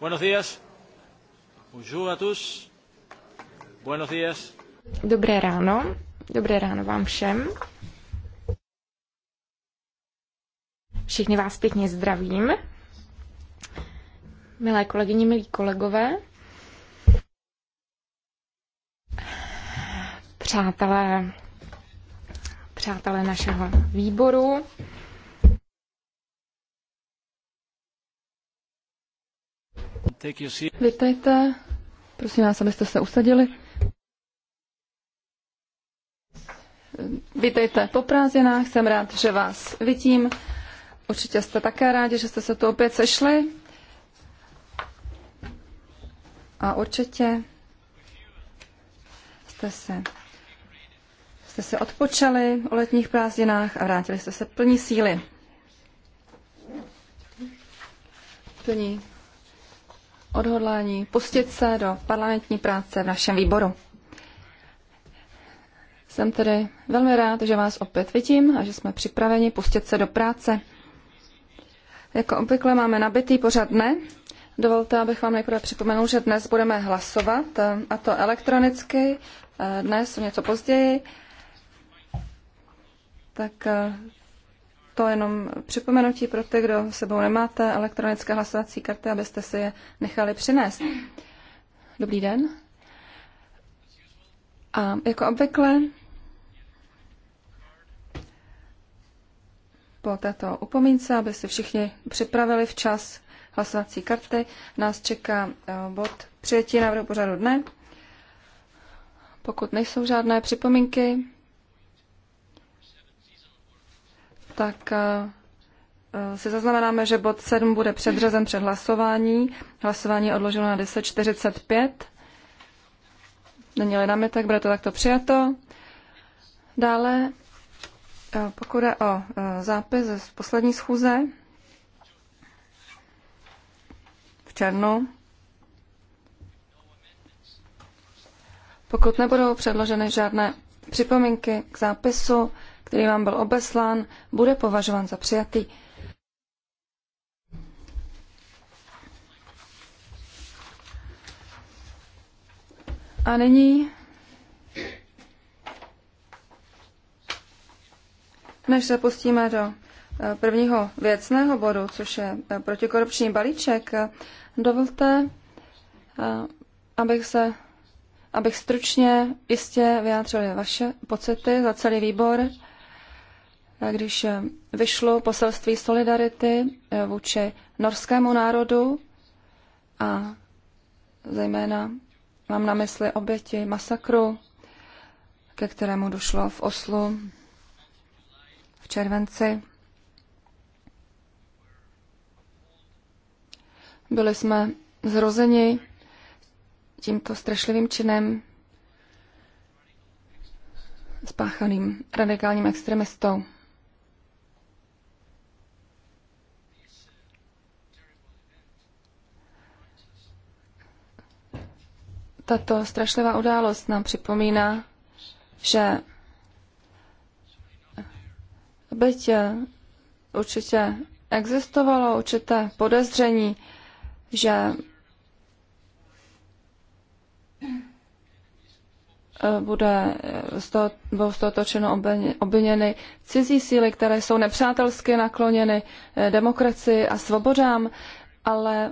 Buenos días. Bonjour a tous. Buenos días. Dobré ráno. Dobré ráno vám všem. Všichni vás pěkně zdravím. Milé kolegyně, milí kolegové. Přátelé, přátelé našeho výboru. Vítejte. Prosím vás, abyste se usadili. Vítejte po prázdninách, jsem rád, že vás vidím. Určitě jste také rádi, že jste se tu opět sešli. A určitě jste se, jste se odpočali o letních prázdninách a vrátili jste se plní síly. Plní odhodlání pustit se do parlamentní práce v našem výboru. Jsem tedy velmi rád, že vás opět vidím a že jsme připraveni pustit se do práce. Jako obvykle máme nabitý pořad dne. Dovolte, abych vám nejprve připomenul, že dnes budeme hlasovat, a to elektronicky, dnes něco později. Tak to jenom připomenutí pro ty, kdo sebou nemáte elektronické hlasovací karty, abyste si je nechali přinést. Dobrý den. A jako obvykle po této upomínce, aby si všichni připravili včas hlasovací karty, nás čeká eh, bod přijetí návrhu pořadu dne. Pokud nejsou žádné připomínky, tak eh, eh, si zaznamenáme, že bod 7 bude předřazen před hlasování. Hlasování je odloženo na 10.45. Není-li námitek, bude to takto přijato. Dále, eh, pokud je o zápis z poslední schůze v černu, pokud nebudou předloženy žádné připomínky k zápisu, který vám byl obeslán, bude považován za přijatý. A nyní, než se pustíme do eh, prvního věcného bodu, což je eh, protikorupční balíček, eh, dovolte, abych se abych stručně jistě vyjádřil vaše pocity za celý výbor když eh, vyšlo poselství solidarity eh, vůči norskému národu a zejména mám na mysli oběti masakru, ke kterému došlo v Oslu v červenci. Byli jsme zrozeni tímto strašlivým činem spáchaným radikálním extremistou. Tato strašlivá událost nám připomíná, že byť určitě existovalo určité podezření, že eh, bude z, toho, budou z toho točeno obviněny cizí síly, které jsou nepřátelsky nakloněny eh, demokracii a svobodám, ale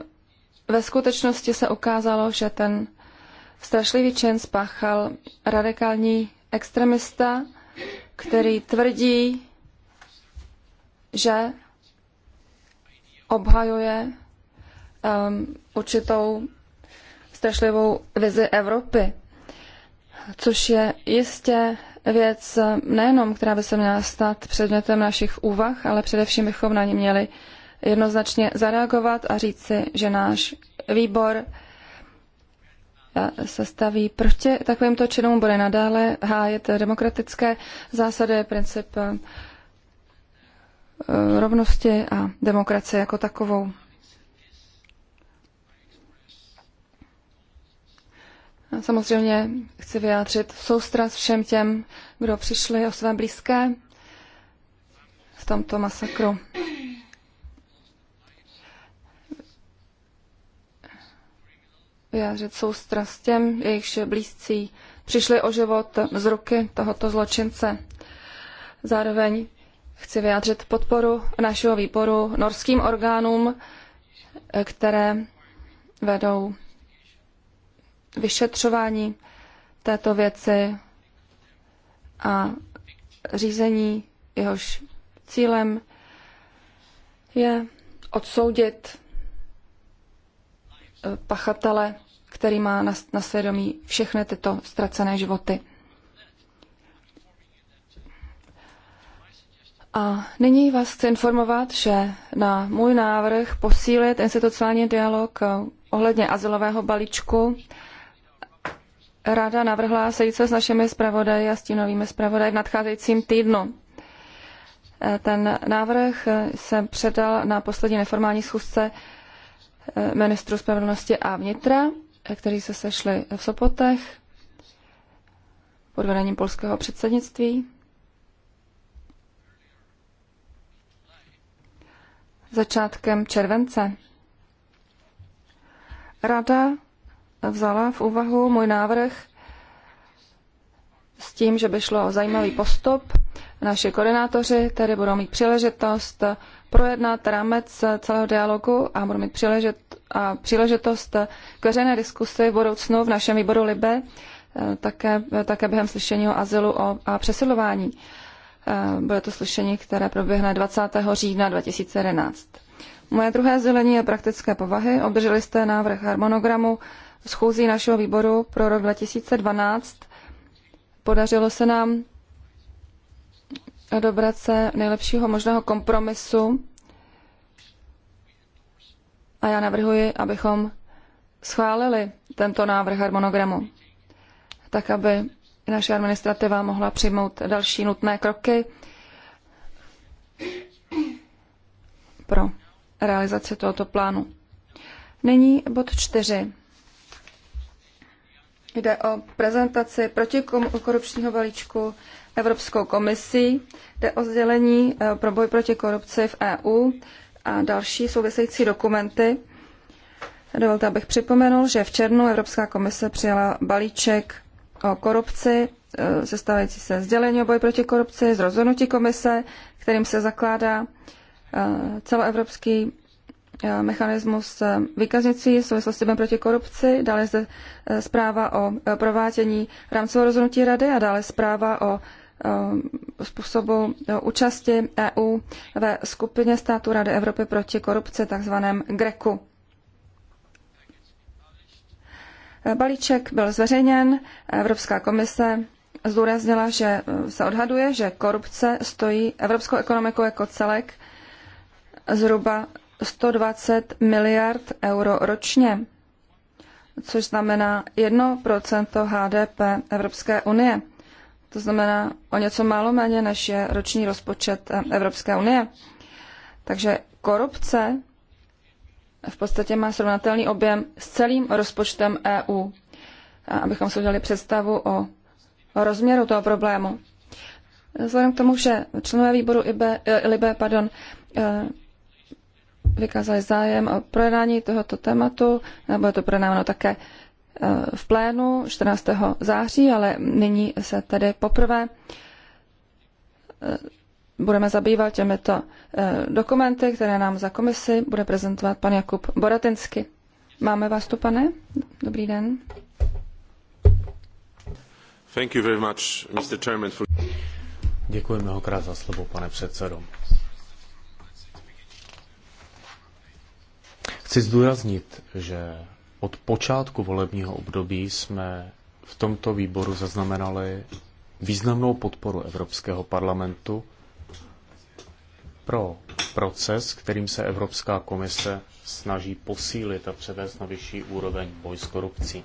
ve skutečnosti se ukázalo, že ten Strašlivý čin spáchal radikální extremista, který tvrdí, že obhajuje um, určitou strašlivou vizi Evropy, což je jistě věc nejenom, která by se měla stát předmětem našich úvah, ale především bychom na ně měli jednoznačně zareagovat a říci, že náš výbor se staví proti takovýmto činům, bude nadále hájet demokratické zásady, princip eh, rovnosti a demokracie jako takovou. A samozřejmě chci vyjádřit soustrast všem těm, kdo přišli o své blízké v tomto masakru. vyjádřit soustrast těm, jejichž blízcí přišli o život z ruky tohoto zločince. Zároveň chci vyjádřit podporu našeho výboru norským orgánům, které vedou vyšetřování této věci a řízení, jehož cílem je odsoudit pachatele který má na, na svědomí všechny tyto ztracené životy. A nyní vás chci informovat, že na můj návrh posílit institucionální dialog eh, ohledně azylového balíčku Rada navrhla sejít se s našimi zpravodaji a stínovými zpravodaji v nadcházejícím týdnu. Eh, ten návrh eh, se předal na poslední neformální schůzce ministru spravedlnosti a vnitra kteří se sešli v Sopotech pod vedením polského předsednictví. Začátkem července Rada vzala v úvahu můj návrh s tím, že by šlo o zajímavý postup. Naši koordinátoři tedy budou mít příležitost projednat rámec celého dialogu a budou mít příležitost a příležitost k veřejné diskusi v budoucnu v našem výboru LIBE, eh, také, také během slyšení o azylu a přesilování. Eh, bude to slyšení, které proběhne 20. října 2011. Moje druhé sdělení je praktické povahy. Obdrželi jste návrh harmonogramu schůzí našeho výboru pro rok 2012. Podařilo se nám dobrat se nejlepšího možného kompromisu a já navrhuji, abychom schválili tento návrh harmonogramu, tak aby naše administrativa mohla přijmout další nutné kroky pro realizaci tohoto plánu. Nyní bod čtyři. Jde o prezentaci protikorupčního balíčku Evropskou komisí, jde o sdělení eh, pro boj proti korupci v EU, a další související dokumenty. Dovolte, abych připomenul, že v červnu Evropská komise přijala balíček o korupci, e, sestávající se sdělení o boji proti korupci z rozhodnutí komise, kterým se zakládá e, celoevropský e, mechanismus výkaznicí v souvislosti s proti korupci, dále zde zpráva o provádění rámcového rozhodnutí rady a dále zpráva o Eh, způsobu eh, účasti EU ve skupině států Rady Evropy proti korupci, takzvaném GRECu. Eh, balíček byl zveřejněn, Evropská komise zdůraznila, že se odhaduje, že korupce stojí evropskou ekonomiku jako celek zhruba 120 miliard euro ročně, což znamená 1% HDP Evropské unie to znamená o něco málo méně, než je roční rozpočet eh, Evropské unie. Takže korupce v podstatě má srovnatelný objem s celým rozpočtem EU, abychom si udělali představu o, o rozměru toho problému. Vzhledem k tomu, že členové výboru IBE, eh, LIBE pardon, eh, vykázali zájem o projednání tohoto tématu, bude to projednáváno také v plénu 14. září, ale nyní se tedy poprvé eh, budeme zabývat těmito eh, dokumenty, které nám za komisi bude prezentovat pan Jakub Boratinsky. Máme vás tu, pane? Dobrý den. Thank you very much, Mr. Chairman, for... Děkuji mnohokrát za slovo, pane předsedo. Chci zdůraznit, že od počátku volebního období jsme v tomto výboru zaznamenali významnou podporu Evropského parlamentu pro proces, kterým se Evropská komise snaží posílit a převést na vyšší úroveň boj s korupcí.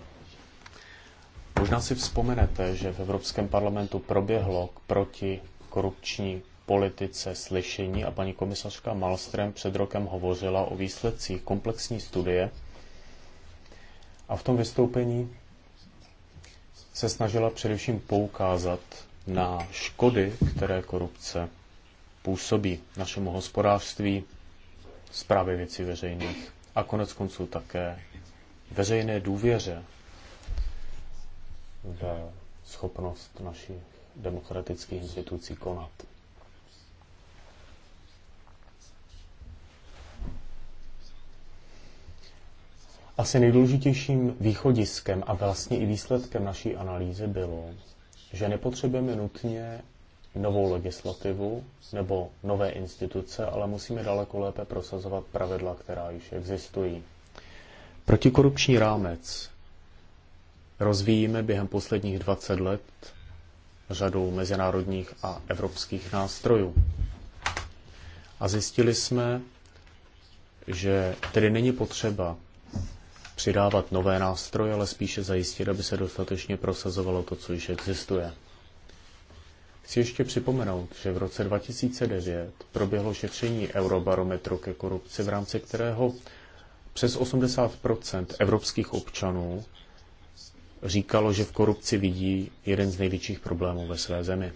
Možná si vzpomenete, že v Evropském parlamentu proběhlo k proti korupční politice slyšení a paní komisařka Malström před rokem hovořila o výsledcích komplexní studie, a v tom vystoupení se snažila především poukázat na škody, které korupce působí našemu hospodářství, zprávy věcí veřejných a konec konců také veřejné důvěře v schopnost našich demokratických institucí konat. Asi nejdůležitějším východiskem a vlastně i výsledkem naší analýzy bylo, že nepotřebujeme nutně novou legislativu nebo nové instituce, ale musíme daleko lépe prosazovat pravidla, která již existují. Protikorupční rámec rozvíjíme během posledních 20 let řadou mezinárodních a evropských nástrojů. A zjistili jsme, že tedy není potřeba přidávat nové nástroje, ale spíše zajistit, aby se dostatečně prosazovalo to, co již existuje. Chci ještě připomenout, že v roce 2009 proběhlo šetření Eurobarometru ke korupci, v rámci kterého přes 80 evropských občanů říkalo, že v korupci vidí jeden z největších problémů ve své zemi.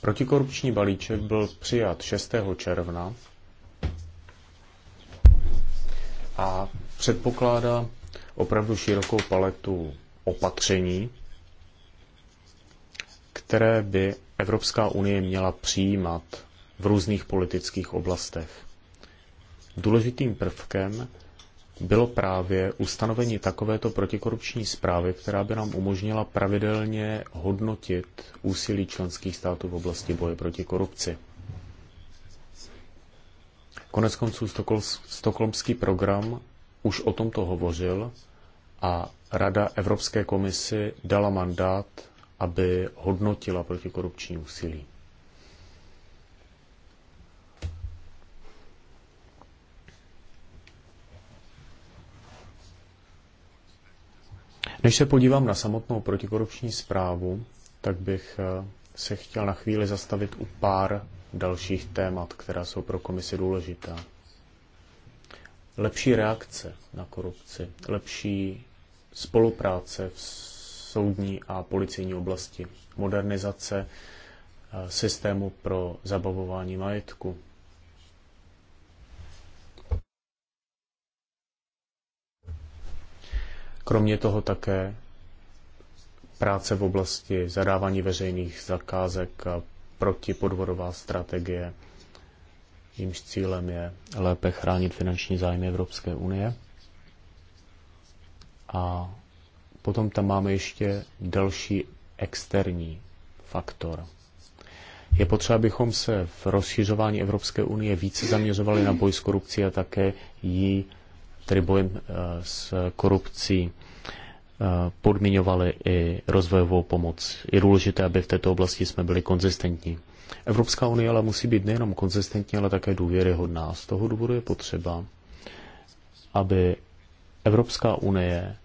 Protikorupční balíček byl přijat 6. června a předpokládá opravdu širokou paletu opatření, které by Evropská unie měla přijímat v různých politických oblastech. Důležitým prvkem bylo právě ustanovení takovéto protikorupční zprávy, která by nám umožnila pravidelně hodnotit úsilí členských států v oblasti boje proti korupci. Konec konců stokholmský program už o tomto hovořil a Rada Evropské komisi dala mandát, aby hodnotila protikorupční úsilí. Než se podívám na samotnou protikorupční zprávu, tak bych eh, se chtěl na chvíli zastavit u pár dalších témat, která jsou pro komisi důležitá. Lepší reakce na korupci, lepší spolupráce v soudní a policejní oblasti, modernizace eh, systému pro zabavování majetku, Kromě toho také práce v oblasti zadávání veřejných zakázek, protipodvodová strategie, jímž cílem je lépe chránit finanční zájmy Evropské unie. A potom tam máme ještě další externí faktor. Je potřeba, abychom se v rozšiřování Evropské unie více zaměřovali na boj s korupcí a také jí, tedy bojem eh, s korupcí Eh, podmiňovali i rozvojovou pomoc. Je důležité, aby v této oblasti jsme byli konzistentní. Evropská unie ale musí být nejenom konzistentní, ale také důvěryhodná. Z toho důvodu je potřeba, aby Evropská unie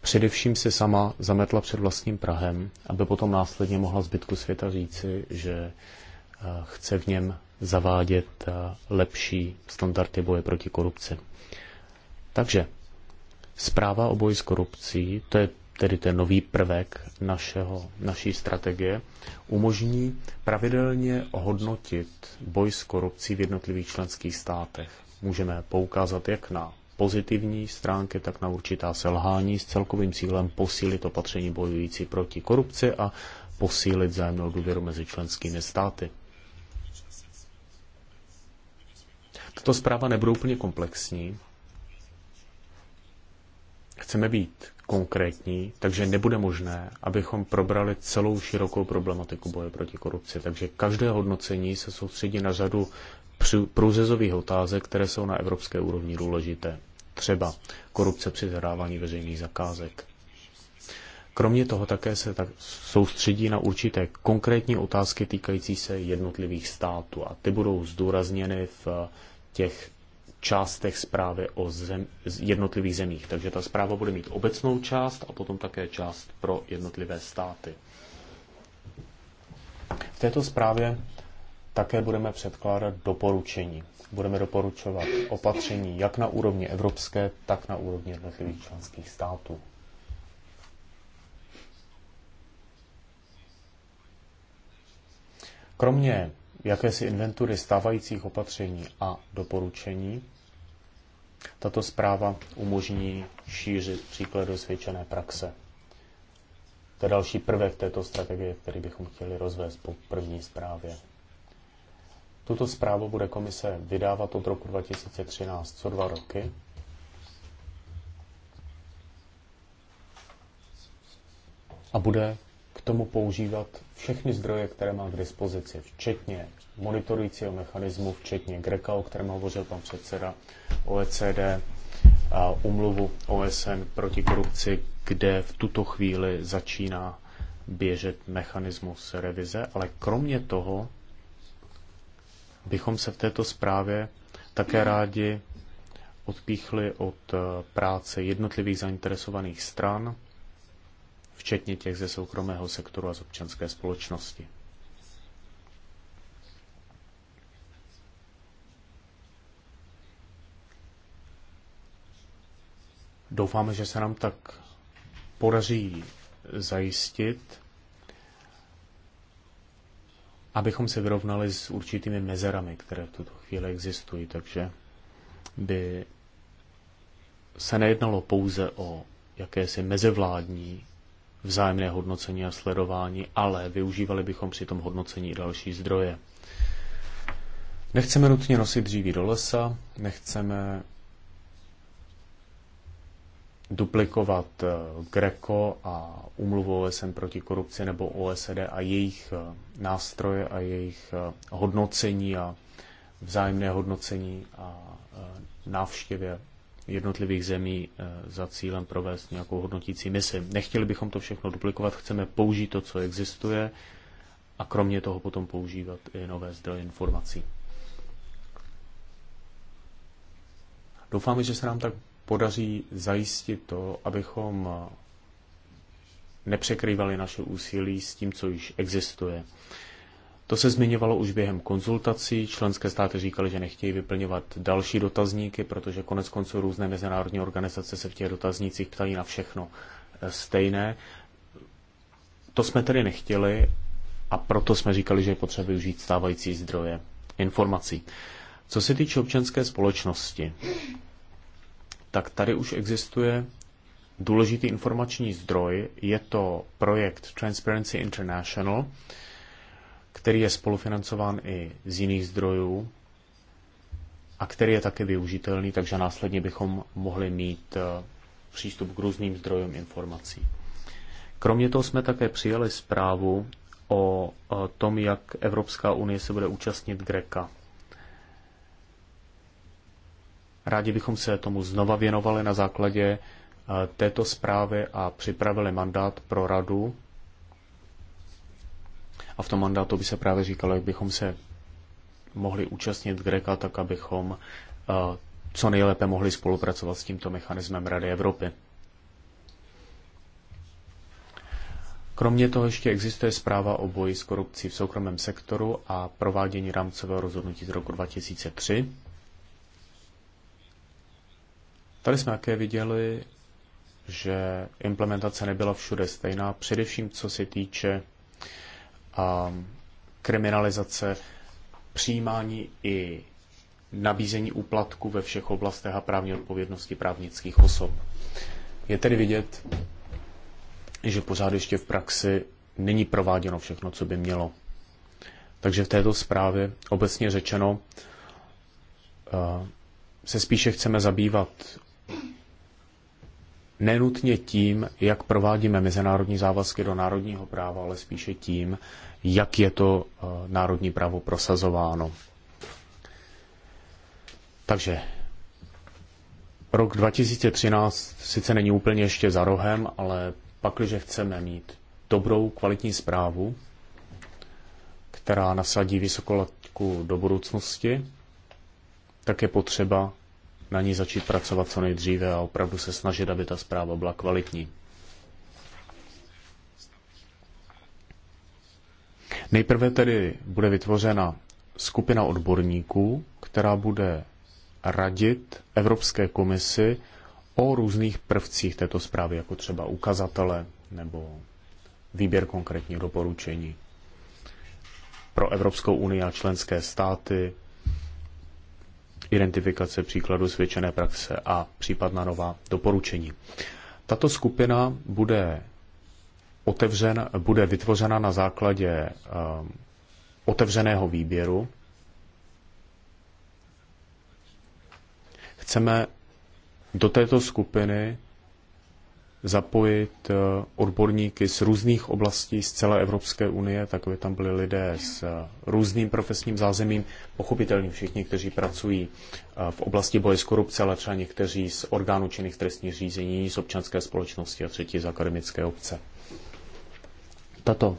především se sama zametla před vlastním Prahem, aby potom následně mohla zbytku světa říci, že eh, chce v něm zavádět eh, lepší standardy boje proti korupci. Takže Zpráva o boji s korupcí, to je tedy ten nový prvek našeho, naší strategie, umožní pravidelně hodnotit boj s korupcí v jednotlivých členských státech. Můžeme poukázat jak na pozitivní stránky, tak na určitá selhání s celkovým cílem posílit opatření bojující proti korupci a posílit zájemnou důvěru mezi členskými státy. Tato zpráva nebude úplně komplexní, Chceme být konkrétní, takže nebude možné, abychom probrali celou širokou problematiku boje proti korupci. Takže každé hodnocení se soustředí na řadu průřezových otázek, které jsou na evropské úrovni důležité. Třeba korupce při zadávání veřejných zakázek. Kromě toho také se tak soustředí na určité konkrétní otázky týkající se jednotlivých států a ty budou zdůrazněny v těch částech zprávy o zem, jednotlivých zemích. Takže ta zpráva bude mít obecnou část a potom také část pro jednotlivé státy. V této zprávě také budeme předkládat doporučení. Budeme doporučovat opatření jak na úrovni evropské, tak na úrovni jednotlivých členských států. Kromě jakési inventury stávajících opatření a doporučení, tato zpráva umožní šířit příklady osvědčené praxe. To je další prvek této strategie, který bychom chtěli rozvést po první zprávě. Tuto zprávu bude komise vydávat od roku 2013, co dva roky. A bude tomu používat všechny zdroje, které má k dispozici, včetně monitorujícího mechanismu, včetně GRECA, o kterém hovořil pan předseda OECD, a umluvu OSN proti korupci, kde v tuto chvíli začíná běžet mechanismus revize, ale kromě toho bychom se v této zprávě také rádi odpíchli od eh, práce jednotlivých zainteresovaných stran, včetně těch ze soukromého sektoru a z občanské společnosti. Doufáme, že se nám tak podaří zajistit, abychom se vyrovnali s určitými mezerami, které v tuto chvíli existují. Takže by se nejednalo pouze o jakési mezevládní vzájemné hodnocení a sledování, ale využívali bychom při tom hodnocení další zdroje. Nechceme nutně nosit dříví do lesa, nechceme duplikovat eh, Greco a umluvu OSN proti korupci nebo OSD a jejich eh, nástroje a jejich eh, hodnocení a vzájemné hodnocení a návštěvě jednotlivých zemí eh, za cílem provést nějakou hodnotící misi. Nechtěli bychom to všechno duplikovat, chceme použít to, co existuje a kromě toho potom používat i nové zdroje informací. Doufám, že se nám tak podaří zajistit to, abychom eh, nepřekrývali naše úsilí s tím, co již existuje. To se zmiňovalo už během konzultací. Členské státy říkaly, že nechtějí vyplňovat další dotazníky, protože konec konců různé mezinárodní organizace se v těch dotaznících ptají na všechno eh, stejné. To jsme tedy nechtěli a proto jsme říkali, že je potřeba využít stávající zdroje informací. Co se týče občanské společnosti, tak tady už existuje důležitý informační zdroj. Je to projekt Transparency International, který je spolufinancován i z jiných zdrojů a který je také využitelný, takže následně bychom mohli mít eh, přístup k různým zdrojům informací. Kromě toho jsme také přijali zprávu o eh, tom, jak Evropská unie se bude účastnit Greka. Rádi bychom se tomu znova věnovali na základě eh, této zprávy a připravili mandát pro radu a v tom mandátu by se právě říkalo, jak bychom se mohli účastnit Greka, tak abychom eh, co nejlépe mohli spolupracovat s tímto mechanismem Rady Evropy. Kromě toho ještě existuje zpráva o boji s korupcí v soukromém sektoru a provádění rámcového rozhodnutí z roku 2003. Tady jsme také viděli, že implementace nebyla všude stejná, především co se týče kriminalizace, přijímání i nabízení úplatku ve všech oblastech a právní odpovědnosti právnických osob. Je tedy vidět, že pořád ještě v praxi není prováděno všechno, co by mělo. Takže v této zprávě obecně řečeno eh, se spíše chceme zabývat nenutně tím, jak provádíme mezinárodní závazky do národního práva, ale spíše tím, jak je to eh, národní právo prosazováno. Takže rok 2013 sice není úplně ještě za rohem, ale pakliže chceme mít dobrou, kvalitní zprávu, která nasadí vysokolatku do budoucnosti, tak je potřeba na ní začít pracovat co nejdříve a opravdu se snažit, aby ta zpráva byla kvalitní. Nejprve tedy bude vytvořena skupina odborníků, která bude radit Evropské komisi o různých prvcích této zprávy, jako třeba ukazatele nebo výběr konkrétních doporučení pro Evropskou unii a členské státy, identifikace příkladů svědčené praxe a případná nová doporučení. Tato skupina bude otevřen, bude vytvořena na základě um, otevřeného výběru. Chceme do této skupiny zapojit eh, odborníky z různých oblastí z celé Evropské unie, tak aby tam byli lidé s eh, různým profesním zázemím, pochopitelně všichni, kteří pracují eh, v oblasti boje s korupce, ale třeba někteří z orgánů činných trestních řízení, z občanské společnosti a třetí z akademické obce. Tato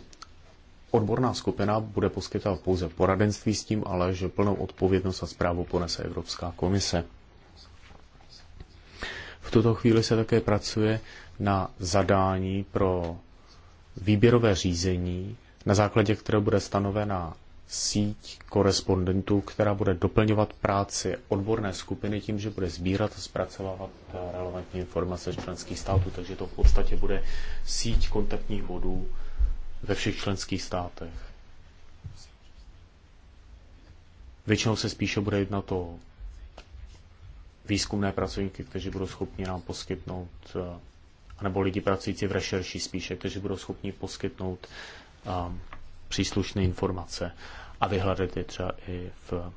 odborná skupina bude poskytovat pouze poradenství s tím, ale že plnou odpovědnost a zprávu ponese Evropská komise. V tuto chvíli se také pracuje na zadání pro výběrové řízení, na základě kterého bude stanovena síť korespondentů, která bude doplňovat práci odborné skupiny tím, že bude sbírat a zpracovávat relevantní informace z členských států. Takže to v podstatě bude síť kontaktních bodů ve všech členských státech. Většinou se spíše bude jednat o výzkumné pracovníky, kteří budou schopni nám poskytnout, eh, nebo lidi pracující v rešerši spíše, kteří budou schopni poskytnout eh, příslušné informace a vyhledat je třeba i v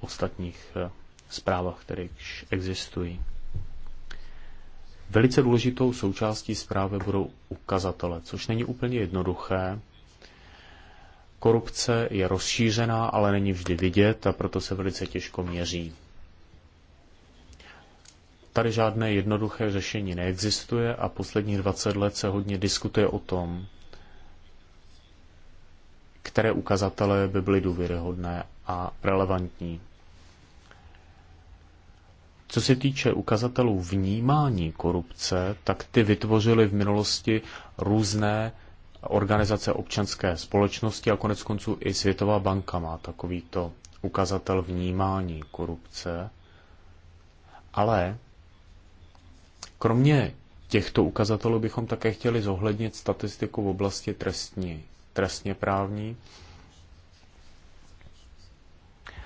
ostatních eh, zprávách, které již existují. Velice důležitou součástí zprávy budou ukazatele, což není úplně jednoduché. Korupce je rozšířená, ale není vždy vidět a proto se velice těžko měří. Tady žádné jednoduché řešení neexistuje a posledních 20 let se hodně diskutuje o tom, které ukazatele by byly důvěryhodné a relevantní. Co se týče ukazatelů vnímání korupce, tak ty vytvořily v minulosti různé organizace občanské společnosti a konec konců i Světová banka má takovýto ukazatel vnímání korupce. Ale Kromě těchto ukazatelů bychom také chtěli zohlednit statistiku v oblasti trestní, trestně právní.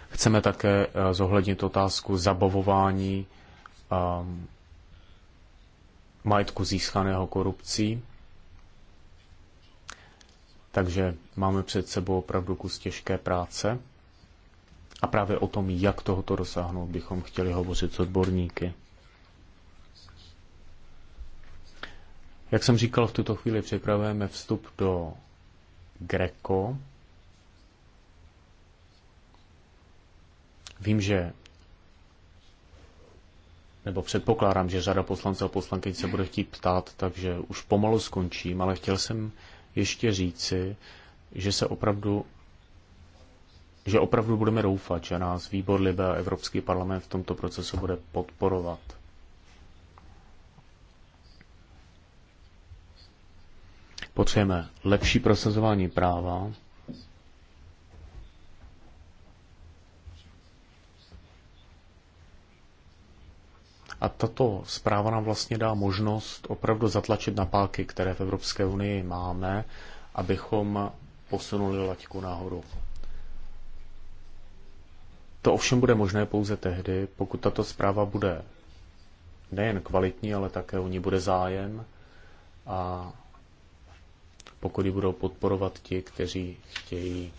Chceme také eh, zohlednit otázku zabavování um, majetku získaného korupcí. Takže máme před sebou opravdu kus těžké práce. A právě o tom, jak tohoto dosáhnout, bychom chtěli hovořit s odborníky. Jak jsem říkal, v tuto chvíli připravujeme vstup do Greco. Vím, že nebo předpokládám, že řada poslanců a poslankyň se bude chtít ptát, takže už pomalu skončím, ale chtěl jsem ještě říci, že se opravdu že opravdu budeme doufat, že nás výbor Libe a Evropský parlament v tomto procesu bude podporovat. Potřebujeme lepší prosazování práva, A tato zpráva nám vlastně dá možnost opravdu zatlačit na páky, které v Evropské unii máme, abychom posunuli laťku nahoru. To ovšem bude možné pouze tehdy, pokud tato zpráva bude nejen kvalitní, ale také o ní bude zájem a pokud ji budou podporovat ti, kteří chtějí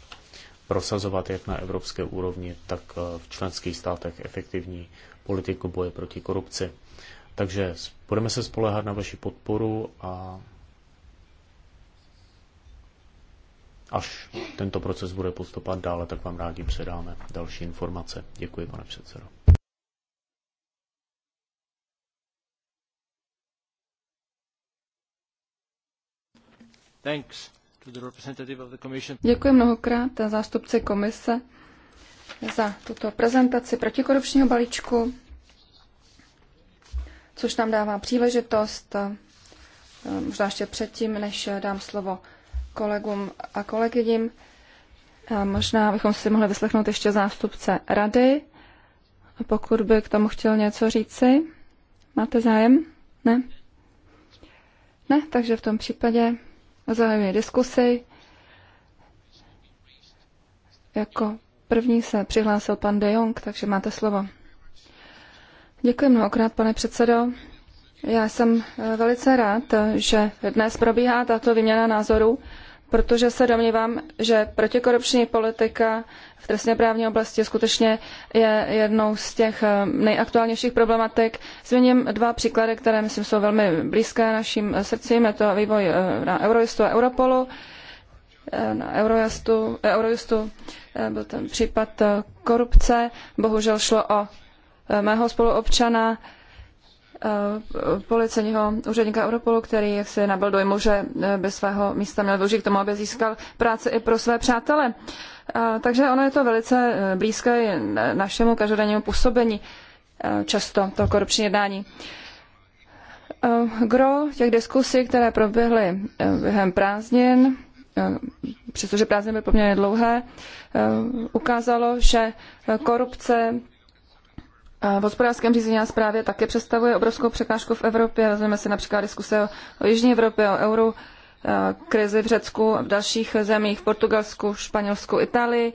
prosazovat jak na evropské úrovni, tak eh, v členských státech efektivní politiku boje proti korupci. Takže budeme se spolehat na vaši podporu a až tento proces bude postupovat dále, tak vám rádi předáme další informace. Děkuji, pane předsedo. Děkuji mnohokrát eh, zástupci komise za tuto prezentaci protikorupčního balíčku, což nám dává příležitost, eh, eh, možná ještě předtím, než dám slovo kolegům a kolegyním, možná bychom si mohli vyslechnout ještě zástupce rady, pokud by k tomu chtěl něco říci. Máte zájem? Ne? Ne, takže v tom případě Zahajuji diskusi. Jako první se přihlásil pan De Jong, takže máte slovo. Děkuji mnohokrát, pane předsedo. Já jsem eh, velice rád, eh, že dnes probíhá tato výměna názorů protože se domnívám, že protikorupční politika v trestně právní oblasti skutečně je jednou z těch eh, nejaktuálnějších problematik. Zmíním dva příklady, které myslím jsou velmi blízké našim eh, srdcím. Je to vývoj eh, na Eurojustu a Europolu. Na Eurojustu, Eurojustu byl ten případ korupce. Bohužel šlo o mého spoluobčana, Eh, policejního úředníka Europolu, který jak se nabil dojmu, že eh, by svého místa měl využít k tomu, aby získal práci i pro své přátele. Eh, takže ono je to velice blízké i našemu každodennímu působení, často to korupční jednání. Gro těch diskusí, které proběhly během prázdnin, přestože prázdniny byly poměrně dlouhé, ukázalo, že korupce v hospodářském řízení a zprávě také představuje obrovskou překážku v Evropě. Vezmeme si například diskuse o, o Jižní Evropě, o euru, e, krizi v Řecku, v dalších zemích, v Portugalsku, Španělsku, Itálii.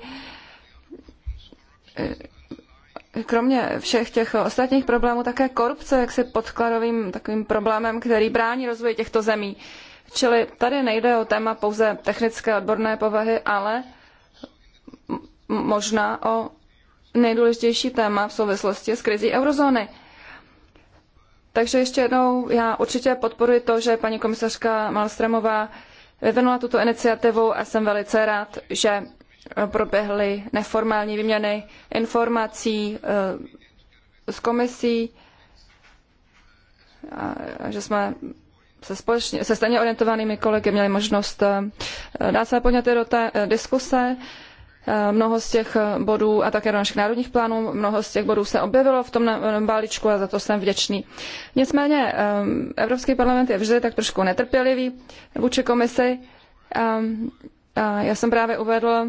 E, kromě všech těch ostatních problémů také korupce, se podkladovým takovým problémem, který brání rozvoji těchto zemí. Čili tady nejde o téma pouze technické odborné povahy, ale možná o nejdůležitější téma v souvislosti s krizí eurozóny. Takže ještě jednou, já určitě podporuji to, že paní komisařka Malstremová vyvinula tuto iniciativu a jsem velice rád, že proběhly neformální výměny informací eh, s komisí, a že jsme se, společně, se stejně orientovanými kolegy měli možnost eh, dát své podněty do té eh, diskuse. Eh, mnoho z těch eh, bodů a také do našich národních plánů, mnoho z těch bodů se objevilo v tom balíčku a za to jsem vděčný. Nicméně eh, Evropský parlament je vždy tak trošku netrpělivý vůči komisi. Ehm, já jsem právě uvedl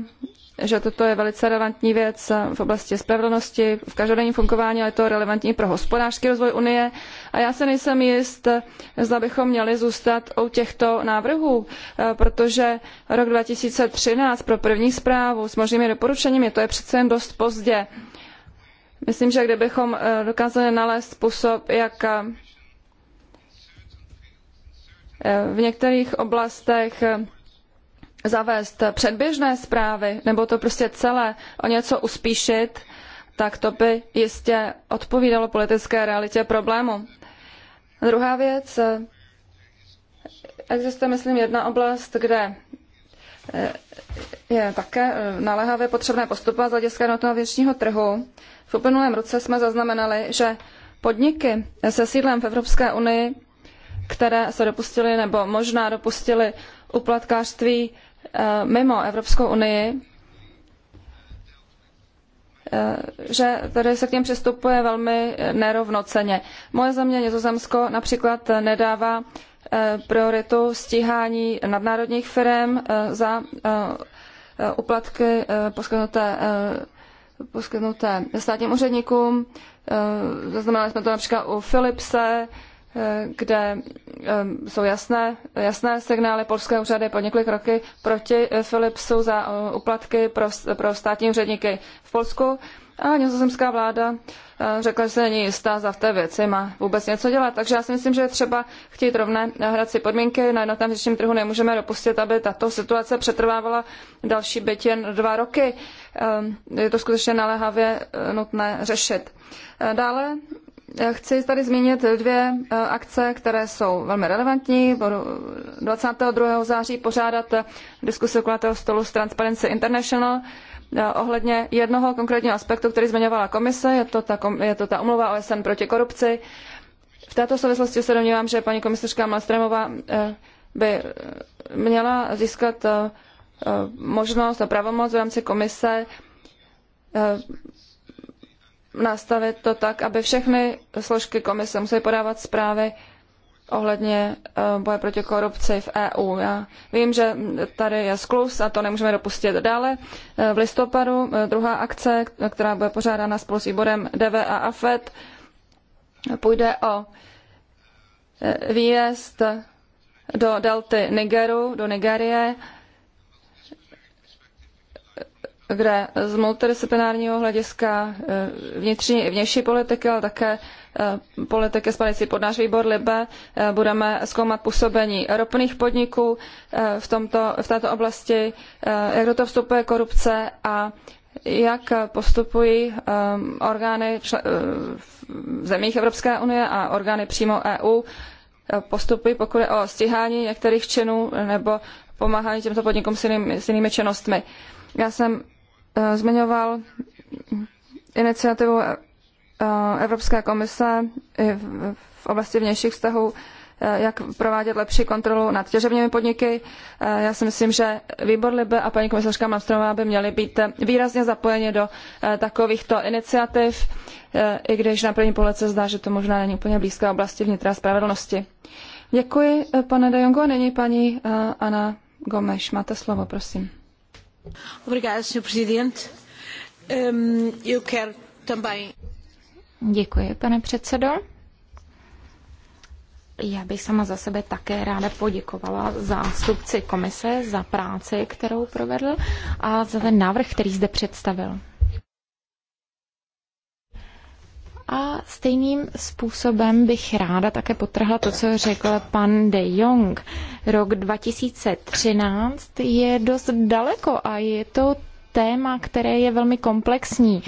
že toto je velice relevantní věc v oblasti spravedlnosti, v každodenním fungování, ale je to relevantní pro hospodářský rozvoj Unie. A já se nejsem jist, zda bychom měli zůstat u těchto návrhů, eh, protože rok 2013 pro první zprávu s možnými doporučeními, to je přece jen dost pozdě. Myslím, že kdybychom eh, dokázali nalézt způsob, jak eh, v některých oblastech zavést předběžné zprávy nebo to prostě celé o něco uspíšit, tak to by jistě odpovídalo politické realitě problému. Druhá věc, existuje, myslím, jedna oblast, kde eh, je také eh, naléhavě potřebné postupovat z hlediska jednotného vnitřního trhu. V uplynulém roce jsme zaznamenali, že podniky se sídlem v Evropské unii, které se dopustily nebo možná dopustily uplatkářství Eh, mimo Evropskou unii, eh, že tady se k něm přistupuje velmi nerovnoceně. Moje země Nizozemsko například nedává eh, prioritu stíhání nadnárodních firm za uplatky poskytnuté, poskytnuté státním úředníkům. Zaznamenali jsme to například u Philipse, kde jsou jasné, jasné signály polské úřady po několik roky proti Philipsu za uplatky pro, pro státní úředníky v Polsku. A nizozemská vláda e, řekla, že se není jistá za v té věci, má vůbec něco dělat. Takže já si myslím, že je třeba chtít rovné hrací podmínky. Na jednotném vnitřním trhu nemůžeme dopustit, aby tato situace přetrvávala další byt jen dva roky. Je to skutečně naléhavě e, nutné řešit. E, dále Eh, chci tady zmínit dvě eh, akce, které jsou velmi relevantní. 22. září pořádat diskusi kulatého stolu s Transparency International eh, ohledně jednoho konkrétního aspektu, který zmiňovala komise, je to ta, je to ta umluva OSN proti korupci. V této souvislosti se domnívám, že paní komisařka Malstremová by měla získat možnost a pravomoc v rámci komise nastavit to tak, aby všechny složky komise musely podávat zprávy ohledně eh, boje proti korupci v EU. Já vím, že tady je sklus a to nemůžeme dopustit dále. Eh, v listopadu eh, druhá akce, která bude pořádána spolu s výborem DV a AFET, půjde o výjezd do delty Nigeru, do Nigerie, kde z multidisciplinárního hlediska eh, vnitřní, vnější politiky, ale také eh, politiky spadající pod náš výbor LIBE, eh, budeme zkoumat působení ropných podniků v, tomto, v této oblasti, jak do toho vstupuje korupce a jak postupují orgány v zemích Evropské unie a orgány přímo EU, postupují pokud je o stíhání některých činů nebo pomáhání těmto podnikům s, jiným, s jinými činnostmi. Já jsem Eh, zmiňoval iniciativu eh, Evropské komise v oblasti vnějších vztahů, eh, jak provádět lepší kontrolu nad těžebními podniky. Já si myslím, že výbor Libe a paní komisařka Malmstromová by měly být výrazně zapojeni do takovýchto iniciativ, i když na první pohled se zdá, že to možná není úplně blízká oblasti vnitra spravedlnosti. Děkuji, pane De Jongo. Nyní paní Ana Gomeš. Máte slovo, prosím. Obrigada, senhor presidente. eu quero também... Děkuji, pane předsedo. Já bych sama za sebe také ráda poděkovala zástupci komise za práci, kterou provedl a za ten návrh, který zde představil. A stejným způsobem bych ráda také potrhla to, co řekl pan De Jong. Rok 2013 je dost daleko a je to téma, které je velmi komplexní.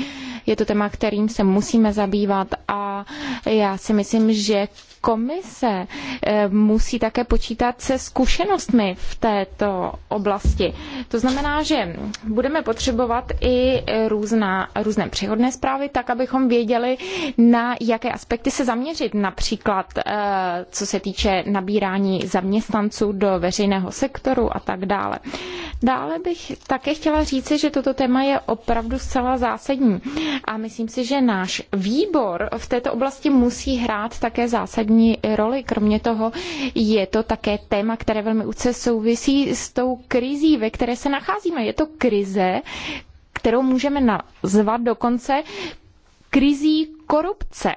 Je to téma, kterým se musíme zabývat a já si myslím, že komise eh, musí také počítat se zkušenostmi v této oblasti. To znamená, že budeme potřebovat i různá, různé přehodné zprávy, tak abychom věděli, na jaké aspekty se zaměřit, například eh, co se týče nabírání zaměstnanců do veřejného sektoru a tak dále. Dále bych také chtěla říci, že toto téma je opravdu zcela zásadní a myslím si, že náš výbor v této oblasti musí hrát také zásadní roli. Kromě toho je to také téma, které velmi úzce souvisí s tou krizí, ve které se nacházíme. Je to krize, kterou můžeme nazvat dokonce krizí korupce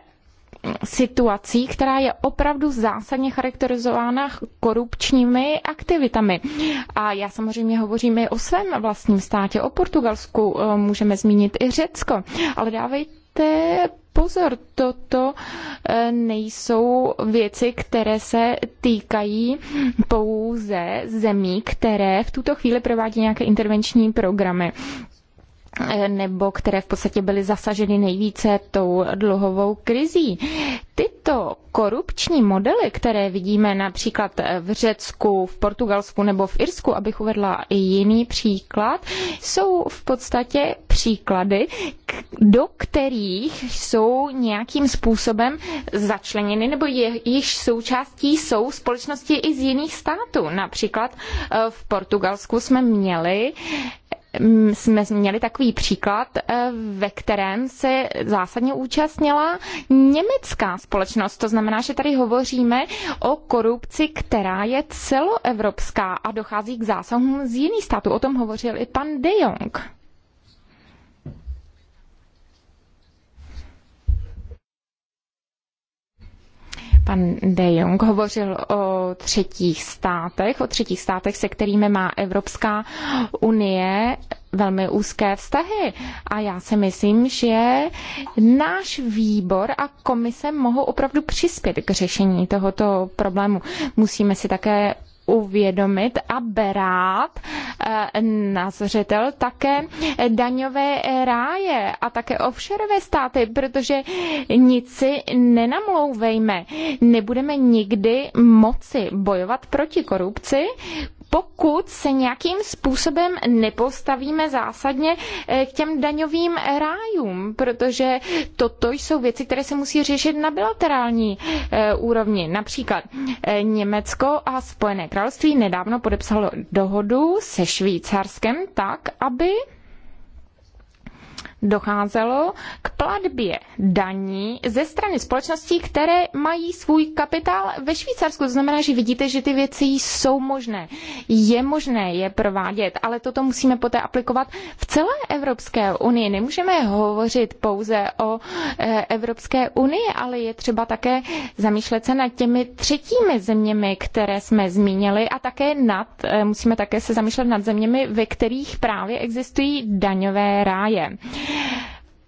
situací, která je opravdu zásadně charakterizována korupčními aktivitami. A já samozřejmě hovořím i o svém vlastním státě, o Portugalsku, eh, můžeme zmínit i Řecko, ale dávejte pozor, toto eh, nejsou věci, které se týkají pouze zemí, které v tuto chvíli provádí nějaké intervenční programy. Eh, nebo které v podstatě byly zasaženy nejvíce tou dluhovou krizí. Tyto korupční modely, které vidíme například eh, v Řecku, v Portugalsku nebo v Irsku, abych uvedla i jiný příklad, jsou v podstatě příklady, do kterých jsou nějakým způsobem začleněny nebo již součástí jsou společnosti i z jiných států. Například eh, v Portugalsku jsme měli jsme měli takový příklad, eh, ve kterém se zásadně účastnila německá společnost. To znamená, že tady hovoříme o korupci, která je celoevropská a dochází k zásahům z jiných států. O tom hovořil i pan De Jong. Pan De Jong hovořil o třetích státech, o třetích státech, se kterými má Evropská unie velmi úzké vztahy. A já si myslím, že náš výbor a komise mohou opravdu přispět k řešení tohoto problému. Musíme si také uvědomit a berát eh, na zřetel také daňové ráje a také offshore státy, protože nic si nenamlouvejme. Nebudeme nikdy moci bojovat proti korupci, pokud se nějakým způsobem nepostavíme zásadně eh, k těm daňovým rájům, protože toto jsou věci, které se musí řešit na bilaterální eh, úrovni. Například eh, Německo a Spojené království nedávno podepsalo dohodu se Švýcarskem tak, aby docházelo k platbě daní ze strany společností, které mají svůj kapitál ve Švýcarsku. To znamená, že vidíte, že ty věci jsou možné. Je možné je provádět, ale toto musíme poté aplikovat v celé Evropské unii. Nemůžeme hovořit pouze o e, Evropské unii, ale je třeba také zamýšlet se nad těmi třetími zeměmi, které jsme zmínili a také nad, e, musíme také se zamýšlet nad zeměmi, ve kterých právě existují daňové ráje.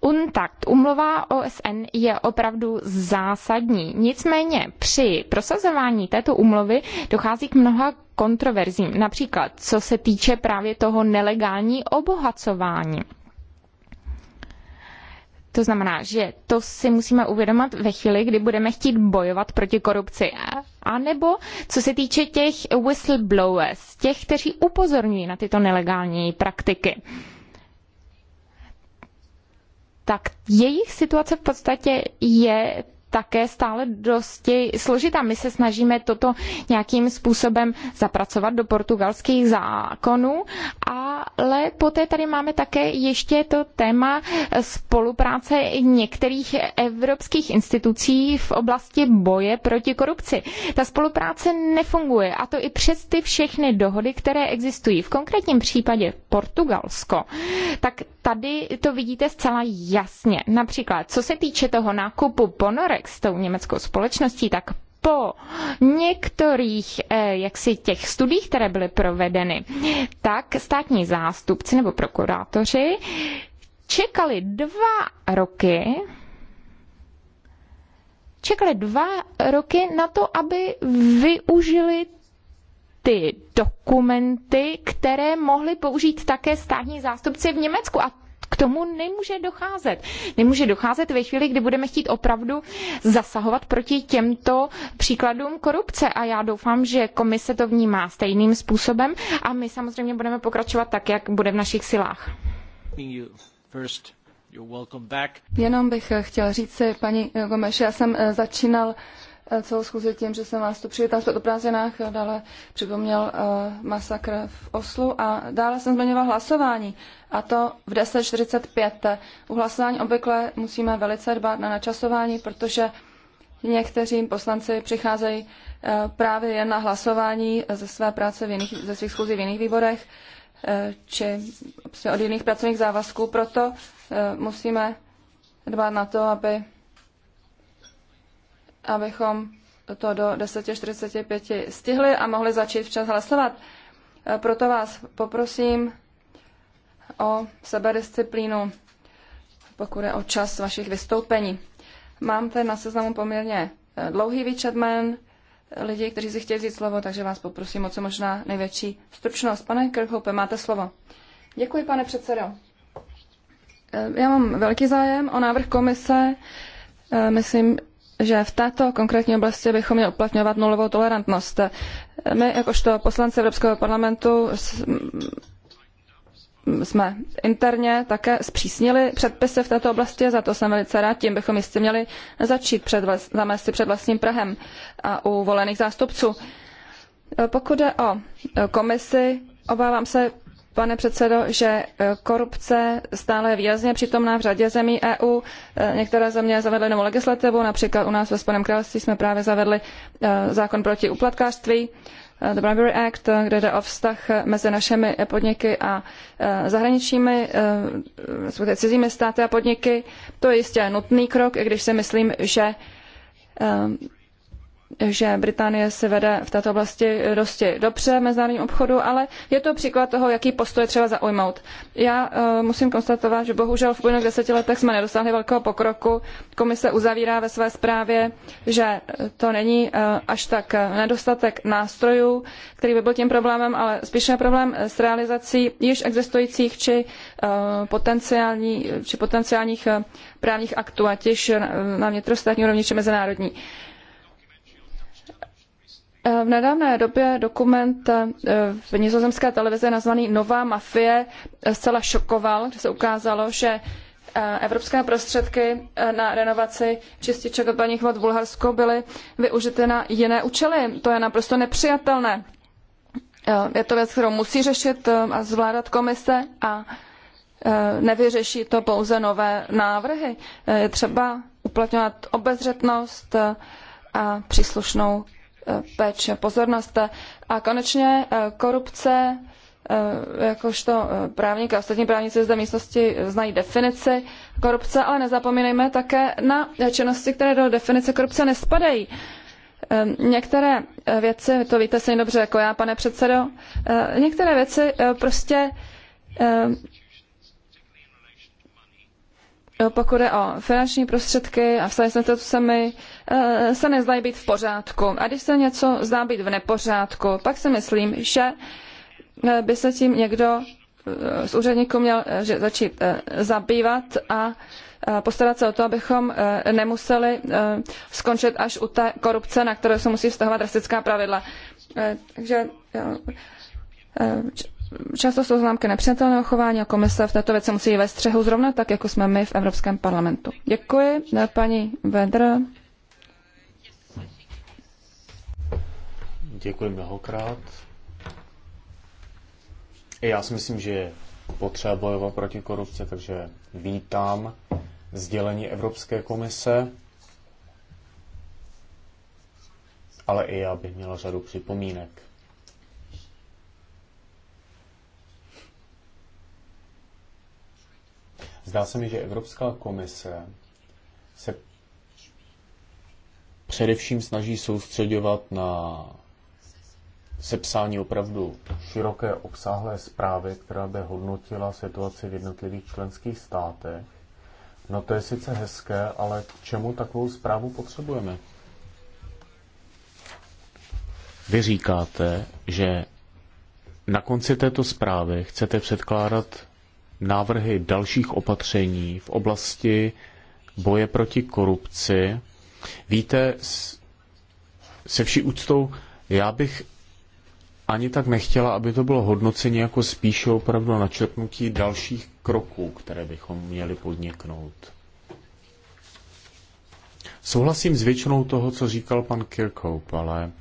Untakt. umluva OSN, je opravdu zásadní. Nicméně při prosazování této umluvy dochází k mnoha kontroverzím, například co se týče právě toho nelegální obohacování. To znamená, že to si musíme uvědomit ve chvíli, kdy budeme chtít bojovat proti korupci. A nebo co se týče těch whistleblowers, těch, kteří upozorňují na tyto nelegální praktiky tak jejich situace v podstatě je také stále dosti složitá. My se snažíme toto nějakým způsobem zapracovat do portugalských zákonů, ale poté tady máme také ještě to téma spolupráce některých evropských institucí v oblasti boje proti korupci. Ta spolupráce nefunguje a to i přes ty všechny dohody, které existují. V konkrétním případě Portugalsko, tak tady to vidíte zcela jasně. Například, co se týče toho nákupu ponorek, jak s tou německou společností, tak po některých eh, jaksi těch studiích, které byly provedeny, tak státní zástupci nebo prokurátoři čekali dva roky čekali dva roky na to, aby využili ty dokumenty, které mohli použít také státní zástupci v Německu. A k tomu nemůže docházet. Nemůže docházet ve chvíli, kdy budeme chtít opravdu zasahovat proti těmto příkladům korupce. A já doufám, že komise to vnímá stejným způsobem a my samozřejmě budeme pokračovat tak, jak bude v našich silách. Jenom bych chtěl říct si, paní Gomeš, já jsem eh, začínal Eh, celou schůzi tím, že jsem vás tu přivítal tam jsme o prázdninách, eh, dále připomněl uh, masakr v Oslu a dále jsem zmiňoval hlasování a to v 10.45. U hlasování obvykle musíme velice dbát na načasování, protože někteří poslanci přicházejí uh, právě jen na hlasování ze své práce v jiných, ze svých schůzí v jiných výborech uh, či prostě od jiných pracovních závazků, proto uh, musíme dbát na to, aby abychom to do 10.45 stihli a mohli začít včas hlasovat. E, proto vás poprosím o sebedisciplínu, pokud je o čas vašich vystoupení. Mám tady na seznamu poměrně e, dlouhý výčet men lidí, kteří si chtějí vzít slovo, takže vás poprosím o co možná největší stručnost. Pane Kirkhope, máte slovo. Děkuji, pane předsedo. E, já mám velký zájem o návrh komise. Myslím, že v této konkrétní oblasti bychom měli uplatňovat nulovou tolerantnost. My, jakožto poslanci Evropského parlamentu, jsme interně také zpřísnili předpisy v této oblasti, za to jsem velice rád, tím bychom jistě měli začít před, zamést si před vlastním Prahem a u volených zástupců. Pokud jde o komisi, obávám se, pane předsedo, že e, korupce stále je výrazně přítomná v řadě zemí EU. E, některé země zavedly novou legislativu, například u nás ve Spojeném království jsme právě zavedli e, zákon proti úplatkářství kde jde o vztah mezi našimi podniky a zahraničními, cizími státy a podniky. To je jistě nutný krok, i když si myslím, že že Británie se vede v této oblasti dosti dobře v mezinárodním obchodu, ale je to příklad toho, jaký postoj je třeba zaujmout. Já uh, musím konstatovat, že bohužel v uplynulých deseti letech jsme nedosáhli velkého pokroku. Komise uzavírá ve své zprávě, že to není uh, až tak nedostatek nástrojů, který by byl tím problémem, ale spíše problém eh, s realizací již existujících či, uh, potenciální, či potenciálních právních aktů, ať již na vnitrostátní úrovni či mezinárodní. Uh, Eh, v nedávné době dokument eh, v nizozemské televizi nazvaný Nová mafie eh, zcela šokoval, kde se ukázalo, že evropské prostředky na renovaci čističek odpadních vod v Bulharsku byly využity na jiné účely. To je naprosto nepřijatelné. Je to věc, kterou musí řešit a zvládat komise a nevyřeší to pouze nové návrhy. Je třeba uplatňovat obezřetnost a příslušnou péče, pozornost. A konečně eh, korupce, eh, jakožto eh, právník a ostatní právníci zde místnosti znají definici korupce, ale nezapomínejme také na činnosti, které do definice korupce nespadají. Některé věci, to víte stejně dobře jako já, pane předsedo, některé věci prostě pokud je o finanční prostředky a vstali jsme to sami, eh, se nezdají být v pořádku. A když se něco zdá být v nepořádku, pak si myslím, že eh, by se tím někdo eh, z úředníků měl začít zabývat a postarat se o to, abychom nemuseli skončit až u té korupce, na kterou se musí vztahovat drastická pravidla. Takže Často jsou známky nepřijatelného chování a komise v této věci musí ve střehu zrovna tak, jako jsme my v Evropském parlamentu. Děkuji, paní Vedr. Děkuji mnohokrát. Já si myslím, že je potřeba bojovat proti korupci, takže vítám sdělení Evropské komise, ale i já bych měla řadu připomínek. Zdá se mi, že Evropská komise se především snaží soustředovat na sepsání opravdu široké obsáhlé zprávy, která by hodnotila situaci v jednotlivých členských státech. No to je sice hezké, ale k čemu takovou zprávu potřebujeme? Vy říkáte, že na konci této zprávy chcete předkládat návrhy dalších opatření v oblasti boje proti korupci. Víte, se vší úctou, já bych ani tak nechtěla, aby to bylo hodnocení jako spíše opravdu načrtnutí dalších kroků, které bychom měli podniknout. Souhlasím s většinou toho, co říkal pan Kirkhope, ale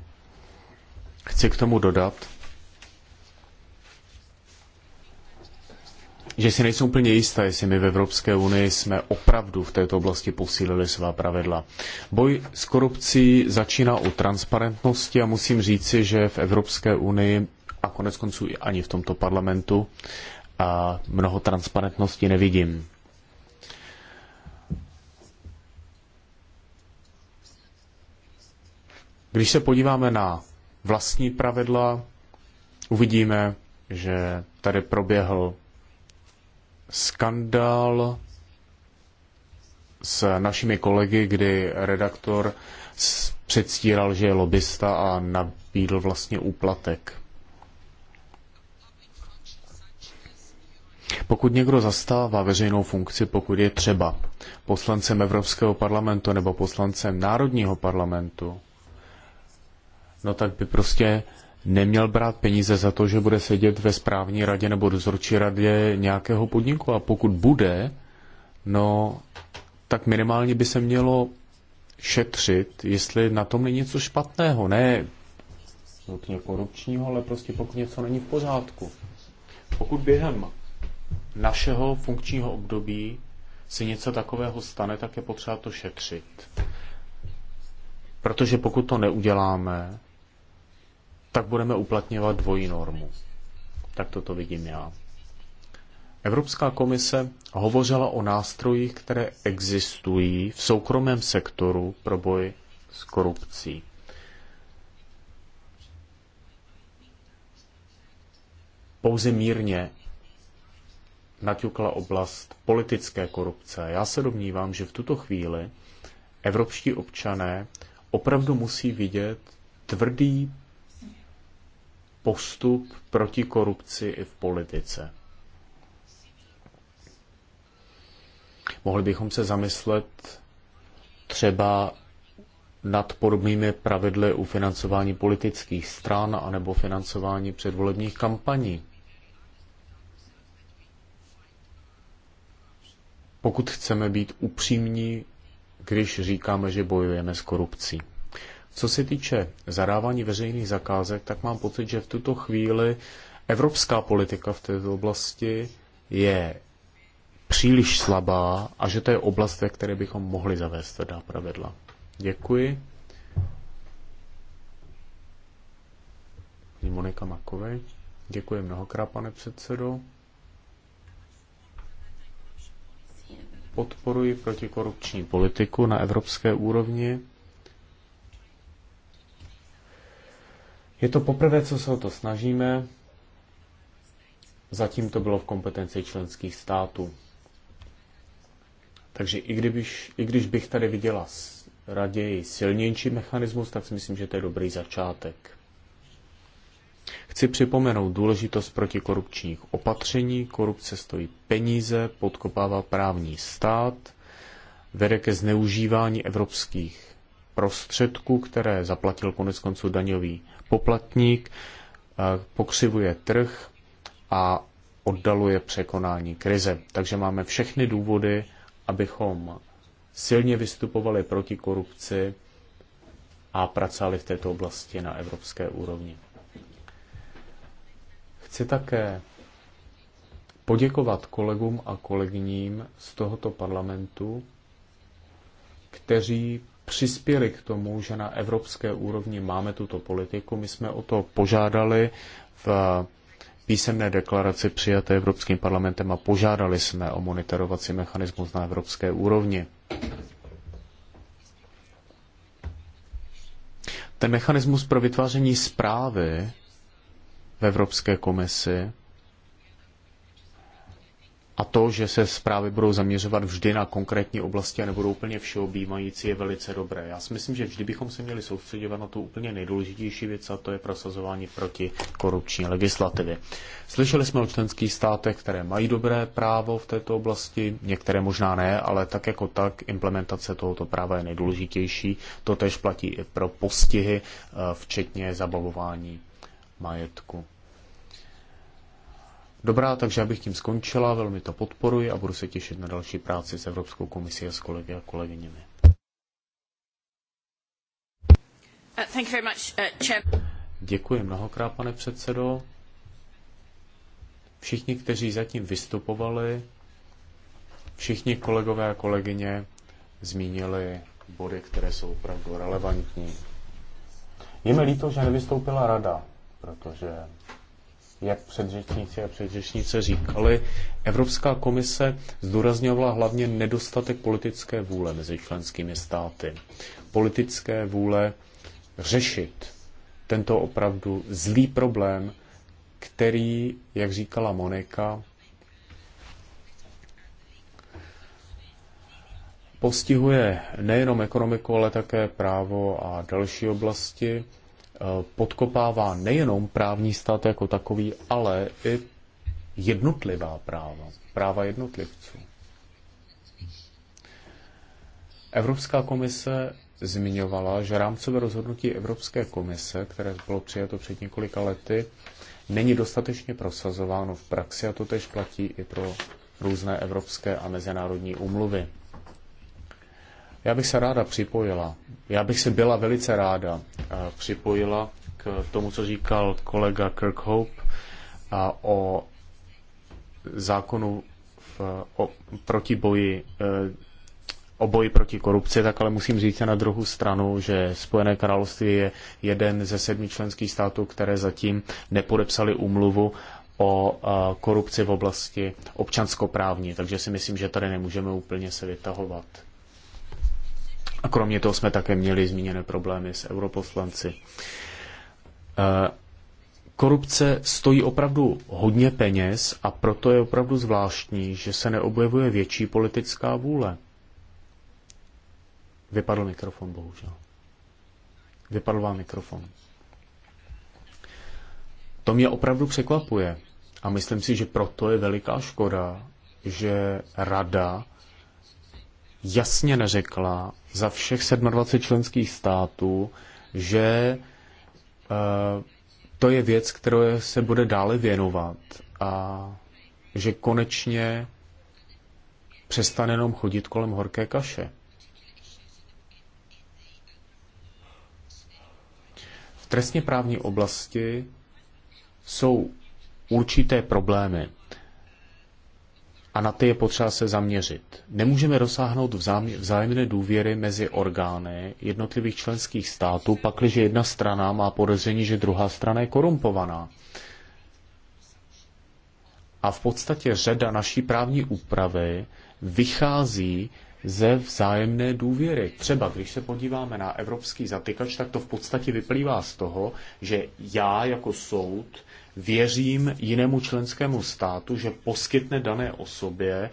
chci k tomu dodat, že si nejsou úplně jisté, jestli my v Evropské unii jsme opravdu v této oblasti posílili svá pravidla. Boj s korupcí začíná u transparentnosti a musím říci, že v Evropské unii a konec konců ani v tomto parlamentu a mnoho transparentnosti nevidím. Když se podíváme na vlastní pravidla, uvidíme, že tady proběhl skandál s našimi kolegy, kdy redaktor předstíral, že je lobista a nabídl vlastně úplatek. Pokud někdo zastává veřejnou funkci, pokud je třeba poslancem Evropského parlamentu nebo poslancem Národního parlamentu, no tak by prostě neměl brát peníze za to, že bude sedět ve správní radě nebo dozorčí radě nějakého podniku. A pokud bude, no, tak minimálně by se mělo šetřit, jestli na tom není něco špatného. Ne nutně korupčního, ale prostě pokud něco není v pořádku. Pokud během našeho funkčního období se něco takového stane, tak je potřeba to šetřit. Protože pokud to neuděláme, tak budeme uplatňovat dvojí normu. Tak toto vidím já. Evropská komise hovořila o nástrojích, které existují v soukromém sektoru pro boj s korupcí. Pouze mírně naťukla oblast politické korupce. Já se domnívám, že v tuto chvíli evropští občané opravdu musí vidět tvrdý postup proti korupci i v politice. Mohli bychom se zamyslet třeba nad podobnými pravidly u financování politických stran anebo financování předvolebních kampaní. Pokud chceme být upřímní, když říkáme, že bojujeme s korupcí. Co se týče zadávání veřejných zakázek, tak mám pocit, že v tuto chvíli evropská politika v této oblasti je příliš slabá a že to je oblast, ve které bychom mohli zavést tvrdá pravidla. Děkuji. Monika Makové. Děkuji mnohokrát, pane předsedo. Podporuji protikorupční politiku na evropské úrovni. Je to poprvé, co se o to snažíme. Zatím to bylo v kompetenci členských států. Takže i, kdybyš, i když bych tady viděla raději silnější mechanismus, tak si myslím, že to je dobrý začátek. Chci připomenout důležitost protikorupčních opatření. Korupce stojí peníze, podkopává právní stát, vede ke zneužívání evropských prostředků, které zaplatil konec konců daňový poplatník, eh, pokřivuje trh a oddaluje překonání krize. Takže máme všechny důvody, abychom silně vystupovali proti korupci a pracovali v této oblasti na evropské úrovni. Chci také poděkovat kolegům a kolegyním z tohoto parlamentu, kteří přispěli k tomu, že na evropské úrovni máme tuto politiku. My jsme o to požádali v písemné deklaraci přijaté Evropským parlamentem a požádali jsme o monitorovací mechanismus na evropské úrovni. Ten mechanismus pro vytváření zprávy v Evropské komisi a to, že se zprávy budou zaměřovat vždy na konkrétní oblasti a nebudou úplně všeobjímající, je velice dobré. Já si myslím, že vždy bychom se měli soustředovat na tu úplně nejdůležitější věc, a to je prosazování proti korupční legislativě. Slyšeli jsme o členských státech, které mají dobré právo v této oblasti, některé možná ne, ale tak jako tak implementace tohoto práva je nejdůležitější. To tež platí i pro postihy, eh, včetně zabavování majetku. Dobrá, takže abych tím skončila, velmi to podporuji a budu se těšit na další práci s Evropskou komisí a s kolegy a kolegyněmi. Uh, uh, Děkuji mnohokrát, pane předsedo. Všichni, kteří zatím vystupovali, všichni kolegové a kolegyně zmínili body, které jsou opravdu relevantní. Je mi líto, že nevystoupila rada, protože jak předřečníci a předřečnice říkali, Evropská komise zdůrazňovala hlavně nedostatek politické vůle mezi členskými státy. Politické vůle řešit tento opravdu zlý problém, který, jak říkala Monika, postihuje nejenom ekonomiku, ale také právo a další oblasti. Eh, podkopává nejenom právní stát jako takový, ale i jednotlivá práva, práva jednotlivců. Evropská komise zmiňovala, že rámcové rozhodnutí Evropské komise, které bylo přijato před několika lety, není dostatečně prosazováno v praxi a to tež platí i pro různé evropské a mezinárodní úmluvy. Já bych se ráda připojila. Já bych se byla velice ráda eh, připojila k tomu, co říkal kolega Kirkhope a o zákonu v, o, proti boji, eh, o boji proti korupci, tak ale musím říct na druhou stranu, že Spojené království je jeden ze sedmi členských států, které zatím nepodepsali úmluvu o eh, korupci v oblasti občanskoprávní, takže si myslím, že tady nemůžeme úplně se vytahovat. A kromě toho jsme také měli zmíněné problémy s europoslanci. Eh, korupce stojí opravdu hodně peněz a proto je opravdu zvláštní, že se neobjevuje větší politická vůle. Vypadl mikrofon, bohužel. Vypadl vám mikrofon. To mě opravdu překvapuje. A myslím si, že proto je veliká škoda, že rada jasně neřekla za všech 27 členských států, že eh, to je věc, kterou se bude dále věnovat a že konečně přestane jenom chodit kolem horké kaše. V trestně právní oblasti jsou určité problémy a na ty je potřeba se zaměřit. Nemůžeme dosáhnout vzájemné důvěry mezi orgány jednotlivých členských států, pakliže jedna strana má podezření, že druhá strana je korumpovaná. A v podstatě řada naší právní úpravy vychází ze vzájemné důvěry. Třeba když se podíváme na evropský zatykač, tak to v podstatě vyplývá z toho, že já jako soud věřím jinému členskému státu, že poskytne dané osobě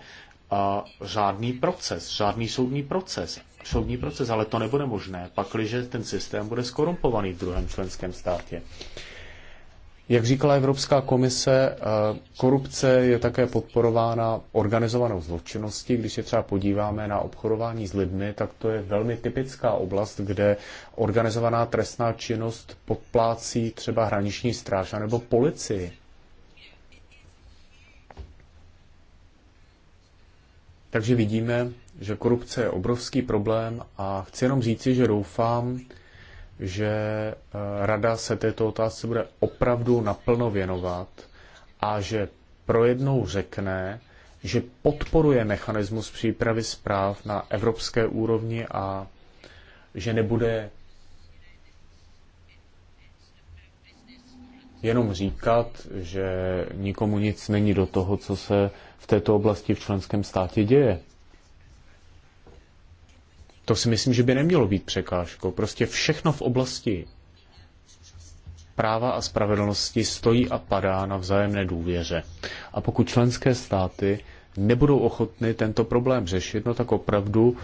a řádný proces, řádný soudní proces, soudní proces, ale to nebude možné, pakliže ten systém bude skorumpovaný v druhém členském státě. Jak říkala Evropská komise, eh, korupce je také podporována organizovanou zločinností. Když se třeba podíváme na obchodování s lidmi, tak to je velmi typická oblast, kde organizovaná trestná činnost podplácí třeba hraniční stráž nebo policii. Takže vidíme, že korupce je obrovský problém a chci jenom říci, že doufám, že eh, rada se této otázce bude opravdu naplno věnovat a že projednou řekne, že podporuje mechanismus přípravy zpráv na evropské úrovni a že nebude jenom říkat, že nikomu nic není do toho, co se v této oblasti v členském státě děje. To si myslím, že by nemělo být překážkou. Prostě všechno v oblasti práva a spravedlnosti stojí a padá na vzájemné důvěře. A pokud členské státy nebudou ochotny tento problém řešit, no tak opravdu uh,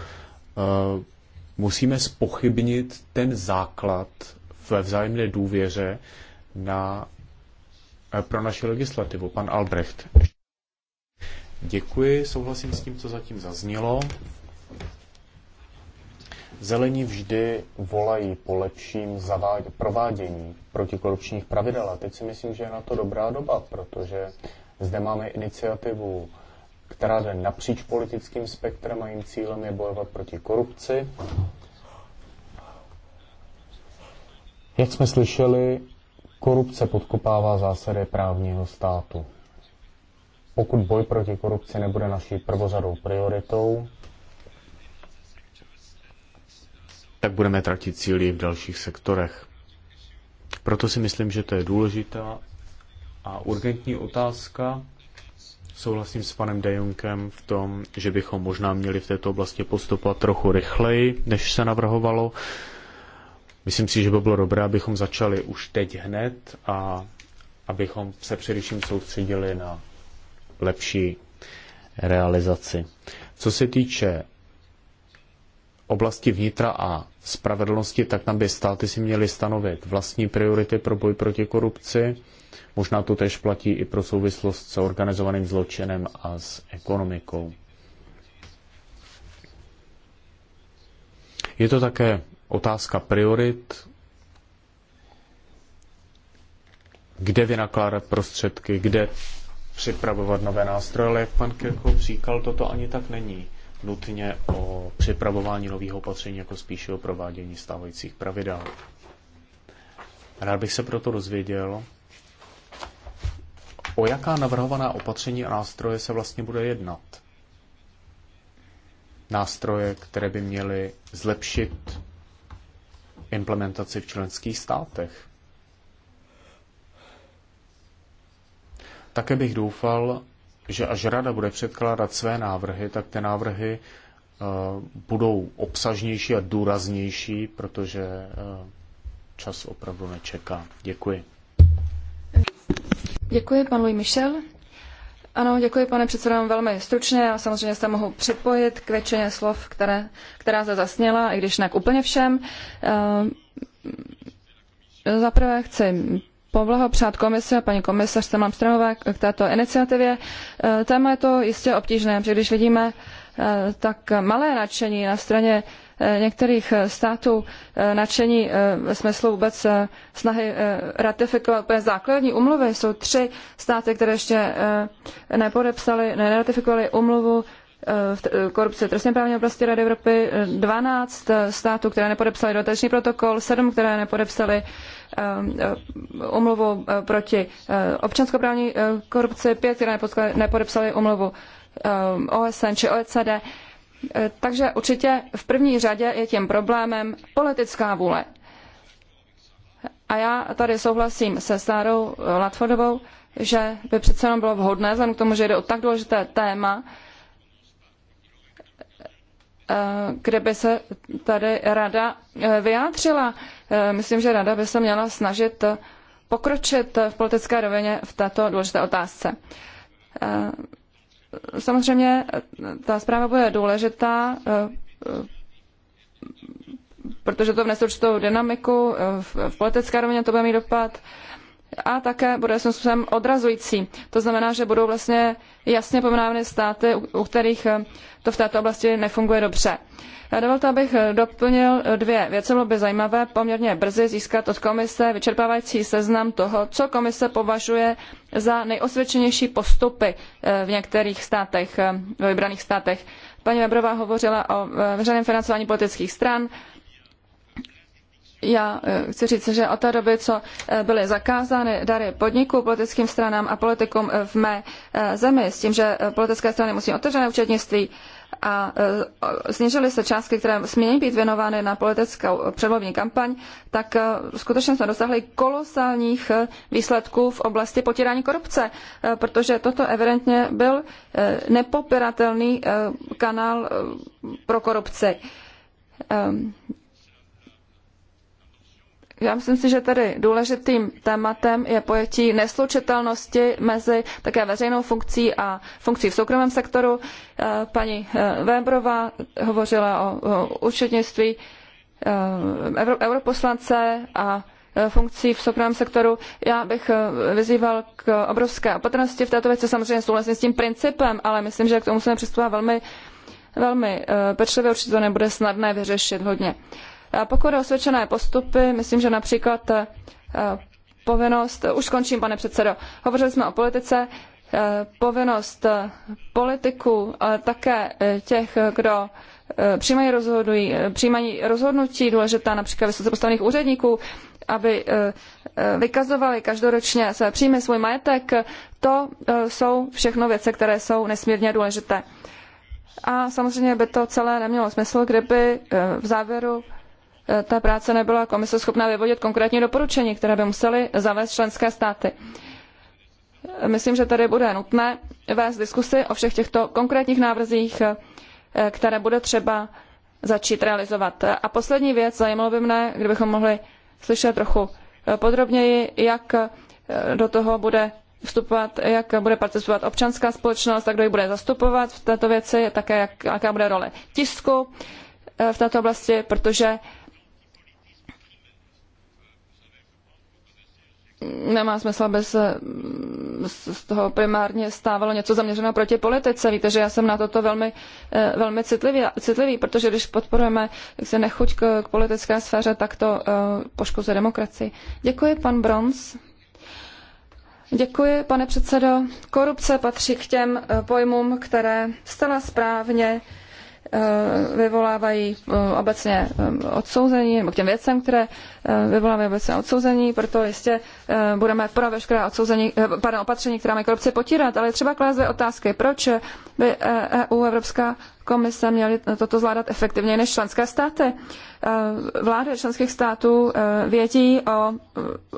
musíme spochybnit ten základ ve vzájemné důvěře na, uh, pro naši legislativu. Pan Albrecht. Děkuji, souhlasím s tím, co zatím zaznělo. Zelení vždy volají po lepším zavádě, provádění protikorupčních pravidel a teď si myslím, že je na to dobrá doba, protože zde máme iniciativu, která jde napříč politickým spektrem a jejím cílem je bojovat proti korupci. Jak jsme slyšeli, korupce podkopává zásady právního státu. Pokud boj proti korupci nebude naší prvořadou prioritou, tak budeme tratit síly v dalších sektorech. Proto si myslím, že to je důležitá a urgentní otázka. Souhlasím s panem Dejunkem v tom, že bychom možná měli v této oblasti postupovat trochu rychleji, než se navrhovalo. Myslím si, že by bylo dobré, abychom začali už teď hned a abychom se především soustředili na lepší realizaci. Co se týče oblasti vnitra a spravedlnosti, tak tam by státy si měly stanovit vlastní priority pro boj proti korupci. Možná to tež platí i pro souvislost s organizovaným zločinem a s ekonomikou. Je to také otázka priorit, kde vynakládat prostředky, kde připravovat nové nástroje, ale jak pan Kirchhoff říkal, toto ani tak není nutně o připravování nových opatření, jako spíše o provádění stávajících pravidel. Rád bych se proto dozvěděl, o jaká navrhovaná opatření a nástroje se vlastně bude jednat. Nástroje, které by měly zlepšit implementaci v členských státech. Také bych doufal, že až rada bude předkládat své návrhy, tak ty návrhy eh, budou obsažnější a důraznější, protože eh, čas opravdu nečeká. Děkuji. Děkuji, pan Louis Michel. Ano, děkuji, pane předsedo, velmi stručně a samozřejmě se mohu připojit k většině slov, které, která se zasněla, i když ne k úplně všem. Eh, Zaprvé chci poblahopřát komisi a paní komisařce Malmströmové k této iniciativě. Eh, téma je to jistě obtížné, protože když vidíme eh, tak malé nadšení na straně eh, některých států nadšení ve smyslu vůbec snahy ratifikovat úplně základní umluvy. Jsou tři státy, které ještě nepodepsaly, neratifikovaly umluvu v korupci v trestně právní oblasti Rady Evropy, 12 států, které nepodepsaly dotační protokol, 7, které nepodepsaly umluvu eh, eh, proti eh, občanskoprávní korupci, pět, které nepodepsali umluvu OSN či OECD. Takže určitě v první řadě je tím problémem politická vůle. A já tady souhlasím se Sárou Latfordovou, že by přece jenom bylo vhodné, vzhledem k tomu, že jde o tak důležité téma, Eh, kde by se tady rada eh, vyjádřila. Eh, myslím, že rada by se měla snažit pokročit v politické rovině v této důležité otázce. Samozřejmě ta zpráva bude důležitá, protože to vnese určitou dynamiku, v politické rovině to bude mít dopad, a také bude svým způsobem odrazující. To znamená, že budou vlastně jasně pomenávány státy, u, kterých eh, to v této oblasti nefunguje dobře. Eh, dovolte, abych eh, doplnil dvě věci. Bylo by zajímavé poměrně brzy získat od komise vyčerpávající seznam toho, co komise považuje za nejosvědčenější postupy v některých státech, ve vybraných státech. Paní Webrová hovořila o veřejném financování politických stran, já eh, chci říct, že od té doby, co eh, byly zakázány dary podniků, politickým stranám a politikům eh, v mé zemi, s tím, že politické strany musí otevřené účetnictví a snížily se částky, které smějí být věnovány na politickou předvolební kampaň, tak skutečně jsme dosáhli kolosálních výsledků v oblasti potírání korupce, protože toto evidentně byl nepopiratelný kanál pro korupci ehm, já myslím si, že tady důležitým tématem je pojetí neslučitelnosti mezi také veřejnou funkcí a funkcí v soukromém sektoru. Eh, paní eh, Vébrová hovořila o účetnictví eh, europoslance a funkcí v soukromém sektoru. Já bych vyzýval k obrovské opatrnosti v této věci. Samozřejmě souhlasím s tím principem, ale myslím, že k tomu musíme přistupovat velmi, velmi pečlivě. Určitě to nebude snadné vyřešit hodně pokud o osvědčené postupy, myslím, že například eh, povinnost, už končím, pane předsedo, hovořili jsme o politice, eh, povinnost eh, politiků, ale také těch, kdo přijímají, rozhodují, přijímají rozhodnutí důležitá například vysoce postavených úředníků, aby vykazovali každoročně své příjmy, svůj majetek, to jsou všechno věci, které jsou nesmírně důležité. A samozřejmě by to celé nemělo smysl, kdyby v závěru Eh, ta práce nebyla komise schopna vyvodit konkrétní doporučení, která by musely zavést členské státy. Eh, myslím, že tady bude nutné vést diskusi o všech těchto konkrétních návrzích, eh, které bude třeba začít realizovat. A poslední věc, zajímalo by mne, kdybychom mohli slyšet trochu podrobněji, jak do toho bude vstupovat, jak bude participovat občanská společnost, tak kdo ji bude zastupovat v této věci, také jak, jaká bude role tisku v této oblasti, protože nemá smysl, aby se z toho primárně stávalo něco zaměřeno proti politice. Víte, že já jsem na toto velmi, eh, velmi citlivý, citlivý protože když podporujeme jak se nechuť k, k politické sféře, tak to eh, poškozuje demokracii. Děkuji, pan Brons. Děkuji, pane předsedo. Korupce patří k těm eh, pojmům, které zcela správně Eh, vyvolávají eh, obecně eh, odsouzení, nebo k těm věcem, které vyvolávají obecně odsouzení, proto jistě budeme pro veškerá odsouzení, pardon, opatření, která mají korupci potírat, ale je třeba klást otázky, proč by EU, e Evropská komise měly toto zvládat efektivněji než členské státy. Vlády členských států vědí o,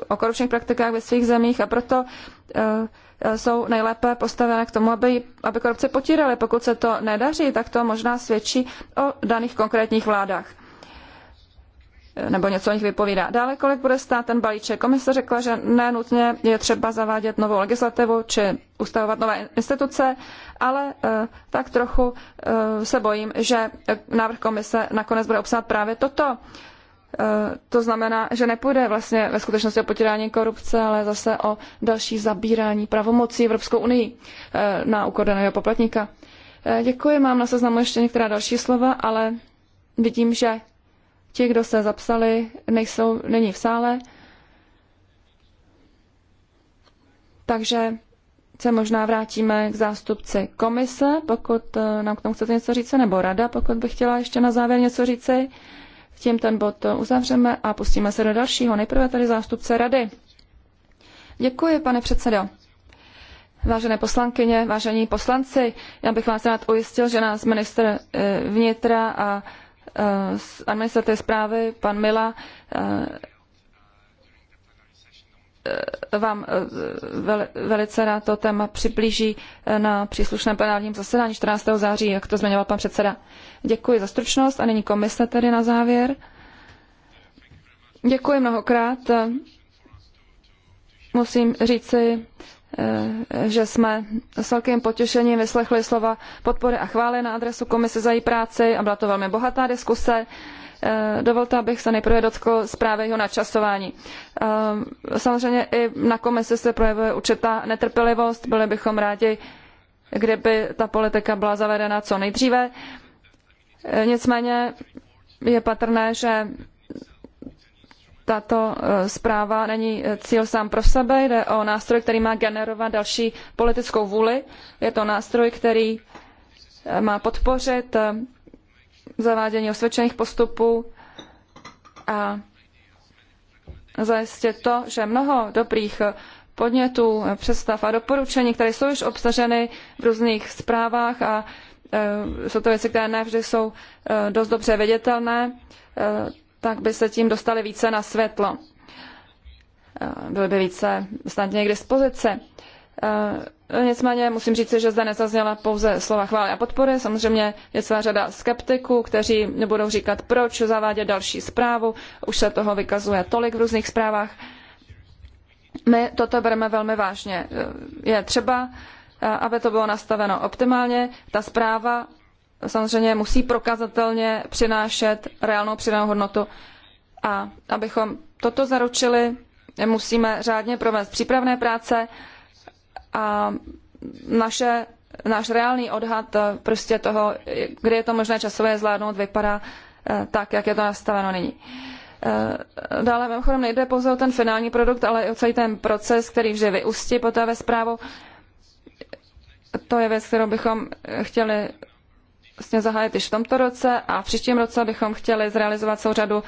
o korupčních praktikách ve svých zemích a proto Eh, jsou nejlépe postavené k tomu, aby, aby korupce potíraly. Pokud se to nedaří, tak to možná svědčí o daných konkrétních vládách eh, nebo něco o nich vypovídá. Dále, kolik bude stát ten balíček? Komise řekla, že nenutně je třeba zavádět novou legislativu či ustavovat nové instituce, ale eh, tak trochu se bojím, že návrh komise nakonec bude obsahovat právě toto. Eh, to znamená, že nepůjde vlastně ve skutečnosti o potírání korupce, ale zase o další zabírání pravomocí Evropskou unii eh, na úkor daného poplatníka. Eh, děkuji, mám na seznamu ještě některá další slova, ale vidím, že ti, kdo se zapsali, nejsou, není v sále. Takže se možná vrátíme k zástupci komise, pokud nám k tomu chcete něco říct, nebo rada, pokud by chtěla ještě na závěr něco říci. Tím ten bod uzavřeme a pustíme se do dalšího. Nejprve tady zástupce rady. Děkuji, pane předsedo. Vážené poslankyně, vážení poslanci, já bych vás rád ujistil, že nás minister eh, vnitra a z eh, administrativy zprávy, pan Mila, eh, Eh, vám eh, velice rád to téma přiblíží eh, na příslušném plenárním zasedání 14. září, jak to zmiňoval pan předseda. Děkuji za stručnost a nyní komise tedy na závěr. Děkuji mnohokrát. Musím říci, že jsme s velkým potěšením vyslechli slova podpory a chvály na adresu komise za její práci a byla to velmi bohatá diskuse. Eh, dovolte, abych se nejprve dotkl zprávy jeho načasování. Eh, samozřejmě i na komisi se projevuje určitá netrpělivost. Byli bychom rádi, kdyby ta politika byla zavedena co nejdříve. Eh, nicméně je patrné, že tato zpráva není cíl sám pro sebe, jde o nástroj, který má generovat další politickou vůli. Je to nástroj, který má podpořit zavádění osvědčených postupů a zajistit to, že mnoho dobrých podnětů, představ a doporučení, které jsou již obsaženy v různých zprávách a e, jsou to věci, které nevždy jsou e, dost dobře vědětelné, e, tak by se tím dostali více na světlo. Byly by více snadněji k dispozici. Eh, nicméně musím říct, že zde nezazněla pouze slova chvály a podpory. Samozřejmě je celá řada skeptiků, kteří budou říkat, proč zavádět další zprávu. Už se toho vykazuje tolik v různých zprávách. My toto bereme velmi vážně. Eh, je třeba, eh, aby to bylo nastaveno optimálně. Ta zpráva samozřejmě musí prokazatelně přinášet reálnou přidanou hodnotu. A abychom toto zaručili, musíme řádně provést přípravné práce, a naše, náš reálný odhad eh, prostě toho, kdy je to možné časově zvládnout, vypadá eh, tak, jak je to nastaveno nyní. Eh, dále mimochodem nejde pouze o ten finální produkt, ale i o celý ten proces, který vždy vyústí poté ve zprávu. To je věc, kterou bychom chtěli vlastně zahájit již v tomto roce a v příštím roce bychom chtěli zrealizovat celou řadu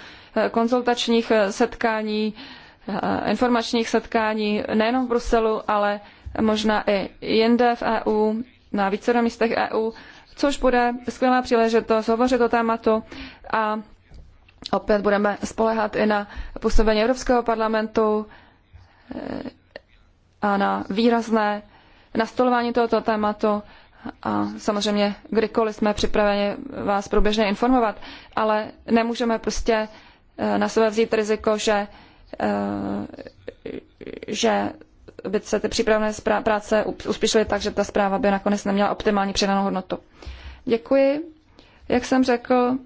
konzultačních setkání, informačních setkání nejenom v Bruselu, ale možná i jinde v EU, na více místech EU, což bude skvělá příležitost hovořit o tématu a opět budeme spolehat i na působení Evropského parlamentu eh, a na výrazné nastolování tohoto tématu a samozřejmě kdykoliv jsme připraveni vás průběžně informovat, ale nemůžeme prostě eh, na sebe vzít riziko, že, eh, že by se ty přípravné práce uspěšily tak, že ta zpráva by nakonec neměla optimální přidanou hodnotu. Děkuji. Jak jsem řekl,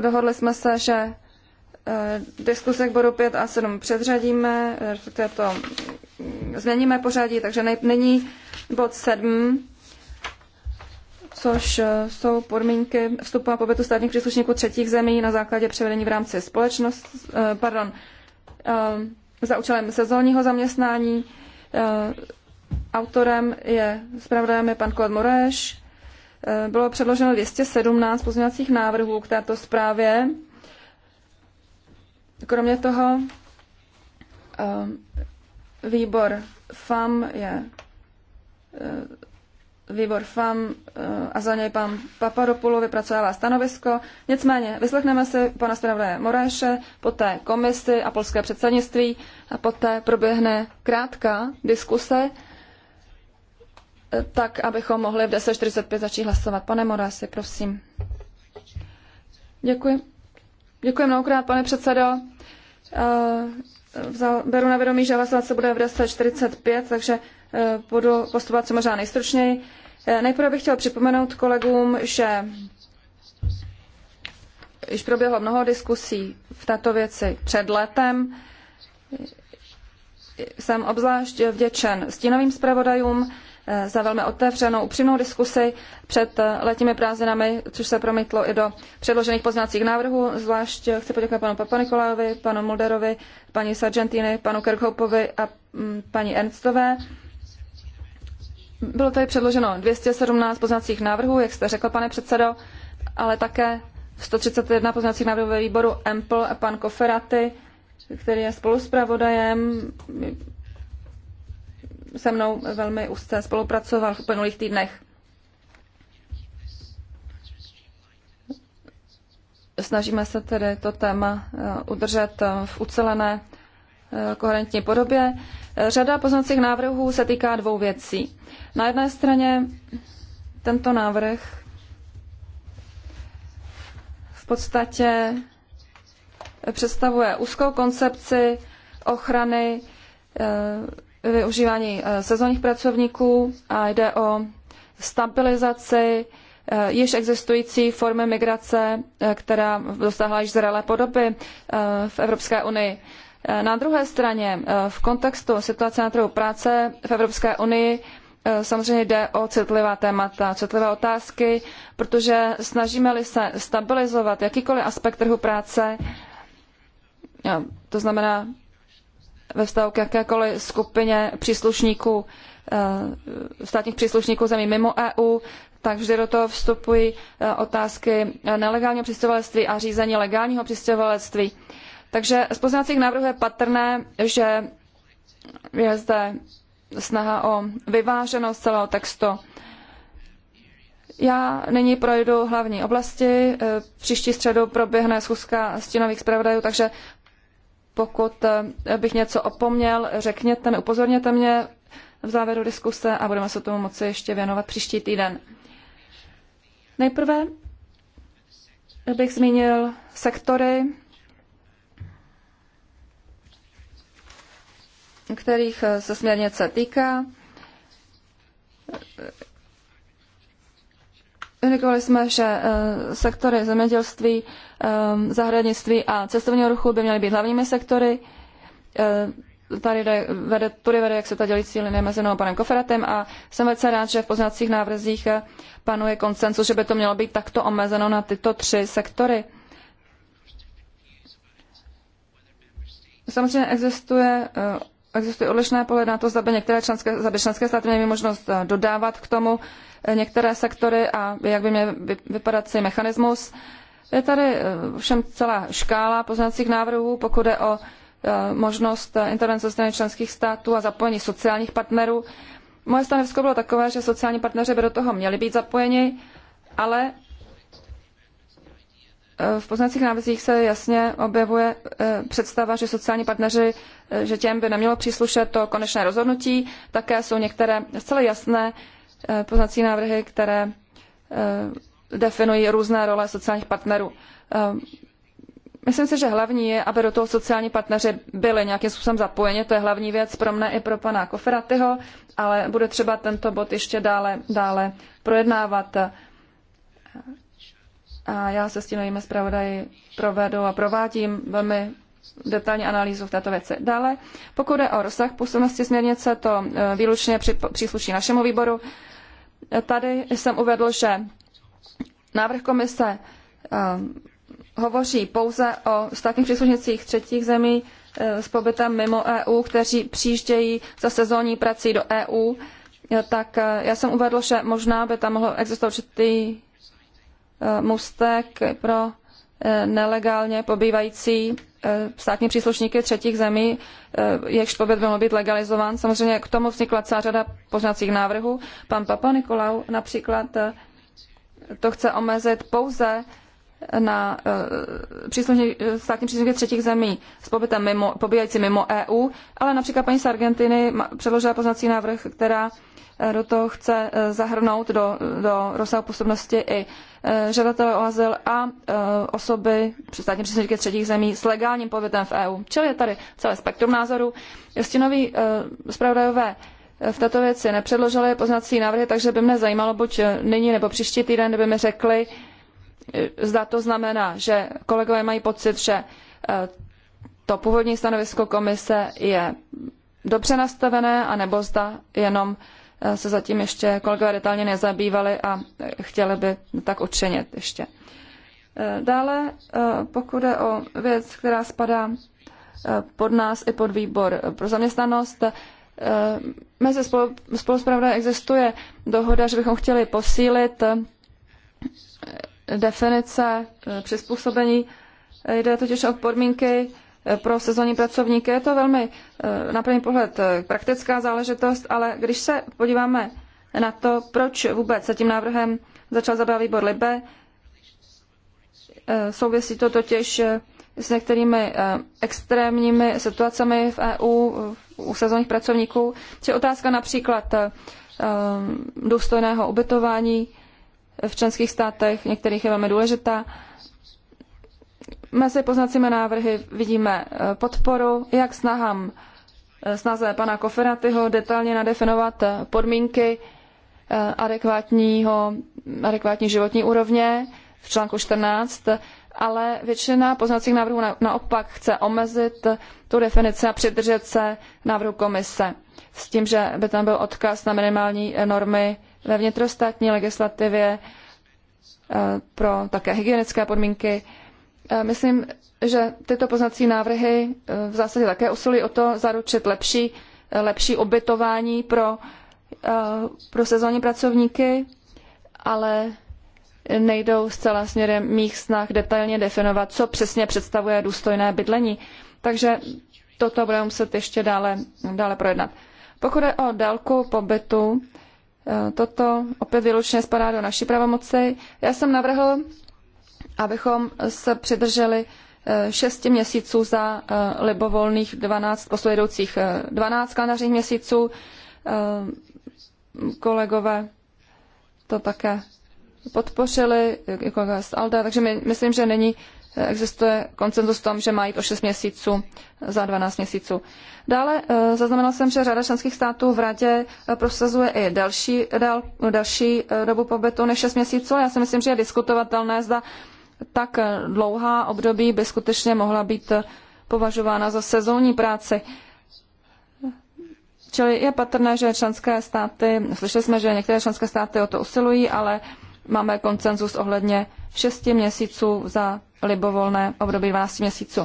dohodli jsme se, že eh, diskuse k bodu 5 a 7 předřadíme, respektive to mm, změníme pořadí, takže nej, nyní bod 7 což eh, jsou podmínky vstupu a pobytu státních příslušníků třetích zemí na základě převedení v rámci společnost, eh, pardon, eh, za účelem sezónního zaměstnání. Autorem je, zpravodajem je pan Claude Moreš. Bylo předloženo 217 pozměňovacích návrhů k této zprávě. Kromě toho výbor FAM je výbor FAM eh, a za něj pan Papadopoulou vypracovává stanovisko. Nicméně vyslechneme si pana zpravodaje Moráše. poté komisy a polské předsednictví a poté proběhne krátká diskuse, eh, tak abychom mohli v 10.45 začít hlasovat. Pane Morási, prosím. Děkuji. Děkuji mnohokrát, pane předsedo. Eh, vzal, beru na vědomí, že hlasovat se bude v 10.45, takže Eh, budu postupovat co možná nejstručněji. Eh, nejprve bych chtěl připomenout kolegům, že již proběhlo mnoho diskusí v této věci před letem. Jsem obzvlášť vděčen stínovým zpravodajům eh, za velmi otevřenou, upřímnou diskusi před letními prázdninami, což se promítlo i do předložených poznacích návrhů. Zvlášť chci poděkovat panu Papa Nikolajovi, panu Mulderovi, paní Sargentini, panu Kirkhopovi a mm, paní Ernstové. Bylo tady předloženo 217 poznacích návrhů, jak jste řekl, pane předsedo, ale také 131 poznacích návrhů ve výboru EMPL a pan Koferaty, který je spoluspravodajem, se mnou velmi úzce spolupracoval v uplynulých týdnech. Snažíme se tedy to téma eh, udržet eh, v ucelené eh, koherentní podobě. Řada poznacích návrhů se týká dvou věcí. Na jedné straně tento návrh v podstatě představuje úzkou koncepci ochrany eh, využívání eh, sezónních pracovníků a jde o stabilizaci eh, již existující formy migrace, která dosáhla již zralé podoby v Evropské unii. Eh, na druhé straně, eh, v kontextu situace na trhu práce v Evropské unii eh, samozřejmě jde o citlivá témata, citlivé otázky, protože snažíme-li se stabilizovat jakýkoliv aspekt trhu práce, to znamená ve vztahu k jakékoliv skupině příslušníků, státních příslušníků zemí mimo EU, tak vždy do toho vstupují otázky nelegálního přistěhovalectví a řízení legálního přistěhovalectví. Takže z pozměňovacích návrhů je patrné, že je zde snaha o vyváženost celého textu. Já nyní projdu hlavní oblasti. Eh, příští středu proběhne schůzka stínových zpravodajů, takže pokud eh, bych něco opomněl, řekněte mi, upozorněte mě v závěru diskuse a budeme se tomu moci ještě věnovat příští týden. Nejprve bych zmínil sektory, kterých eh, se směrnice týká. Indikovali jsme, že eh, sektory zemědělství, eh, zahradnictví a cestovního ruchu by měly být hlavními sektory. Tady jde, vede, tady vede, jak se ta dělící linie mezi mnou a panem Koferatem a jsem velice rád, že v poznacích návrzích panuje koncensus, že by to mělo být takto omezeno na tyto tři sektory. Samozřejmě existuje existují odlišné pohledy na to, zda by některé členské, zda by členské státy měly možnost eh, dodávat k tomu eh, některé sektory a jak by měl vypadat si mechanismus. Je tady eh, všem celá škála poznacích návrhů, pokud je o možnost intervence ze strany členských států a zapojení sociálních partnerů. Moje stanovisko bylo takové, že sociální partneři by do toho měli být zapojeni, ale v poznacích návrzích se jasně objevuje eh, představa, že sociální partneři, eh, že těm by nemělo příslušet to konečné rozhodnutí. Také jsou některé zcela jasné eh, poznací návrhy, které definují různé role sociálních partnerů. Myslím si, že hlavní je, aby do toho sociální partneři byli nějakým způsobem zapojeni. To je hlavní věc pro mne i pro pana Koferatyho, ale bude třeba tento bod ještě dále, dále projednávat a já se stínovými zpravodaji provedu a provádím velmi detailní analýzu v této věci. Dále, pokud je o rozsah působnosti směrnice, to e, výlučně přísluší našemu výboru. E, tady jsem uvedl, že návrh komise e, hovoří pouze o státních příslušnicích třetích zemí s pobytem mimo EU, kteří přijíždějí za sezónní prací do EU, tak já jsem uvedl, že možná by tam mohl existovat určitý Eh, mustek pro eh, nelegálně pobývající eh, státní příslušníky třetích zemí, jejichž pobyt by mohl být legalizován. Samozřejmě k tomu vznikla celá řada poznacích návrhů. Pan Papa Nikolau například to chce omezit pouze na eh, příslušně, státní příslušníky třetích zemí s pobytem mimo, pobíjající mimo EU, ale například paní z Argentiny předložila poznací návrh, která eh, do toho chce eh, zahrnout do, do rozsahu působnosti i žadatele o azyl a osoby, státní příslušníky třetích zemí s legálním pobytem v EU. Čili je tady celé spektrum názorů. Stinoví zpravodajové v této věci nepředložili poznací návrhy, takže by mě zajímalo, buď nyní nebo příští týden, kdyby mi řekli, zda to znamená, že kolegové mají pocit, že eh, to původní stanovisko komise je dobře nastavené, anebo zda jenom eh, se zatím ještě kolegové detailně nezabývali a eh, chtěli by tak učinit ještě. Dále, pokud je o věc, která spadá pod nás i pod výbor pro zaměstnanost, mezi spolu, existuje dohoda, že bychom chtěli posílit definice e, přizpůsobení. E, jde totiž o podmínky e, pro sezónní pracovníky. Je to velmi na první pohled praktická záležitost, ale když se podíváme na to, proč vůbec se tím návrhem začal zabývat výbor Libe, souvisí to totiž s některými extrémními situacemi v EU u sezónních pracovníků, či otázka například důstojného ubytování v členských státech, některých je velmi důležitá. Mezi poznacími návrhy vidíme eh, podporu, jak snahám eh, snaze pana Koferatyho detailně nadefinovat eh, podmínky adekvátního, adekvátní životní úrovně v článku 14, ale většina poznacích návrhů naopak chce omezit tu definici a přidržet se návrhu komise s tím, že by tam byl odkaz na minimální normy ve vnitrostátní legislativě eh, pro také hygienické podmínky. Eh, myslím, že tyto poznací návrhy eh, v zásadě také usilují o to zaručit lepší, lepší obytování pro, pro sezónní pracovníky, ale nejdou zcela směrem mých snah detailně definovat, co přesně představuje důstojné bydlení. Takže toto budeme muset ještě dále, dále projednat. Pokud je o délku pobytu, Eh, toto opět výlučně spadá do naší pravomoci. Já jsem navrhl, abychom se přidrželi eh, šesti měsíců za eh, libovolných 12 posledujících 12 kalendářních měsíců. Kolegové to také podpořili, jako z Alda, takže my, myslím, že není existuje koncenzus v tom, že mají o 6 měsíců za 12 měsíců. Dále eh, zaznamenal jsem, že řada členských států v radě eh, prosazuje i další, dal, další eh, dobu pobytu než 6 měsíců. Já si myslím, že je diskutovatelné, zda tak dlouhá období by skutečně mohla být považována za sezónní práci. Čili je patrné, že členské státy, slyšeli jsme, že některé členské státy o to usilují, ale uh, máme koncenzus ohledně 6 měsíců za libovolné období 12 měsíců.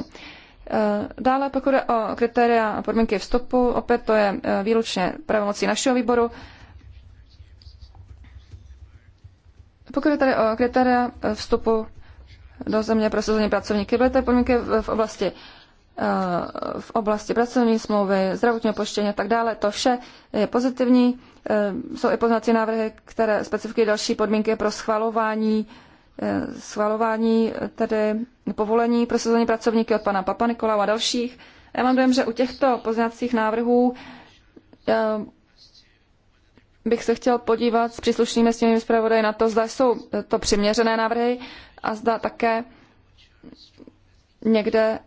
E, dále, pokud je o kritéria a podmínky vstupu, opět to je e, výlučně pravomocí našeho výboru. Pokud je tady o kritéria e, vstupu do země pro sezónní pracovníky, byly tady podmínky v oblasti v oblasti pracovní smlouvy, zdravotního poštění a tak dále. To vše je pozitivní Ehm, jsou i poznací návrhy, které specifikují další podmínky pro schvalování, eh, schvalování eh, tedy povolení pro sezónní pracovníky od pana Papa Nikolau a dalších. Já mám dojem, že u těchto poznacích návrhů ehm, bych se chtěl podívat s příslušnými stěnými zpravodaji na to, zda jsou eh, to přiměřené návrhy a zda také někde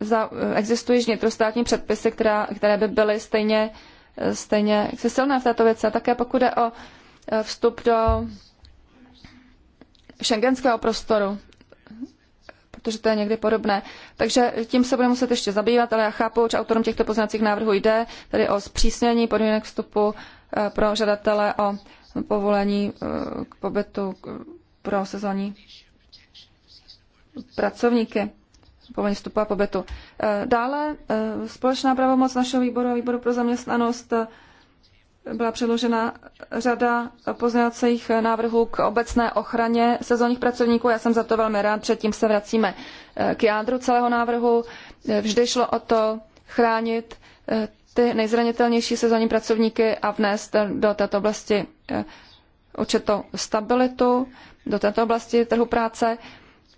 za, existují vnitrostátní předpisy, která, které by byly stejně Eh, stejně jaksi silné v této věci. A také pokud je o eh, vstup do šengenského prostoru, protože to je někdy podobné. Takže tím se budeme muset ještě zabývat, ale já chápu, že autorům těchto poznacích návrhů jde, tedy o zpřísnění podmínek vstupu eh, pro žadatele o povolení k pobytu pro sezónní pracovníky povolení vstupu a pobytu. Eh, dále eh, společná pravomoc našeho výboru a výboru pro zaměstnanost eh, byla předložena řada pozměňovacích návrhů k obecné ochraně sezónních pracovníků. Já jsem za to velmi rád. Předtím se vracíme k jádru celého návrhu. Vždy šlo o to chránit ty nejzranitelnější sezónní pracovníky a vnést do této oblasti určitou stabilitu, do této oblasti trhu práce.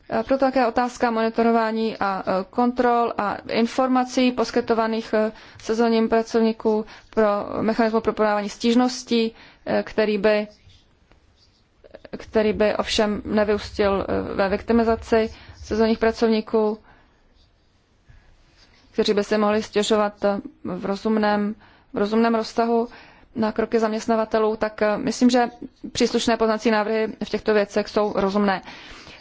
Proto také otázka monitorování a e, kontrol a informací poskytovaných e, sezónním pracovníků pro mechanismus pro podávání stížností, e, který by, který by ovšem nevyústil ve viktimizaci sezónních pracovníků, kteří by se mohli stěžovat v rozumném, v rozumném rozsahu na kroky zaměstnavatelů, tak myslím, že příslušné poznací návrhy v těchto věcech jsou rozumné.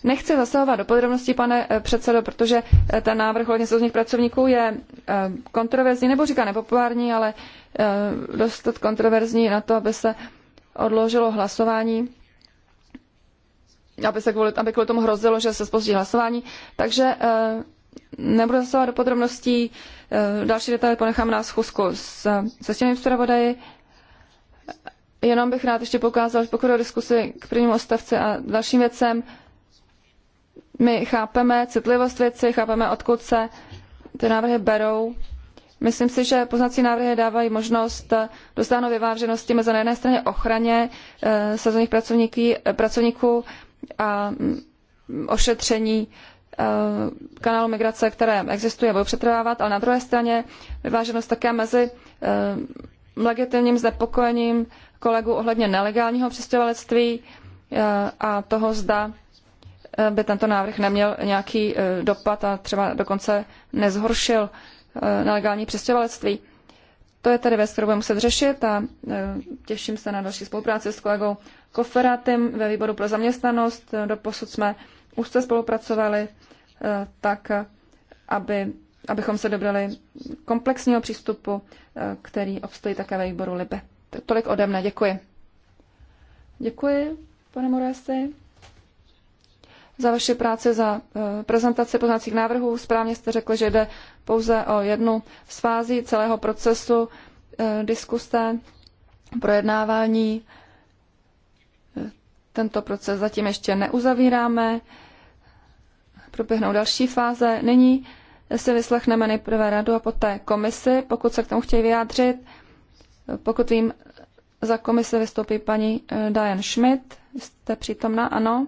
Nechci zasahovat do podrobností, pane eh, předsedo, protože eh, ten návrh hodně souzních pracovníků je eh, kontroverzní, nebo říká nepopulární, ale dost kontroverzní na to, aby se odložilo hlasování aby, se kvůli, aby kvůli tomu hrozilo, že se spozdí hlasování. Takže nebudu zasahovat do podrobností. Další detaily ponechám na schůzku s, se těmi zpravodaji. Jenom bych rád ještě poukázal, pokud o diskusi k prvnímu ostavci a dalším věcem, my chápeme citlivost věci, chápeme, odkud se ty návrhy berou. Myslím si, že poznací návrhy dávají možnost dosáhnout vyváženosti mezi na jedné straně ochraně eh, sezónních pracovníků a mm, ošetření eh, kanálu migrace, které existuje, bude přetrvávat, ale na druhé straně vyváženost také mezi eh, legitimním znepokojením kolegů ohledně nelegálního přistěhovalectví a toho, zda Eh, by tento návrh neměl nějaký eh, dopad a třeba dokonce nezhoršil eh, nelegální přistěhovalectví. To je tedy věc, kterou budeme muset řešit a těším se na další spolupráci s kolegou Koferátem ve výboru pro zaměstnanost. Doposud jsme úzce spolupracovali tak, aby, abychom se dobrali komplexního přístupu, který obstojí také ve výboru Libe. Tolik ode mne, děkuji. Děkuji, pane Moresi za vaši práci, za eh, prezentaci poznacích návrhů. Správně jste řekli, že jde pouze o jednu z fází celého procesu eh, diskuse, projednávání. Eh, tento proces zatím ještě neuzavíráme. Proběhnou další fáze. Nyní si vyslechneme nejprve radu a poté komisi, pokud se k tomu chtějí vyjádřit. Pokud vím, za komise vystoupí paní Diane Schmidt. Jste přítomna? Ano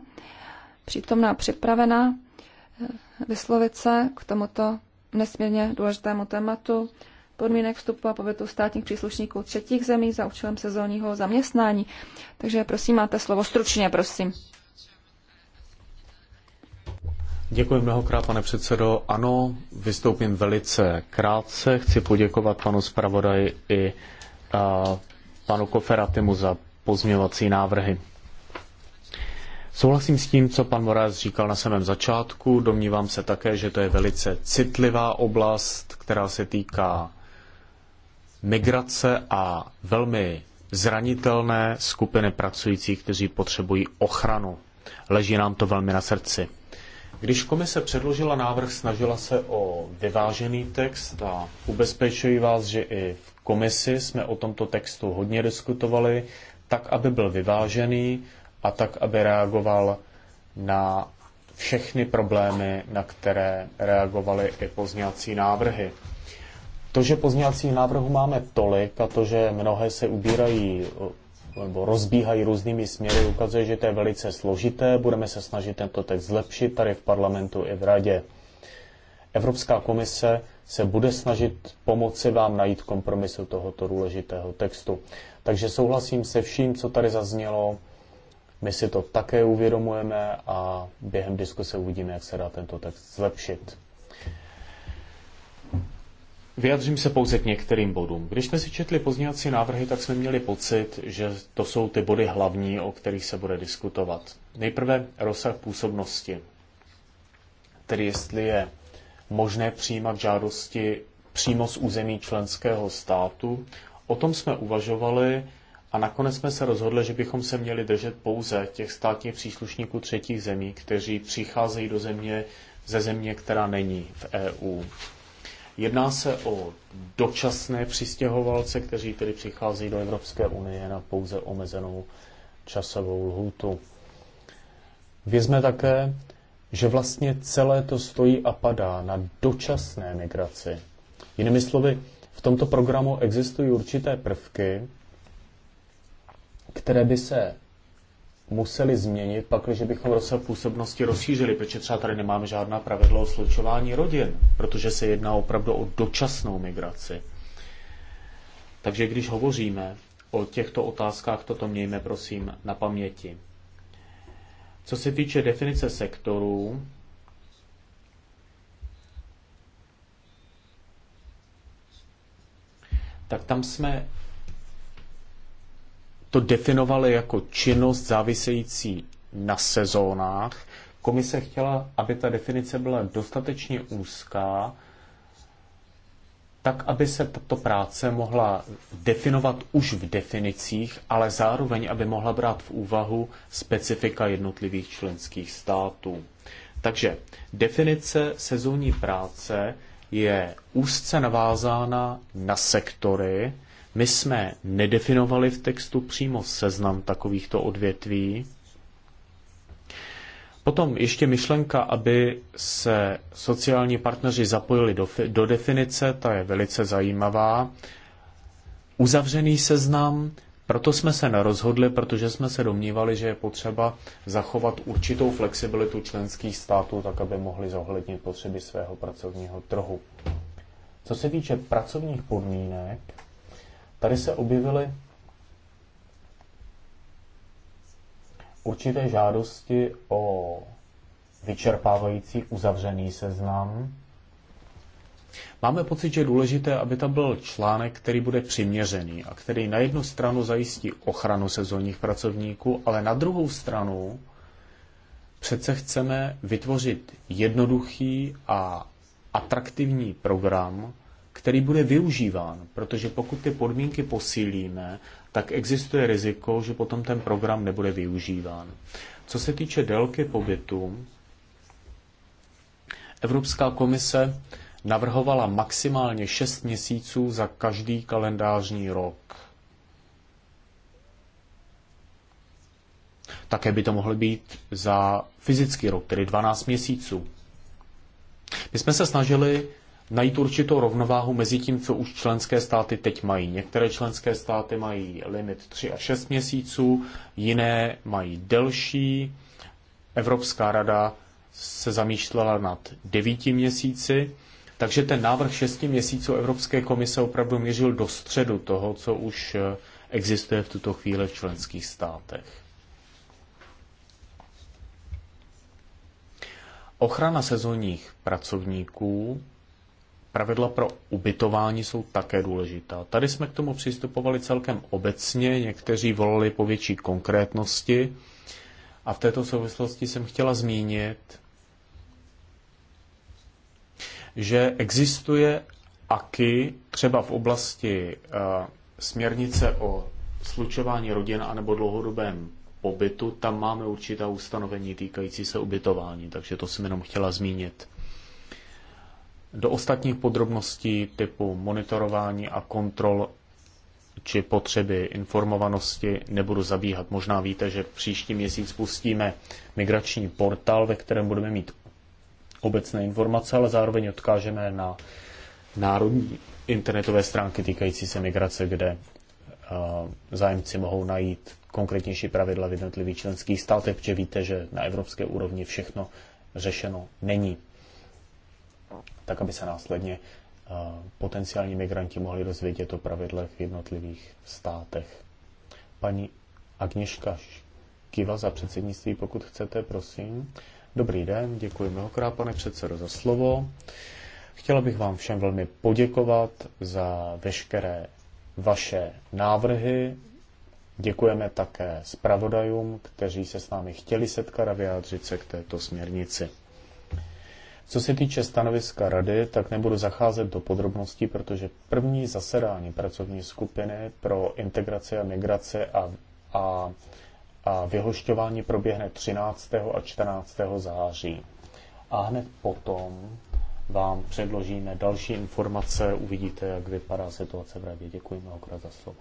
přítomná připravená eh, vyslovit se k tomuto nesmírně důležitému tématu podmínek vstupu a pobytu státních příslušníků třetích zemí za účelem sezónního zaměstnání. Takže prosím, máte slovo stručně, prosím. Děkuji mnohokrát, pane předsedo. Ano, vystoupím velice krátce. Chci poděkovat panu zpravodaji i uh, panu Koferatimu za pozměvací návrhy. Souhlasím s tím, co pan Moráz říkal na samém začátku. Domnívám se také, že to je velice citlivá oblast, která se týká migrace a velmi zranitelné skupiny pracujících, kteří potřebují ochranu. Leží nám to velmi na srdci. Když komise předložila návrh, snažila se o vyvážený text a ubezpečuji vás, že i v komisi jsme o tomto textu hodně diskutovali, tak, aby byl vyvážený, a tak, aby reagoval na všechny problémy, na které reagovaly i pozněcí návrhy. To, že pozněcí návrhů máme tolik a to, že mnohé se ubírají nebo rozbíhají různými směry, ukazuje, že to je velice složité. Budeme se snažit tento text zlepšit tady v parlamentu i v radě. Evropská komise se bude snažit pomoci vám najít kompromisu tohoto důležitého textu. Takže souhlasím se vším, co tady zaznělo my si to také uvědomujeme a během diskuse uvidíme, jak se dá tento text zlepšit. Vyjadřím se pouze k některým bodům. Když jsme si četli pozněvací návrhy, tak jsme měli pocit, že to jsou ty body hlavní, o kterých se bude diskutovat. Nejprve rozsah působnosti, tedy jestli je možné přijímat žádosti přímo z území členského státu. O tom jsme uvažovali a nakonec jsme se rozhodli, že bychom se měli držet pouze těch státních příslušníků třetích zemí, kteří přicházejí do země ze země, která není v EU. Jedná se o dočasné přistěhovalce, kteří tedy přicházejí do Evropské unie na pouze omezenou časovou lhůtu. Vězme také, že vlastně celé to stojí a padá na dočasné migraci. Jinými slovy, v tomto programu existují určité prvky, které by se museli změnit, pak, když bychom rozsah působnosti rozšířili, protože třeba tady nemáme žádná pravidla o slučování rodin, protože se jedná opravdu o dočasnou migraci. Takže když hovoříme o těchto otázkách, toto mějme prosím na paměti. Co se týče definice sektorů, tak tam jsme to definovali jako činnost závisející na sezónách. Komise chtěla, aby ta definice byla dostatečně úzká, tak, aby se tato práce mohla definovat už v definicích, ale zároveň, aby mohla brát v úvahu specifika jednotlivých členských států. Takže definice sezónní práce je úzce navázána na sektory, my jsme nedefinovali v textu přímo seznam takovýchto odvětví. Potom ještě myšlenka, aby se sociální partneři zapojili do, do definice, ta je velice zajímavá. Uzavřený seznam, proto jsme se nerozhodli, protože jsme se domnívali, že je potřeba zachovat určitou flexibilitu členských států, tak aby mohli zohlednit potřeby svého pracovního trhu. Co se týče pracovních podmínek, Tady se objevily určité žádosti o vyčerpávající uzavřený seznam. Máme pocit, že je důležité, aby tam byl článek, který bude přiměřený a který na jednu stranu zajistí ochranu sezónních pracovníků, ale na druhou stranu přece chceme vytvořit jednoduchý a atraktivní program, který bude využíván, protože pokud ty podmínky posílíme, tak existuje riziko, že potom ten program nebude využíván. Co se týče délky pobytu, Evropská komise navrhovala maximálně 6 měsíců za každý kalendářní rok. Také by to mohlo být za fyzický rok, tedy 12 měsíců. My jsme se snažili najít určitou rovnováhu mezi tím, co už členské státy teď mají. Některé členské státy mají limit 3 a 6 měsíců, jiné mají delší. Evropská rada se zamýšlela nad 9 měsíci, takže ten návrh 6 měsíců Evropské komise opravdu měřil do středu toho, co už eh, existuje v tuto chvíli v členských státech. Ochrana sezónních pracovníků Pravidla pro ubytování jsou také důležitá. Tady jsme k tomu přistupovali celkem obecně, někteří volali po větší konkrétnosti a v této souvislosti jsem chtěla zmínit, že existuje aky třeba v oblasti uh, směrnice o slučování rodin anebo dlouhodobém pobytu, tam máme určitá ustanovení týkající se ubytování, takže to jsem jenom chtěla zmínit do ostatních podrobností typu monitorování a kontrol či potřeby informovanosti nebudu zabíhat. Možná víte, že příští měsíc pustíme migrační portál, ve kterém budeme mít obecné informace, ale zároveň odkážeme na národní internetové stránky týkající se migrace, kde eh, zájemci mohou najít konkrétnější pravidla v jednotlivých členských státech, protože víte, že na evropské úrovni všechno řešeno není tak aby se následně eh, potenciální migranti mohli dozvědět o pravidlech v jednotlivých státech. Paní Agněška Kiva za předsednictví, pokud chcete, prosím. Dobrý den, děkuji mnohokrát, pane předsedo, za slovo. Chtěla bych vám všem velmi poděkovat za veškeré vaše návrhy. Děkujeme také zpravodajům, kteří se s námi chtěli setkat a vyjádřit se k této směrnici. Co se týče stanoviska rady, tak nebudu zacházet do podrobností, protože první zasedání pracovní skupiny pro integraci a migraci a, a, a vyhošťování proběhne 13. a 14. září. A hned potom vám předložíme další informace, uvidíte, jak vypadá situace v radě. Děkuji mnohokrát za slovo.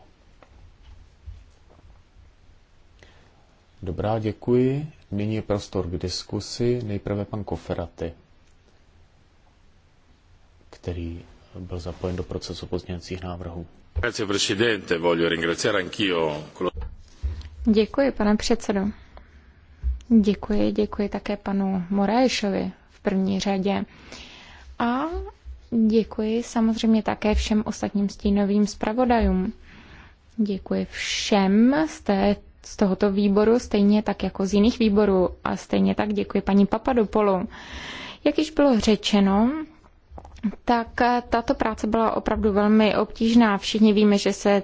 Dobrá, děkuji. Nyní je prostor k diskusi. Nejprve pan Koferaty který byl zapojen do procesu pozměňovacích návrhů. Děkuji, pane předsedo. Děkuji, děkuji také panu Moraješovi v první řadě. A děkuji samozřejmě také všem ostatním stínovým zpravodajům. Děkuji všem z, té, z tohoto výboru, stejně tak jako z jiných výborů a stejně tak děkuji paní Papadopolu. Jak již bylo řečeno, tak eh, tato práce byla opravdu velmi obtížná. Všichni víme, že se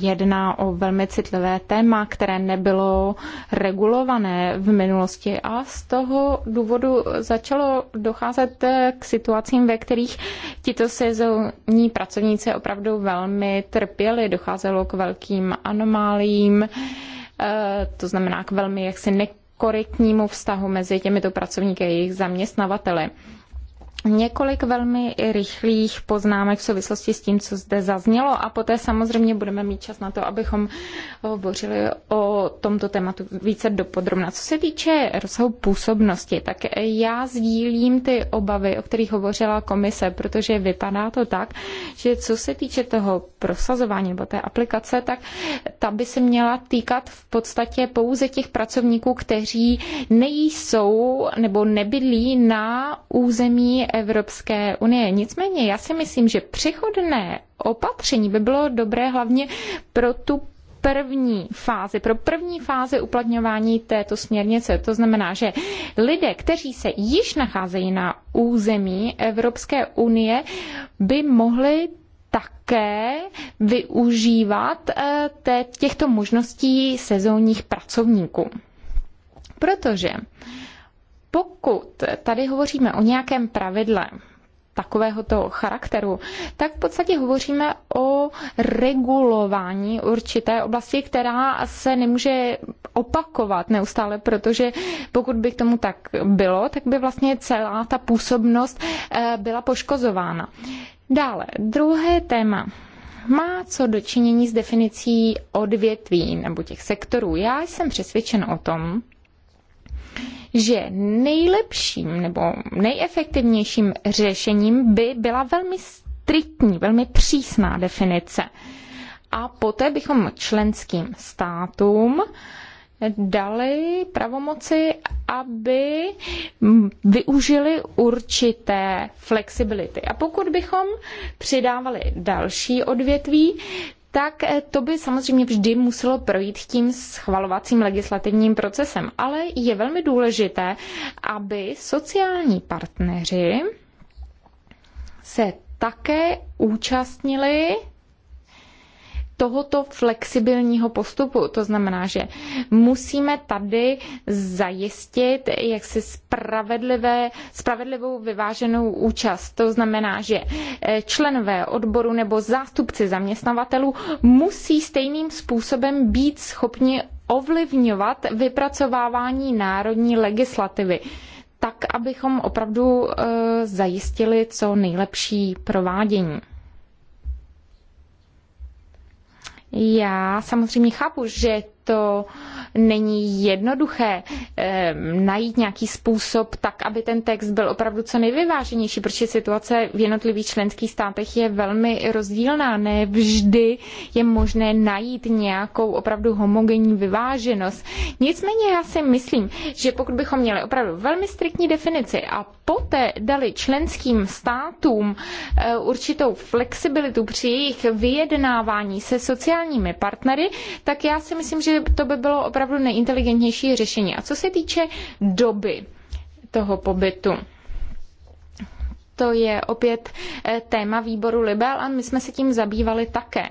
jedná o velmi citlivé téma, které nebylo regulované v minulosti a z toho důvodu začalo docházet eh, k situacím, ve kterých tito sezónní pracovníci opravdu velmi trpěli, docházelo k velkým anomálím, eh, to znamená k velmi jaksi nekorektnímu vztahu mezi těmito pracovníky a jejich zaměstnavateli. Několik velmi rychlých poznámek v souvislosti s tím, co zde zaznělo a poté samozřejmě budeme mít čas na to, abychom hovořili o tomto tématu více dopodrobna. Co se týče rozsahu působnosti, tak já sdílím ty obavy, o kterých hovořila komise, protože vypadá to tak, že co se týče toho prosazování nebo té aplikace, tak ta by se měla týkat v podstatě pouze těch pracovníků, kteří nejsou nebo nebydlí na území úrovni Evropské unie. Nicméně já si myslím, že přechodné opatření by bylo dobré hlavně pro tu první fázi, pro první fázi uplatňování této směrnice. To znamená, že lidé, kteří se již nacházejí na území Evropské unie, by mohli také využívat eh, těchto možností sezónních pracovníků. Protože pokud tady hovoříme o nějakém pravidle, takovéhoto charakteru, tak v podstatě hovoříme o regulování určité oblasti, která se nemůže opakovat neustále, protože pokud by k tomu tak bylo, tak by vlastně celá ta působnost eh, byla poškozována. Dále, druhé téma má co dočinění s definicí odvětví nebo těch sektorů. Já jsem přesvědčen o tom, že nejlepším nebo nejefektivnějším řešením by byla velmi striktní, velmi přísná definice. A poté bychom členským státům dali pravomoci, aby využili určité flexibility. A pokud bychom přidávali další odvětví, tak eh, to by samozřejmě vždy muselo projít tím schvalovacím legislativním procesem. Ale je velmi důležité, aby sociální partneři se také účastnili tohoto flexibilního postupu. To znamená, že musíme tady zajistit jaksi spravedlivé, spravedlivou vyváženou účast. To znamená, že eh, členové odboru nebo zástupci zaměstnavatelů musí stejným způsobem být schopni ovlivňovat vypracovávání národní legislativy tak, abychom opravdu eh, zajistili co nejlepší provádění. Já samozřejmě chápu, že to není jednoduché eh, najít nějaký způsob tak, aby ten text byl opravdu co nejvyváženější, protože situace v jednotlivých členských státech je velmi rozdílná. Ne vždy je možné najít nějakou opravdu homogenní vyváženost. Nicméně já si myslím, že pokud bychom měli opravdu velmi striktní definici a poté dali členským státům eh, určitou flexibilitu při jejich vyjednávání se sociálními partnery, tak já si myslím, že že to by bylo opravdu nejinteligentnější řešení. A co se týče doby toho pobytu, to je opět eh, téma výboru Libel a my jsme se tím zabývali také.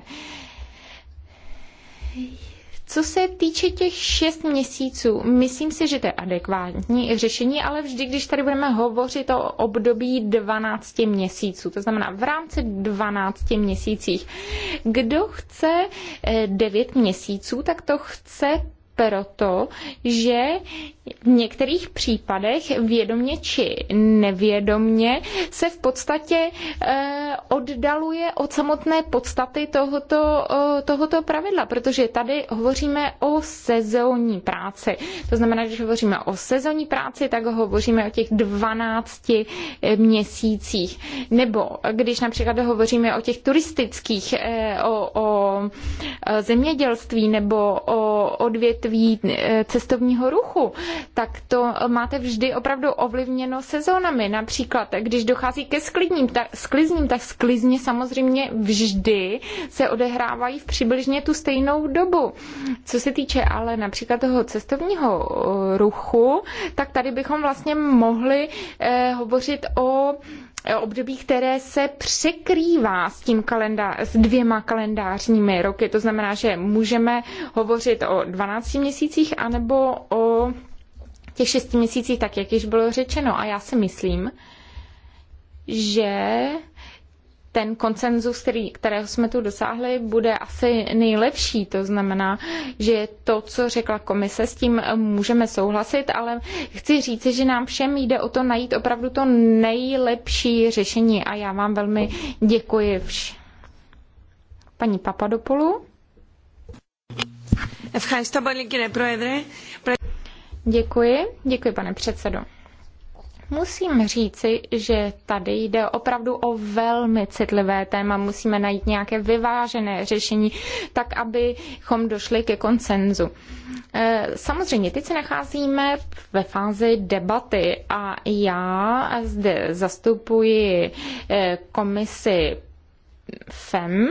Co se týče těch šest měsíců, myslím si, že to je adekvátní řešení, ale vždy, když tady budeme hovořit o období 12 měsíců, to znamená v rámci 12 měsících, kdo chce 9 eh, měsíců, tak to chce proto, že v některých případech vědomně či nevědomně se v podstatě eh, oddaluje od samotné podstaty tohoto, eh, tohoto pravidla, protože tady hovoříme o sezónní práci. To znamená, když hovoříme o sezónní práci, tak hovoříme o těch 12 eh, měsících. Nebo když například hovoříme o těch turistických, o, o zemědělství nebo o odvětví, odvětví eh, cestovního ruchu, tak to máte vždy opravdu ovlivněno sezónami. Například, když dochází ke sklidním, tak, sklizním, tak sklizně samozřejmě vždy se odehrávají v přibližně tu stejnou dobu. Co se týče ale například toho cestovního eh, ruchu, tak tady bychom vlastně mohli eh, hovořit o Eh, období, které se překrývá s, tím kalendá- s dvěma kalendářními roky. To znamená, že můžeme hovořit o 12 měsících anebo o těch 6 měsících, tak jak již bylo řečeno. A já si myslím, že ten konsenzus, který, kterého jsme tu dosáhli, bude asi nejlepší. To znamená, že to, co řekla komise, s tím můžeme souhlasit, ale chci říci, že nám všem jde o to najít opravdu to nejlepší řešení a já vám velmi děkuji vš. Paní Papadopoulou. Děkuji, děkuji pane předsedo. Musím říci, že tady jde opravdu o velmi citlivé téma. Musíme najít nějaké vyvážené řešení, tak abychom došli ke konsenzu. Eh, samozřejmě, teď se nacházíme ve fázi debaty a já zde zastupuji eh, komisi FEM,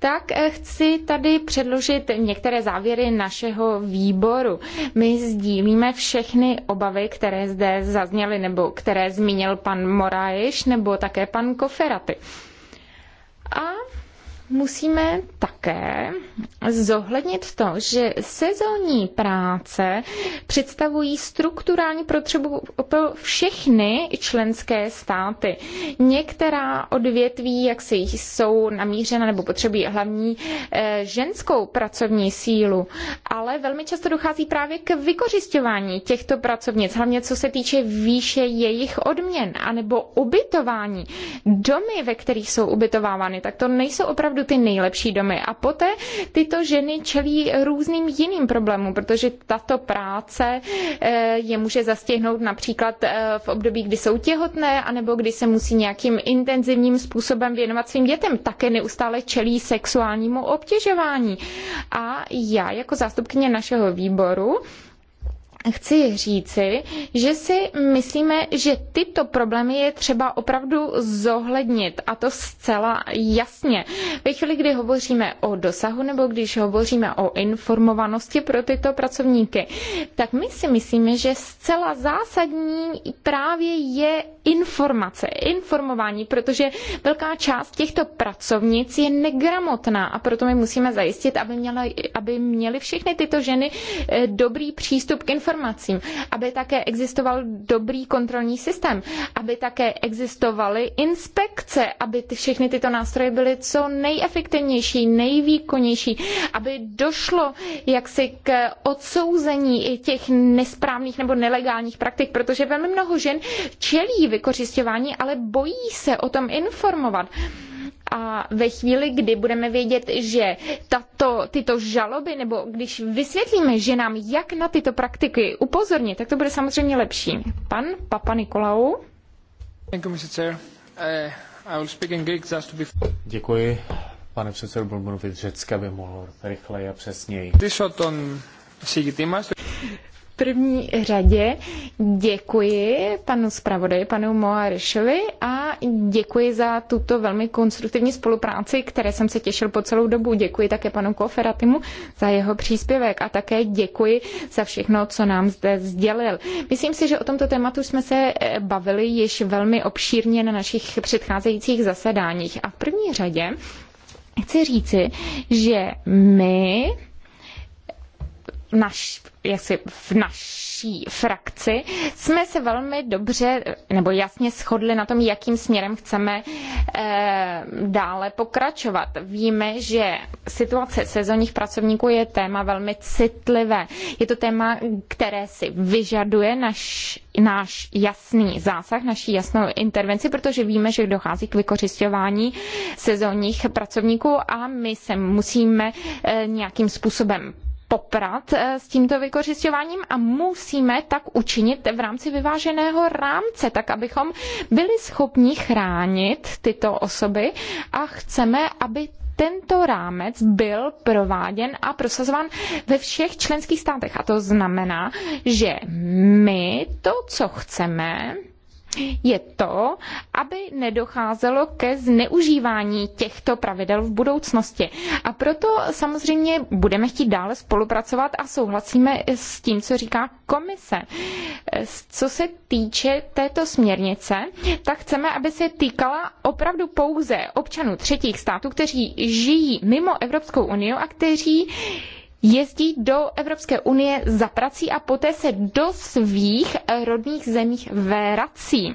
tak eh, chci tady předložit některé závěry našeho výboru. My sdílíme všechny obavy, které zde zazněly, nebo které zmínil pan Moráješ, nebo také pan Koferaty. A musíme také zohlednit to, že sezónní práce představují strukturální potřebu pro všechny členské státy. Některá odvětví, jak se jich jsou namířena nebo potřebují hlavní eh, ženskou pracovní sílu, ale velmi často dochází právě k vykořišťování těchto pracovnic, hlavně co se týče výše jejich odměn anebo ubytování. Domy, ve kterých jsou ubytovávány, tak to nejsou opravdu opravdu ty nejlepší domy. A poté tyto ženy čelí různým jiným problémům, protože tato práce eh, je může zastihnout například eh, v období, kdy jsou těhotné, anebo kdy se musí nějakým intenzivním způsobem věnovat svým dětem. Také neustále čelí sexuálnímu obtěžování. A já jako zástupkyně našeho výboru, chci říci, že si myslíme, že tyto problémy je třeba opravdu zohlednit a to zcela jasně. Ve chvíli, kdy hovoříme o dosahu nebo když hovoříme o informovanosti pro tyto pracovníky, tak my si myslíme, že zcela zásadní právě je informace, informování, protože velká část těchto pracovnic je negramotná a proto my musíme zajistit, aby, měla, aby měly všechny tyto ženy eh, dobrý přístup k informacím informacím, aby také existoval dobrý kontrolní systém, aby také existovaly inspekce, aby ty, všechny tyto nástroje byly co nejefektivnější, nejvýkonnější, aby došlo jaksi k odsouzení těch nesprávných nebo nelegálních praktik, protože velmi mnoho žen čelí vykořišťování, ale bojí se o tom informovat. A ve chvíli, kdy budeme vědět, že tato, tyto žaloby, nebo když vysvětlíme ženám, jak na tyto praktiky upozornit, tak to bude samozřejmě lepší. Pan Papa Nikolau. Eh, Děkuji, pane předsedo, budu mluvit řecky, aby mohl rychleji a přesněji první řadě děkuji panu zpravodaji, panu Moarešovi a děkuji za tuto velmi konstruktivní spolupráci, které jsem se těšil po celou dobu. Děkuji také panu Koferatimu za jeho příspěvek a také děkuji za všechno, co nám zde sdělil. Myslím si, že o tomto tématu jsme se eh, bavili již velmi obšírně na našich předcházejících zasedáních. A v první řadě chci říci, že my naš, jaksi v naší frakci jsme se velmi dobře nebo jasně shodli na tom, jakým směrem chceme e, dále pokračovat. Víme, že situace sezónních pracovníků je téma velmi citlivé. Je to téma, které si vyžaduje naš, náš jasný zásah, naší jasnou intervenci, protože víme, že dochází k vykořišťování sezónních pracovníků a my se musíme e, nějakým způsobem poprat eh, s tímto vykořišťováním a musíme tak učinit v rámci vyváženého rámce, tak abychom byli schopni chránit tyto osoby a chceme, aby tento rámec byl prováděn a prosazován ve všech členských státech. A to znamená, že my to, co chceme, je to, aby nedocházelo ke zneužívání těchto pravidel v budoucnosti. A proto samozřejmě budeme chtít dále spolupracovat a souhlasíme s tím, co říká komise. Co se týče této směrnice, tak chceme, aby se týkala opravdu pouze občanů třetích států, kteří žijí mimo Evropskou unii a kteří jezdí do Evropské unie za prací a poté se do svých rodných zemích vrací.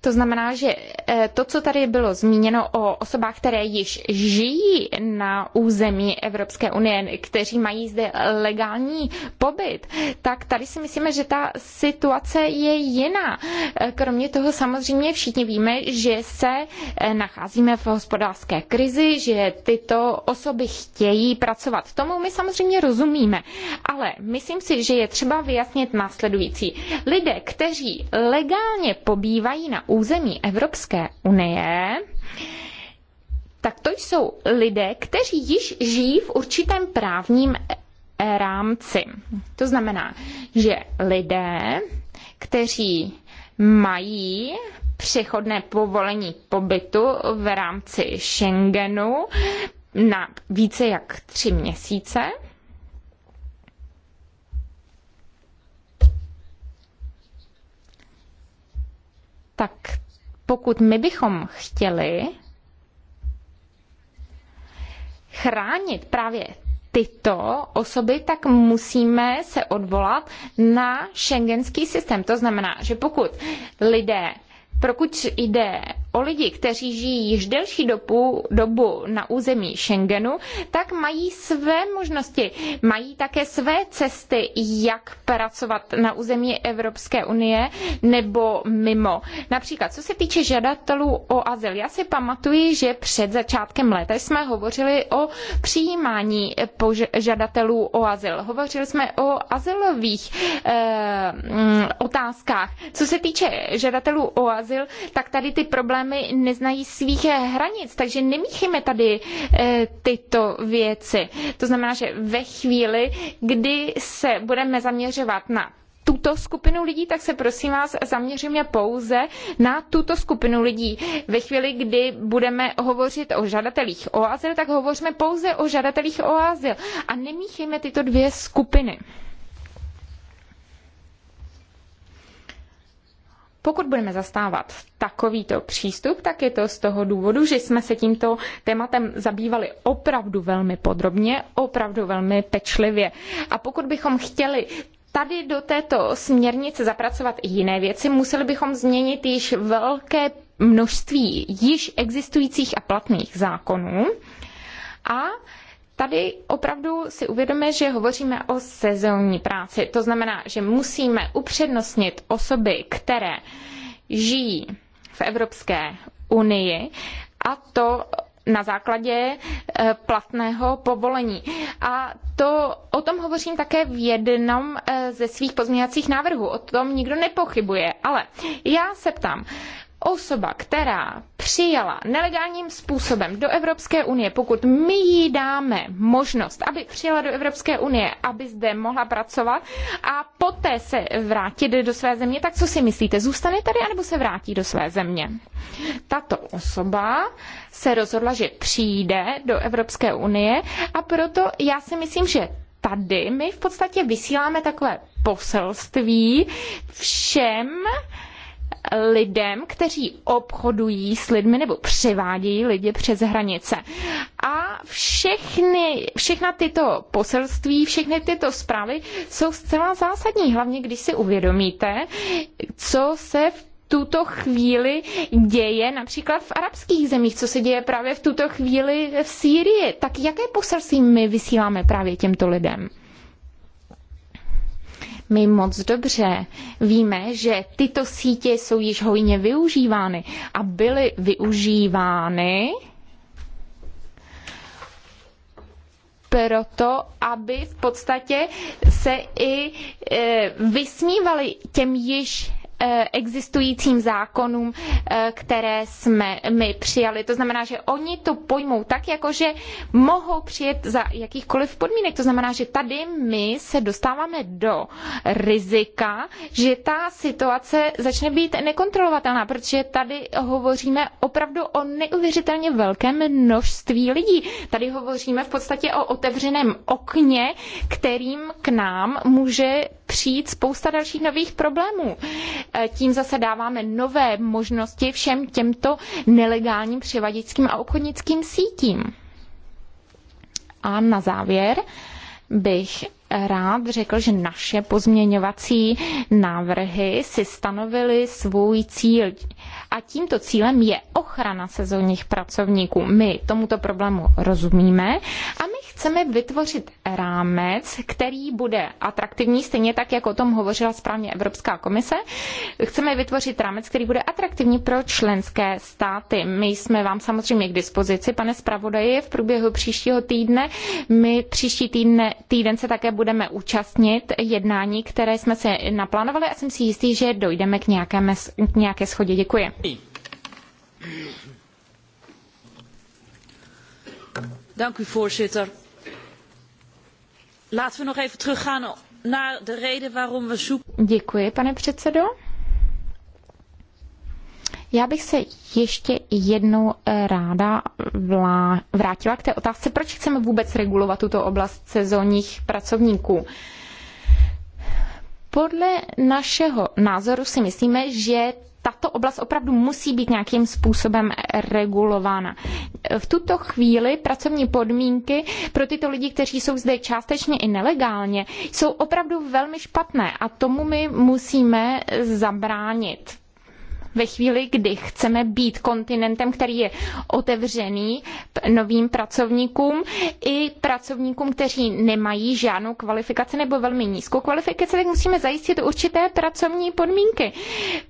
To znamená, že eh, to, co tady bylo zmíněno o osobách, které již žijí na území Evropské unie, kteří mají zde legální pobyt, tak tady si myslíme, že ta situace je jiná. Eh, kromě toho samozřejmě všichni víme, že se eh, nacházíme v hospodářské krizi, že tyto osoby chtějí pracovat. Tomu my samozřejmě rozumíme, ale myslím si, že je třeba vyjasnit následující. Lidé, kteří legálně pobývají na území Evropské unie, tak to jsou lidé, kteří již žijí v určitém právním rámci. To znamená, že lidé, kteří mají přechodné povolení pobytu v rámci Schengenu na více jak tři měsíce, tak pokud my bychom chtěli chránit právě tyto osoby, tak musíme se odvolat na šengenský systém. To znamená, že pokud lidé, pokud jde o lidi, kteří žijí již delší dobu, dobu na území Schengenu, tak mají své možnosti, mají také své cesty, jak pracovat na území Evropské unie nebo mimo. Například, co se týče žadatelů o azyl, já si pamatuji, že před začátkem léta jsme hovořili o přijímání žadatelů o azyl. Hovořili jsme o azylových eh, mm, otázkách. Co se týče žadatelů o azyl, tak tady ty problémy problémy neznají svých eh, hranic, takže nemíchíme tady eh, tyto věci. To znamená, že ve chvíli, kdy se budeme zaměřovat na tuto skupinu lidí, tak se prosím vás zaměříme pouze na tuto skupinu lidí. Ve chvíli, kdy budeme hovořit o žadatelích o azyl, tak hovoříme pouze o žadatelích o azyl a nemíchejme tyto dvě skupiny. Pokud budeme zastávat takovýto přístup, tak je to z toho důvodu, že jsme se tímto tématem zabývali opravdu velmi podrobně, opravdu velmi pečlivě. A pokud bychom chtěli tady do této směrnice zapracovat i jiné věci, museli bychom změnit již velké množství již existujících a platných zákonů a Tady opravdu si uvědomíme, že hovoříme o sezónní práci. To znamená, že musíme upřednostnit osoby, které žijí v Evropské unii a to na základě eh, platného povolení. A to o tom hovořím také v jednom eh, ze svých pozměňovacích návrhů. O tom nikdo nepochybuje. Ale já se ptám, osoba, která přijela nelegálním způsobem do Evropské unie, pokud my jí dáme možnost, aby přijela do Evropské unie, aby zde mohla pracovat a poté se vrátit do své země, tak co si myslíte, zůstane tady anebo se vrátí do své země? Tato osoba se rozhodla, že přijde do Evropské unie a proto já si myslím, že tady my v podstatě vysíláme takové poselství všem, lidem, kteří obchodují s lidmi nebo převádějí lidi přes hranice. A všechny, všechna tyto poselství, všechny tyto zprávy jsou zcela zásadní, hlavně když si uvědomíte, co se v tuto chvíli děje například v arabských zemích, co se děje právě v tuto chvíli v Sýrii. Tak jaké poselství my vysíláme právě těmto lidem? My moc dobře víme, že tyto sítě jsou již hojně využívány a byly využívány proto, aby v podstatě se i e, vysmívali těm již Eh, existujícím zákonům, eh, které jsme my přijali. To znamená, že oni to pojmou tak, jako že mohou přijet za jakýchkoliv podmínek. To znamená, že tady my se dostáváme do rizika, že ta situace začne být nekontrolovatelná, protože tady hovoříme opravdu o neuvěřitelně velkém množství lidí. Tady hovoříme v podstatě o otevřeném okně, kterým k nám může přijít spousta dalších nových problémů. E, tím zase dáváme nové možnosti všem těmto nelegálním převaděčským a obchodnickým sítím. A na závěr bych rád řekl, že naše pozměňovací návrhy si stanovily svůj cíl a tímto cílem je ochrana sezónních pracovníků. My tomuto problému rozumíme a my chceme vytvořit rámec, který bude atraktivní, stejně tak, jak o tom hovořila správně Evropská komise. Chceme vytvořit rámec, který bude atraktivní pro členské státy. My jsme vám samozřejmě k dispozici, pane zpravodaji, v průběhu příštího týdne. My příští týdne, týden se také budeme účastnit jednání, které jsme se naplánovali a jsem si jistý, že dojdeme k, nějaké, k nějaké schodě. Děkuji voorzitter. Laten we nog even teruggaan naar de reden waarom we zoeken. Děkuji, pane předsedo. Já bych se ještě jednou eh, ráda vrátila k té otázce, proč chceme vůbec regulovat tuto oblast sezónních pracovníků. Podle našeho názoru si myslíme, že tato oblast opravdu musí být nějakým způsobem regulována. V tuto chvíli pracovní podmínky pro tyto lidi, kteří jsou zde částečně i nelegálně, jsou opravdu velmi špatné a tomu my musíme zabránit ve chvíli, kdy chceme být kontinentem, který je otevřený novým pracovníkům i pracovníkům, kteří nemají žádnou kvalifikaci nebo velmi nízkou kvalifikaci, tak musíme zajistit určité pracovní podmínky,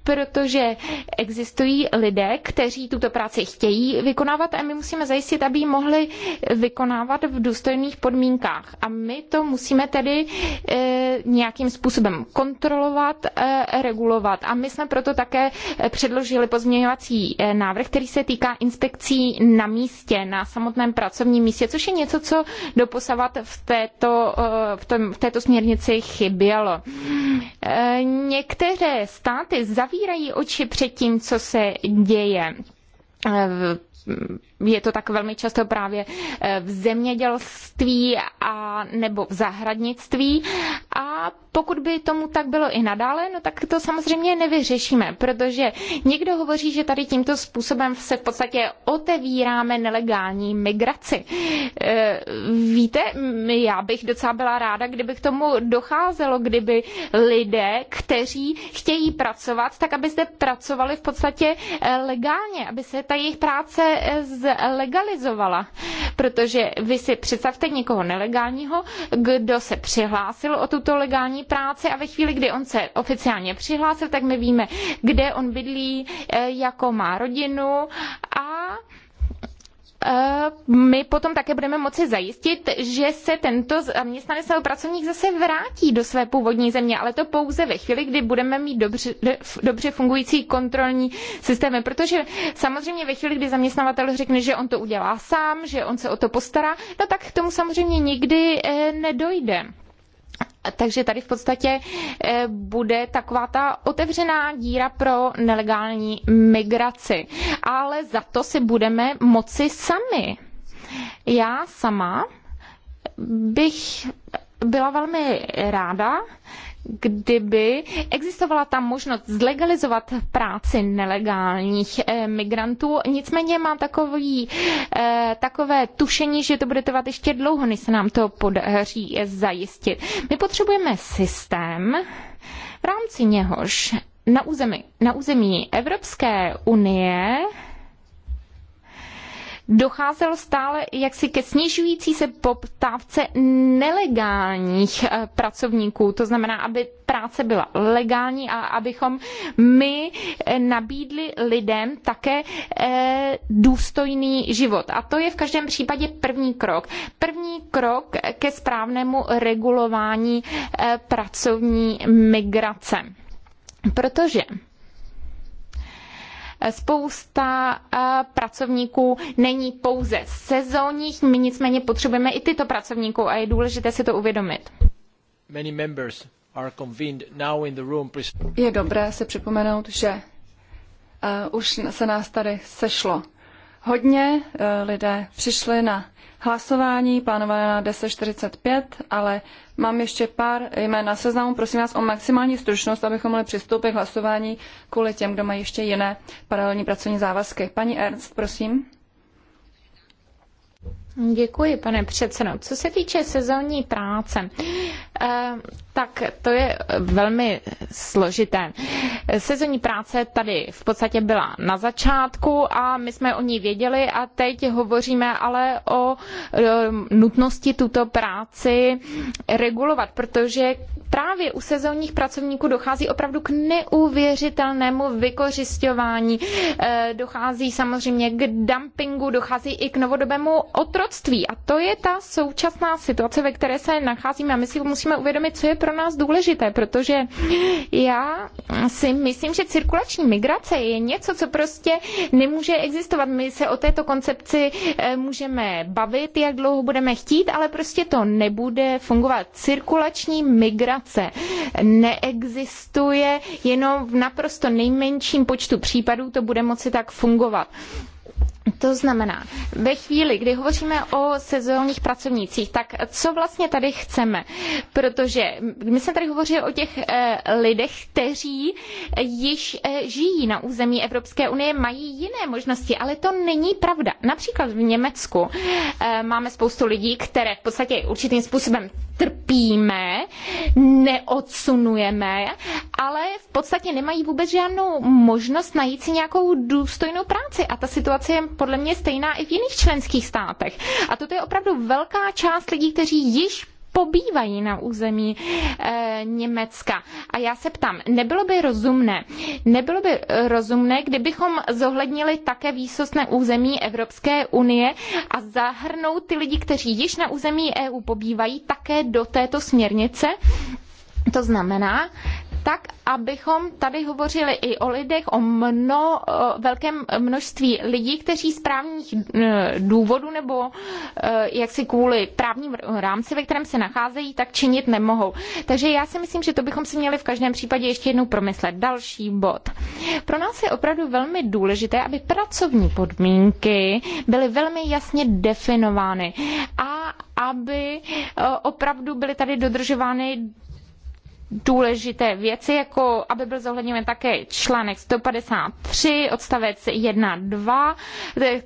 protože existují lidé, kteří tuto práci chtějí vykonávat a my musíme zajistit, aby ji mohli vykonávat v důstojných podmínkách. A my to musíme tedy e, nějakým způsobem kontrolovat, e, regulovat. A my jsme proto také předložili pozměňovací eh, návrh, který se týká inspekcí na místě, na samotném pracovním místě, což je něco, co doposavat v této, eh, v tom, v této směrnici chybělo. Eh, některé státy zavírají oči před tím, co se děje je to tak velmi často právě eh, v zemědělství a nebo v zahradnictví. A pokud by tomu tak bylo i nadále, no tak to samozřejmě nevyřešíme, protože někdo hovoří, že tady tímto způsobem se v podstatě otevíráme nelegální migraci. Eh, víte, já bych docela byla ráda, kdyby k tomu docházelo, kdyby lidé, kteří chtějí pracovat, tak aby zde pracovali v podstatě eh, legálně, aby se ta jejich práce z legalizovala. Protože vy si představte někoho nelegálního, kdo se přihlásil o tuto legální práci a ve chvíli, kdy on se oficiálně přihlásil, tak my víme, kde on bydlí, eh, jakou má rodinu a Eh, my potom také budeme moci zajistit, že se tento zaměstnanec nebo pracovník zase vrátí do své původní země, ale to pouze ve chvíli, kdy budeme mít dobře, dobře fungující kontrolní systémy, protože samozřejmě ve chvíli, kdy zaměstnavatel řekne, že on to udělá sám, že on se o to postará, no tak k tomu samozřejmě nikdy eh, nedojde. Takže tady v podstatě eh, bude taková ta otevřená díra pro nelegální migraci. Ale za to si budeme moci sami. Já sama bych byla velmi ráda, kdyby existovala tam možnost zlegalizovat práci nelegálních eh, migrantů. Nicméně mám takový, eh, takové tušení, že to bude trvat ještě dlouho, než se nám to podaří zajistit. My potřebujeme systém, v rámci něhož na území, na území Evropské unie docházelo stále jaksi ke snižující se poptávce nelegálních eh, pracovníků. To znamená, aby práce byla legální a abychom my eh, nabídli lidem také eh, důstojný život. A to je v každém případě první krok. První krok ke správnému regulování pracovní migrace. Protože Spousta eh, pracovníků není pouze sezónních, my nicméně potřebujeme i tyto pracovníků a je důležité si to uvědomit. Je dobré si připomenout, že eh, už se nás tady sešlo hodně, eh, lidé přišli na hlasování plánované na 10.45, ale mám ještě pár jmén na seznamu. Prosím vás o maximální stručnost, abychom mohli přistoupit k hlasování kvůli těm, kdo mají ještě jiné paralelní pracovní závazky. Paní Ernst, prosím. Děkuji, pane předsedo. Co se týče sezónní práce, Eh, tak to je velmi složité. Sezonní práce tady v podstatě byla na začátku a my jsme o ní věděli a teď hovoříme ale o eh, nutnosti tuto práci regulovat, protože právě u sezónních pracovníků dochází opravdu k neuvěřitelnému vykořišťování. Eh, dochází samozřejmě k dumpingu, dochází i k novodobému otroctví a to je ta současná situace, ve které se nacházíme a my si musíme musíme uvědomit, co je pro nás důležité, protože já si myslím, že cirkulační migrace je něco, co prostě nemůže existovat. My se o této koncepci eh, můžeme bavit, jak dlouho budeme chtít, ale prostě to nebude fungovat. Cirkulační migrace neexistuje jenom v naprosto nejmenším počtu případů, to bude moci tak fungovat. To znamená, ve chvíli, kdy hovoříme o sezónních pracovnících, tak co vlastně tady chceme? Protože my jsme tady hovořili o těch eh, lidech, kteří již eh, žijí na území Evropské unie, mají jiné možnosti, ale to není pravda. Například v Německu eh, máme spoustu lidí, které v podstatě určitým způsobem trpíme, neodsunujeme, ale v podstatě nemají vůbec žádnou možnost najít si nějakou důstojnou práci. A ta situace je podle mě stejná i v jiných členských státech. A toto je opravdu velká část lidí, kteří již pobývají na území e, Německa. A já se ptám, nebylo by rozumné, nebylo by rozumné, kdybychom zohlednili také výsostné území Evropské unie a zahrnout ty lidi, kteří již na území EU pobývají, také do této směrnice? To znamená, tak abychom tady hovořili i o lidech, o mno, velkém množství lidí, kteří z právních e, důvodů nebo e, jak si kvůli právním rámci, ve kterém se nacházejí, tak činit nemohou. Takže já si myslím, že to bychom si měli v každém případě ještě jednou promyslet. Další bod. Pro nás je opravdu velmi důležité, aby pracovní podmínky byly velmi jasně definovány a aby e, opravdu byly tady dodržovány důležité věci, jako aby byl zohledněn také článek 153 odstavec 1 2,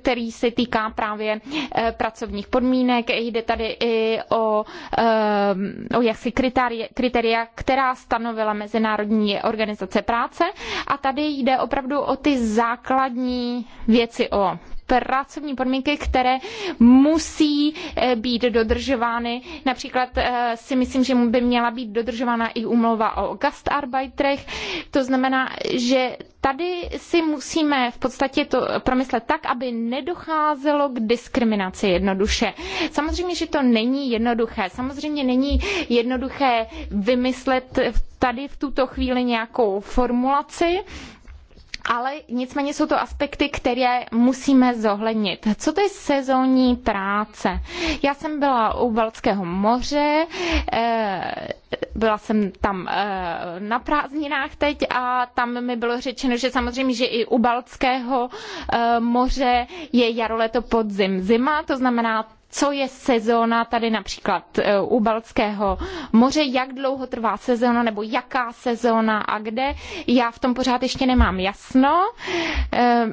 který se týká právě eh, pracovních podmínek. Jde tady i o, eh, o jaksi kritéria, kritéria, která stanovila Mezinárodní organizace práce. A tady jde opravdu o ty základní věci, o pracovní podmínky, které musí eh, být dodržovány. Například eh, si myslím, že by měla být dodržována i umluva o gastarbeiterech. To znamená, že tady si musíme v podstatě to promyslet tak, aby nedocházelo k diskriminaci jednoduše. Samozřejmě, že to není jednoduché. Samozřejmě není jednoduché vymyslet tady v tuto chvíli nějakou formulaci, ale nicméně jsou to aspekty, které musíme zohlednit. Co to je sezónní práce? Já jsem byla u Balckého moře, eh, byla jsem tam eh, na prázdninách teď a tam mi bylo řečeno, že samozřejmě, že i u Balckého eh, moře je jaro, leto, podzim, zima, to znamená, co je sezóna tady například e, u Balckého moře, jak dlouho trvá sezóna nebo jaká sezóna a kde. Já v tom pořád ještě nemám jasno. E,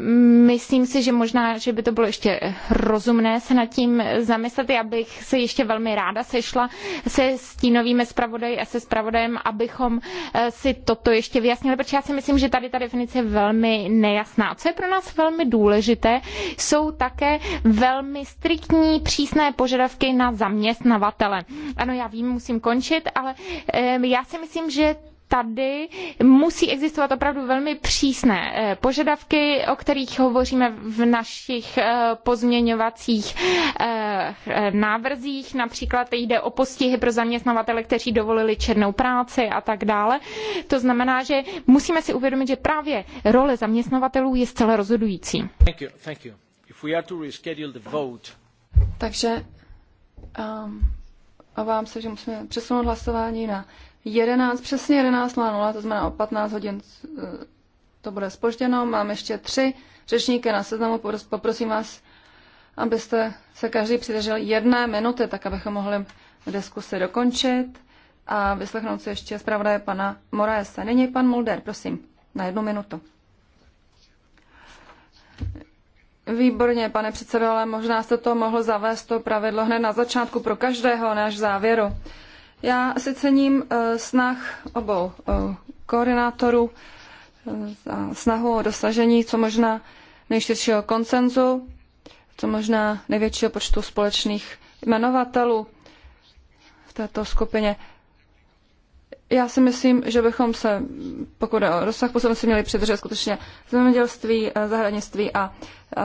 myslím si, že možná, že by to bylo ještě rozumné se nad tím zamyslet. Já bych se ještě velmi ráda sešla se stínovými zpravodaji a se zpravodajem, abychom e, si toto ještě vyjasnili, protože já si myslím, že tady ta definice je velmi nejasná. Co je pro nás velmi důležité, jsou také velmi striktní přístupy přísné požadavky na zaměstnavatele. Ano, já vím, musím končit, ale já si myslím, že tady musí existovat opravdu velmi přísné eh, požadavky, o kterých hovoříme v našich eh, pozměňovacích eh, návrzích. Například jde o postihy pro zaměstnavatele, kteří dovolili černou práci a tak dále. To znamená, že musíme si uvědomit, že právě role zaměstnavatelů je zcela rozhodující. Thank you, thank you. Takže um, obávám se, že musíme přesunout hlasování na 11, přesně 11.00, to znamená o 15 hodin uh, to bude spožděno. Mám ještě tři řečníky na seznamu, poprosím vás, abyste se každý přidržel jedné minuty, tak abychom mohli diskusi dokončit a vyslechnout si ještě zpravodaje pana Moraese. Nyní pan Mulder, prosím, na jednu minutu. Výborně, pane předsedo, ale možná jste to mohl zavést to pravidlo hned na začátku pro každého, než závěru. Já si cením eh, snah obou eh, koordinátorů eh, a snahu o dosažení co možná nejširšího koncenzu, co možná největšího počtu společných jmenovatelů v této skupině já si myslím, že bychom se, pokud o rozsah působnosti, si měli přidržet skutečně zemědělství, eh, zahradnictví a eh,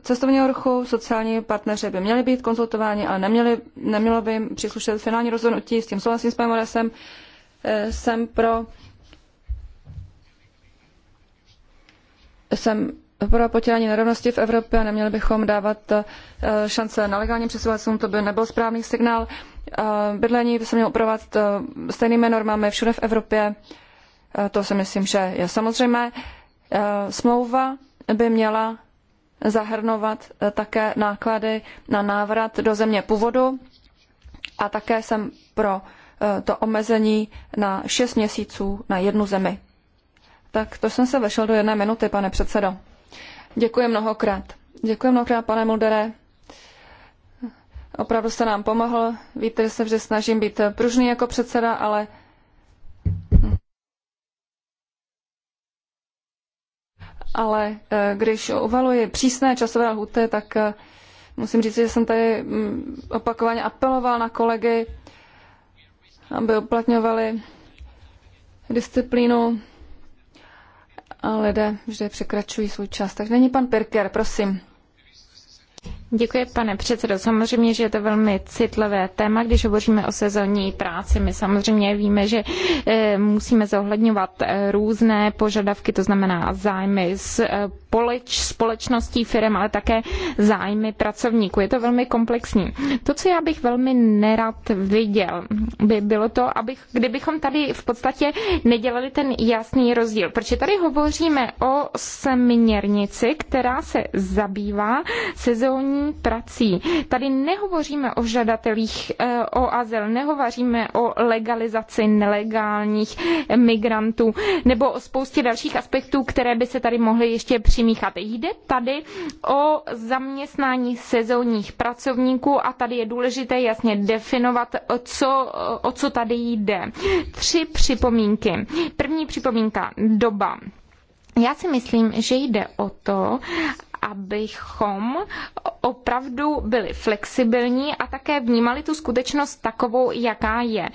cestovního ruchu. Sociální partneři by měli být konzultováni, ale neměli, nemělo by jim příslušet finální rozhodnutí. S tím souhlasím s panem Moresem. Eh, jsem pro jsem pro potírání nerovnosti v Evropě a neměli bychom dávat eh, šance nelegálním přestěhovalcům, to by nebyl správný signál. Eh, bydlení by se mělo upravovat eh, stejnými normami všude v Evropě, to si myslím, že je samozřejmé. Smlouva by měla zahrnovat také náklady na návrat do země původu a také jsem pro to omezení na šest měsíců na jednu zemi. Tak to jsem se vešel do jedné minuty, pane předsedo. Děkuji mnohokrát. Děkuji mnohokrát, pane Muldere. Opravdu jste nám pomohl. Víte, že se vždy snažím být pružný jako předseda, ale ale eh, když uvaluji přísné časové lhuty, tak eh, musím říct, že jsem tady mm, opakovaně apeloval na kolegy, aby uplatňovali disciplínu lidé vždy překračují svůj čas. Tak není pan Pirker, prosím. Děkuji, pane předsedo. Samozřejmě, že je to velmi citlivé téma, když hovoříme o sezónní práci. My samozřejmě víme, že eh, musíme zohledňovat eh, různé požadavky, to znamená zájmy společ, eh, společností firm, ale také zájmy pracovníků. Je to velmi komplexní. To, co já bych velmi nerad viděl, by bylo to, abych, kdybychom tady v podstatě nedělali ten jasný rozdíl. Protože tady hovoříme o směrnici, která se zabývá sezónní sezónní prací. Tady nehovoříme o žadatelích eh, o azyl, nehovoříme o legalizaci nelegálních migrantů nebo o spoustě dalších aspektů, které by se tady mohly ještě přimíchat. Jde tady o zaměstnání sezónních pracovníků a tady je důležité jasně definovat, o co, o co tady jde. Tři připomínky. První připomínka doba. Já si myslím, že jde o to, abychom opravdu byli flexibilní a také vnímali tu skutečnost takovou, jaká je.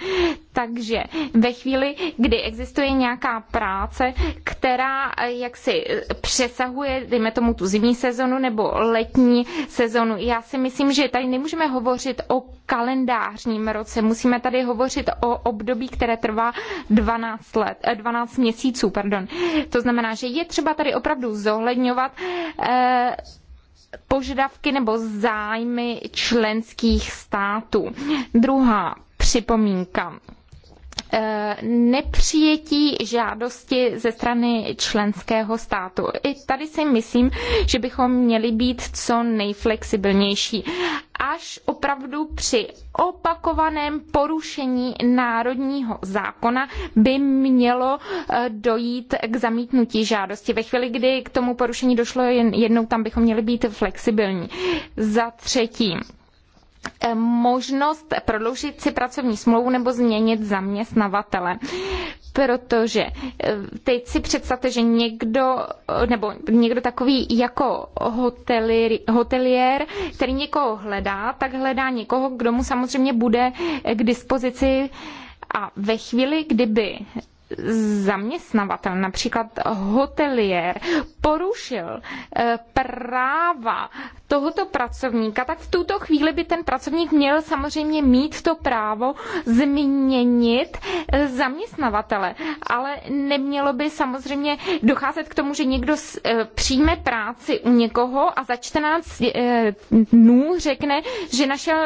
Takže ve chvíli, kdy existuje nějaká práce, která eh, jaksi eh, přesahuje, dejme tomu tu zimní sezonu nebo letní sezonu, já si myslím, že tady nemůžeme hovořit o kalendářním roce, musíme tady hovořit o období, které trvá 12, let, 12 eh, měsíců. Pardon. To znamená, že je třeba tady opravdu zohledňovat eh, požadavky nebo zájmy členských států. Druhá připomínka Eh, nepřijetí žádosti ze strany členského státu. I tady si myslím, že bychom měli být co nejflexibilnější. Až opravdu při opakovaném porušení národního zákona by mělo eh, dojít k zamítnutí žádosti. Ve chvíli, kdy k tomu porušení došlo jen jednou, tam bychom měli být flexibilní. Za třetí, Eh, možnost prodloužit si pracovní smlouvu nebo změnit zaměstnavatele. Protože eh, teď si představte, že někdo, eh, nebo někdo takový jako hotelier, hotelier, který někoho hledá, tak hledá někoho, kdo mu samozřejmě bude k dispozici a ve chvíli, kdyby zaměstnavatel, například hotelier, porušil eh, práva tohoto pracovníka, tak v tuto chvíli by ten pracovník měl samozřejmě mít to právo změnit eh, zaměstnavatele. Ale nemělo by samozřejmě docházet k tomu, že někdo eh, přijme práci u někoho a za 14 dnů řekne, že našel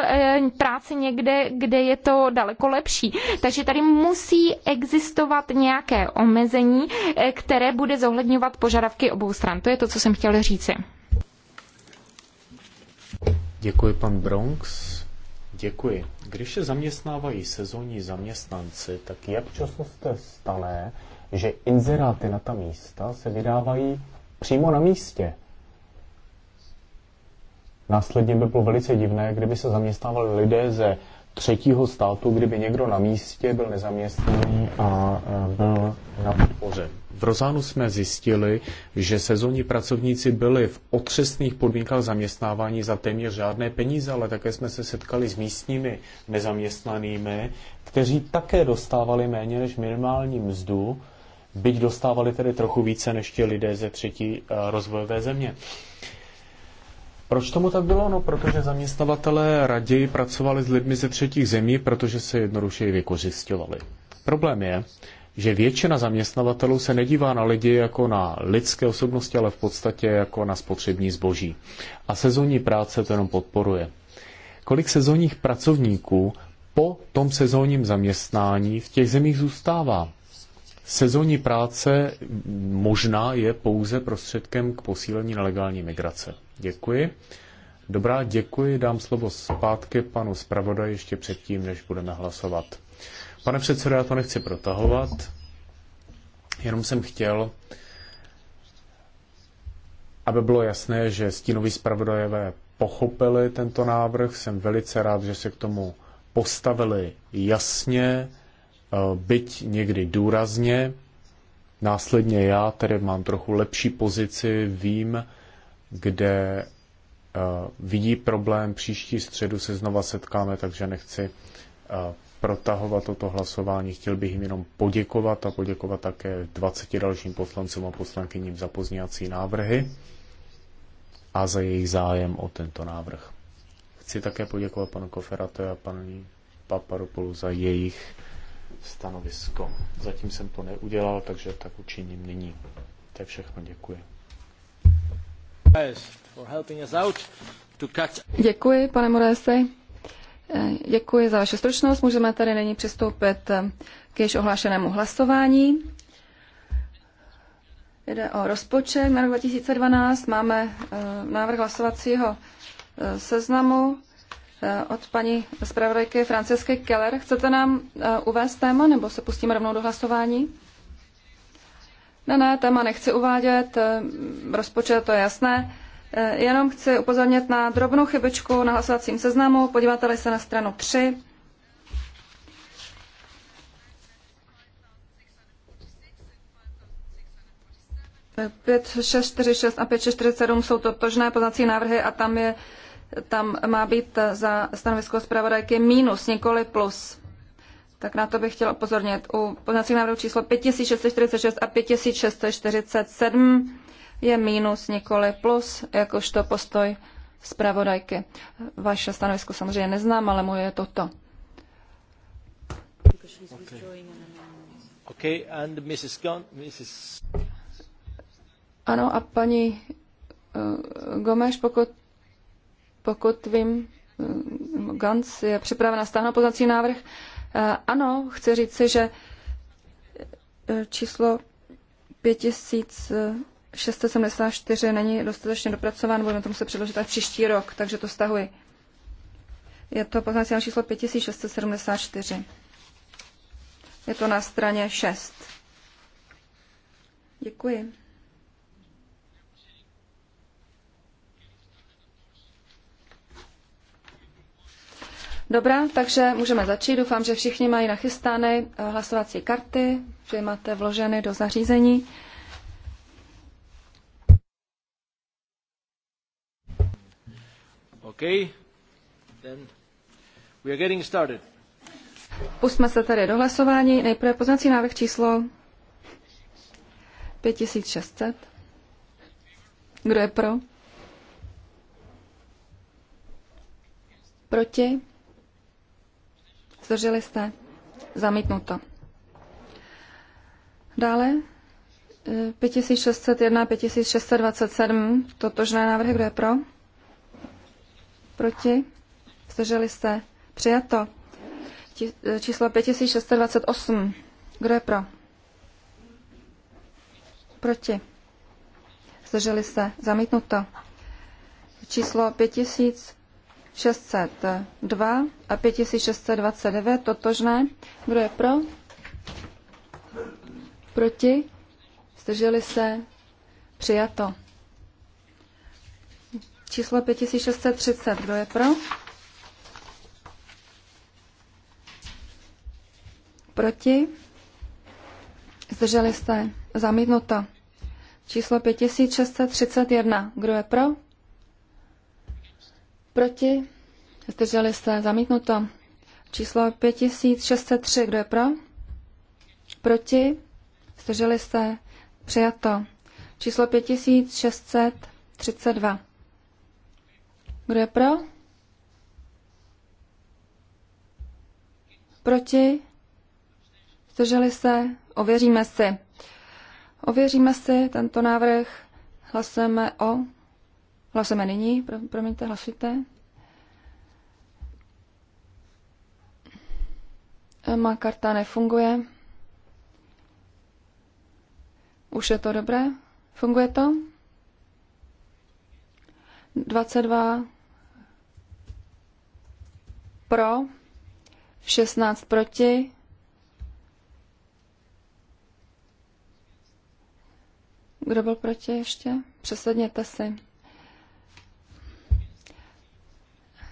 práci někde, kde je to daleko lepší. Takže tady musí existovat nějaké omezení, eh, které bude zohledňovat požadavky obou stran. To je to, co jsem chtěl říci. Děkuji, pan Bronx. Děkuji. Když se zaměstnávají sezónní zaměstnanci, tak jak často jste stalé, že inzeráty na ta místa se vydávají přímo na místě? Následně by bylo velice divné, kdyby se zaměstnávali lidé ze třetího státu, kdyby někdo na místě byl nezaměstnaný a byl na podpoře. V Rozánu jsme zjistili, že sezónní pracovníci byli v otřesných podmínkách zaměstnávání za téměř žádné peníze, ale také jsme se setkali s místními nezaměstnanými, kteří také dostávali méně než minimální mzdu, byť dostávali tedy trochu více než ti lidé ze třetí eh, rozvojové země. Proč tomu tak bylo? No, protože zaměstnavatelé raději pracovali s lidmi ze třetích zemí, protože se jednodušeji vykořistovali. Problém je, že většina zaměstnavatelů se nedívá na lidi jako na lidské osobnosti, ale v podstatě jako na spotřební zboží. A sezónní práce to jenom podporuje. Kolik sezónních pracovníků po tom sezónním zaměstnání v těch zemích zůstává? Sezónní práce možná je pouze prostředkem k posílení nelegální migrace. Děkuji. Dobrá, děkuji. Dám slovo zpátky panu zpravodaji ještě předtím, než budeme hlasovat. Pane předsedo, já to nechci protahovat, jenom jsem chtěl, aby bylo jasné, že stínoví zpravodajové pochopili tento návrh. Jsem velice rád, že se k tomu postavili jasně Eh, byť někdy důrazně. Následně já tedy mám trochu lepší pozici, vím, kde eh, vidí problém. Příští středu se znova setkáme, takže nechci eh, protahovat toto hlasování. Chtěl bych jim jenom poděkovat a poděkovat také 20 dalším poslancům a poslankyním za pozněcí návrhy a za jejich zájem o tento návrh. Chci také poděkovat panu Koferatovi a paní Paparopolu za jejich stanovisko. Zatím jsem to neudělal, takže tak učiním nyní. To je všechno, děkuji. Děkuji, pane Moresi. Eh, děkuji za vaši stručnost. Můžeme tady nyní přistoupit eh, k již ohlášenému hlasování. Jde o rozpočet na rok 2012. Máme eh, návrh hlasovacího seznamu. Eh, od paní zpravodajky Francesky Keller. Chcete nám eh, uvést téma, nebo se pustíme rovnou do hlasování? Ne, ne, téma nechci uvádět, eh, rozpočet to je jasné. Jenom chci upozornit na drobnou chybičku na hlasovacím seznamu. podíváte se na stranu 3, Pět, šest, čtyři, šest a pět, šest, čtyřicet sedm jsou totožné poznací návrhy a tam je tam má být za stanovisko zpravodajky mínus, nikoli plus. Tak na to bych chtěla upozornit. U poznacích návrhů číslo 5646 a 5647 je mínus, nikoli plus, jakožto postoj zpravodajky. Vaše stanovisko samozřejmě neznám, ale moje je toto. Okay. Okay, and Mrs. Mrs. Ano, a paní uh, Gomeš, pokud pokud vím, Gans je připravena stáhnout poznací návrh. Eh, ano, chci říci, že eh, číslo 5674 není dostatečně dopracován, budeme to muset předložit až příští rok, takže to stahuji. Je to poznací návrh číslo 5674. Je to na straně 6. Děkuji. Dobrá, takže můžeme začít. Doufám, že všichni mají nachystány eh, hlasovací karty, že je máte vloženy do zařízení. OK, Then we are getting started. Pustme se tedy do hlasování. Nejprve poznací návrh číslo 5600. Kdo je pro? Proti? Zdrželi se? Zamítnuto. Dále 5601, e, 5627, totožné návrhy, kdo je pro? Proti? Zdrželi se? Přijato. E, číslo 5628, kdo je pro? Proti? Zdrželi se? Zamítnuto. Číslo 5600 602 a 5629 totožné. Kdo je pro? Proti? Zdrželi se? Přijato. Číslo 5630. Kdo je pro? Proti? Zdrželi se? Zamítnuto. Číslo 5631. Kdo je pro? Proti? Zdrželi se. Zamítnuto. Číslo 5603. Kdo je pro? Proti? Zdrželi se. Přijato. Číslo 5632. Kdo je pro? Proti? Zdrželi se? Ověříme si. Ověříme si tento návrh. Hlasujeme o Hlasujeme nyní, pro, promiňte, hlasujte. Eh, má karta nefunguje. Už je to dobré? Funguje to? 22 pro, 16 proti. Kdo byl proti ještě? Přesedněte si.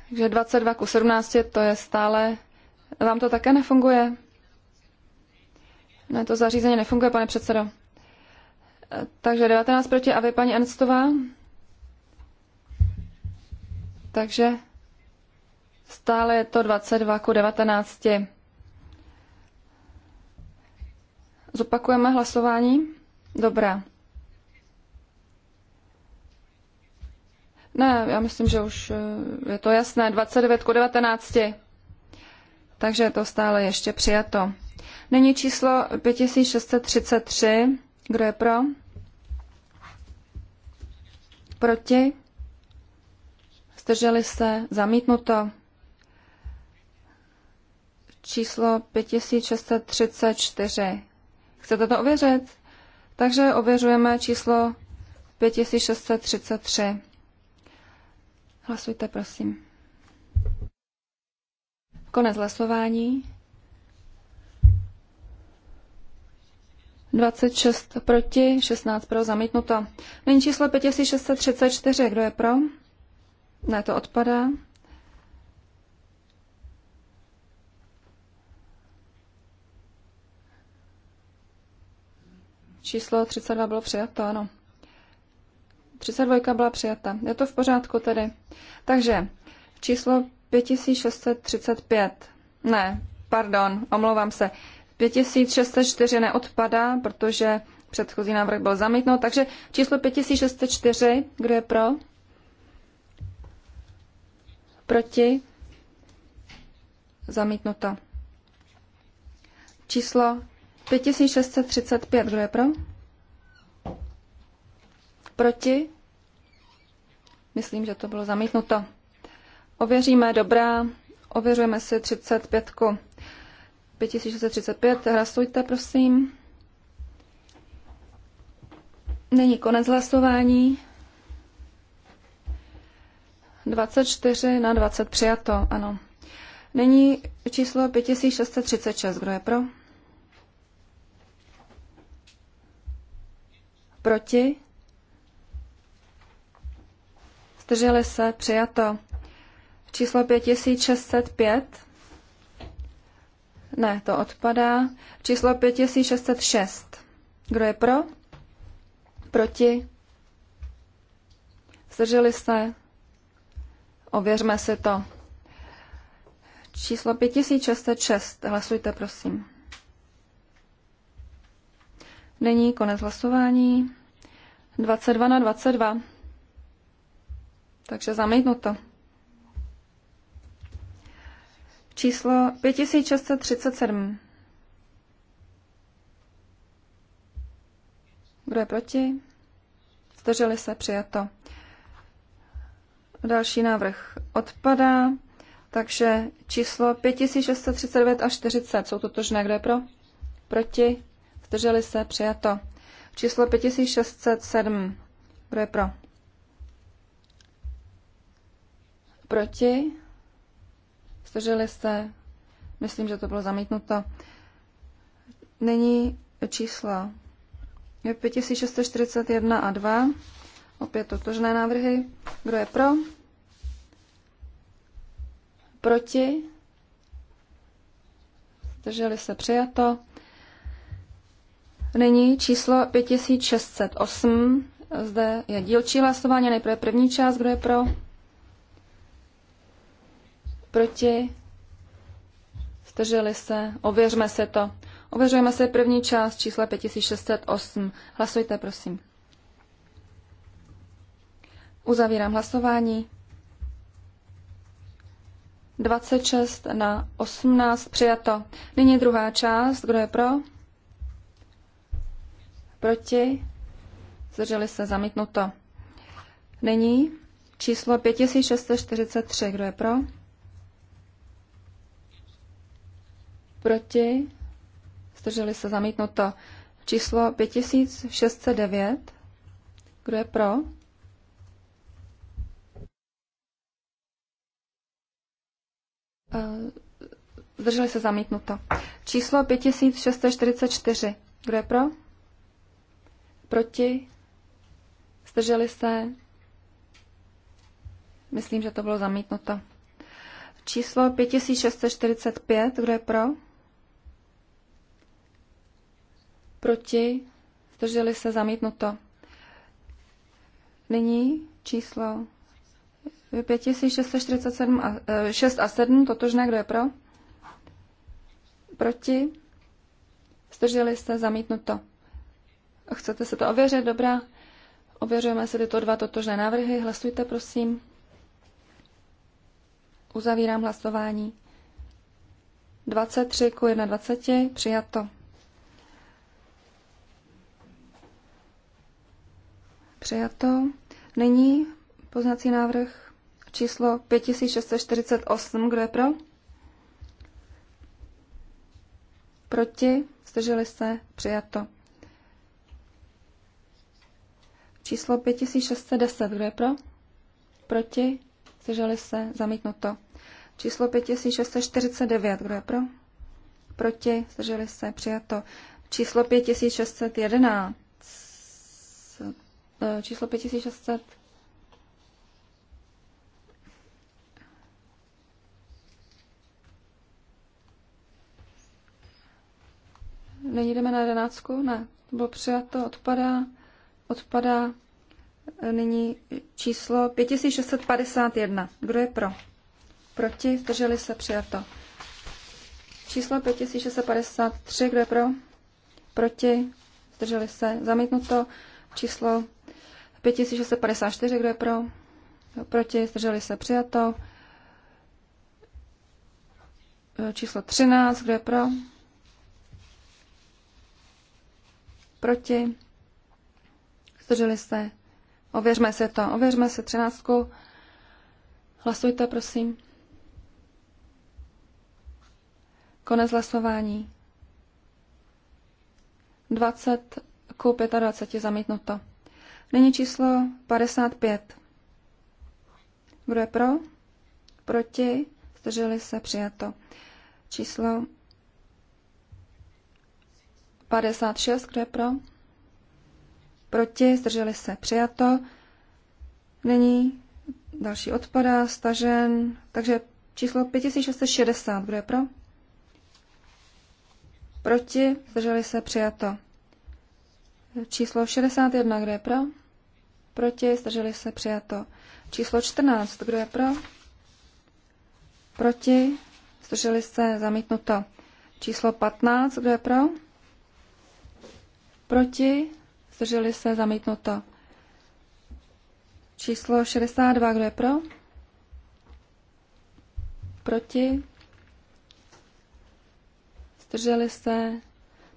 Takže 22 ku 17 to je stále... Vám to také nefunguje? Ne, to zařízení nefunguje, pane předsedo. Takže 19 proti a vy, paní Ernstová? Takže stále je to 22 ku 19. Zopakujeme hlasování? Dobrá. Ne, já myslím, že už eh, je to jasné. 29 ku 19. Takže je to stále ještě přijato. Není číslo 5633. Kdo je pro? Proti? Zdrželi se? Zamítnuto. Číslo 5634. Chcete to ověřit? Takže ověřujeme číslo 5633. Hlasujte, prosím. Konec hlasování. 26 proti, 16 pro, zamítnuto. Nyní číslo 5634, kdo je pro? Ne, to odpadá. Číslo 32 bylo přijato, ano. 32 byla přijata. Je to v pořádku tedy. Takže číslo 5635. Ne, pardon, omlouvám se. 5604 neodpadá, protože předchozí návrh byl zamítnut, takže číslo 5604, kdo je pro? Proti? Zamítnuto. Číslo 5635, kdo je pro? Proti? Myslím, že to bylo zamítnuto. Ověříme, dobrá. Ověřujeme si 35. 5635, hlasujte, prosím. Není konec hlasování. 24 na 20 přijato, ano. Není číslo 5636, kdo je pro? Proti? Zdrželi se? Přijato. Číslo 5605. Ne, to odpadá. Číslo 5606. Kdo je pro? Proti? Zdrželi se? Ověřme si to. Číslo 5606. Hlasujte, prosím. Není konec hlasování. 22 na 22 takže zamítnuto. Číslo 5637. Kdo je proti? Zdrželi se, přijato. Další návrh odpadá, takže číslo 5639 a 40 jsou totožné. Kdo je pro? Proti? Zdrželi se, přijato. Číslo 5607. Kdo je pro? Proti? Zdrželi se? Myslím, že to bylo zamítnuto. Nyní čísla 5641 a 2. Opět totožné návrhy. Kdo je pro? Proti? Zdrželi se přijato. Nyní číslo 5608. Zde je dílčí hlasování, nejprve první část, kdo je pro? proti, zdrželi se, ověřme se to. Ověřujeme se první část čísla 5608. Hlasujte, prosím. Uzavírám hlasování. 26 na 18 přijato. Nyní druhá část. Kdo je pro? Proti? Zdrželi se zamítnuto. Nyní číslo 5643. Kdo je pro? proti, zdrželi se zamítnuto. Číslo 5609, kdo je pro? Eh, zdrželi se zamítnuto. Číslo 5644, kdo je pro? Proti, zdrželi se, myslím, že to bylo zamítnuto. Číslo 5645, kdo je pro? proti, zdrželi se zamítnuto. Nyní číslo 5647 a, 6 e, a 7, totožné, kdo je pro? Proti, zdrželi se zamítnuto. Chcete se to ověřit? Dobrá. Ověřujeme se tyto dva totožné návrhy. Hlasujte, prosím. Uzavírám hlasování. 23 ku 21. Přijato. Přijato. Nyní poznací návrh číslo 5648. Kdo je pro? Proti? Zdrželi se? Přijato. Číslo 5610. Kdo je pro? Proti? Zdrželi se? Zamítnuto. Číslo 5649. Kdo je pro? Proti? Zdrželi se? Přijato. Číslo 5611. Eh, číslo 5600. Nyní jdeme na jedenáctku? Ne. To bylo přijato, odpadá, odpadá eh, nyní číslo 5651. Kdo je pro? Proti, zdrželi se, přijato. Číslo 5653, kdo je pro? Proti, zdrželi se, zamítnuto. Číslo 5654, kdo je pro? Proti, zdrželi se, přijato. E, číslo 13, kdo je pro? Proti, zdrželi se. Ověřme si to, ověřme si 13. Hlasujte, prosím. Konec hlasování. 20 ku 25 zamítnuto. Nyní číslo 55. Kdo je pro? Proti? Zdrželi se? Přijato. Číslo 56. Kdo je pro? Proti? Zdrželi se? Přijato. Nyní další odpadá, stažen. Takže číslo 5660. Kdo je pro? Proti? Zdrželi se? Přijato. Číslo 61. Kdo je pro? Proti? Zdrželi se? Přijato. Číslo 14. Kdo je pro? Proti? Zdrželi se? Zamítnuto. Číslo 15. Kdo je pro? Proti? Zdrželi se? Zamítnuto. Číslo 62. Kdo je pro? Proti? Zdrželi se?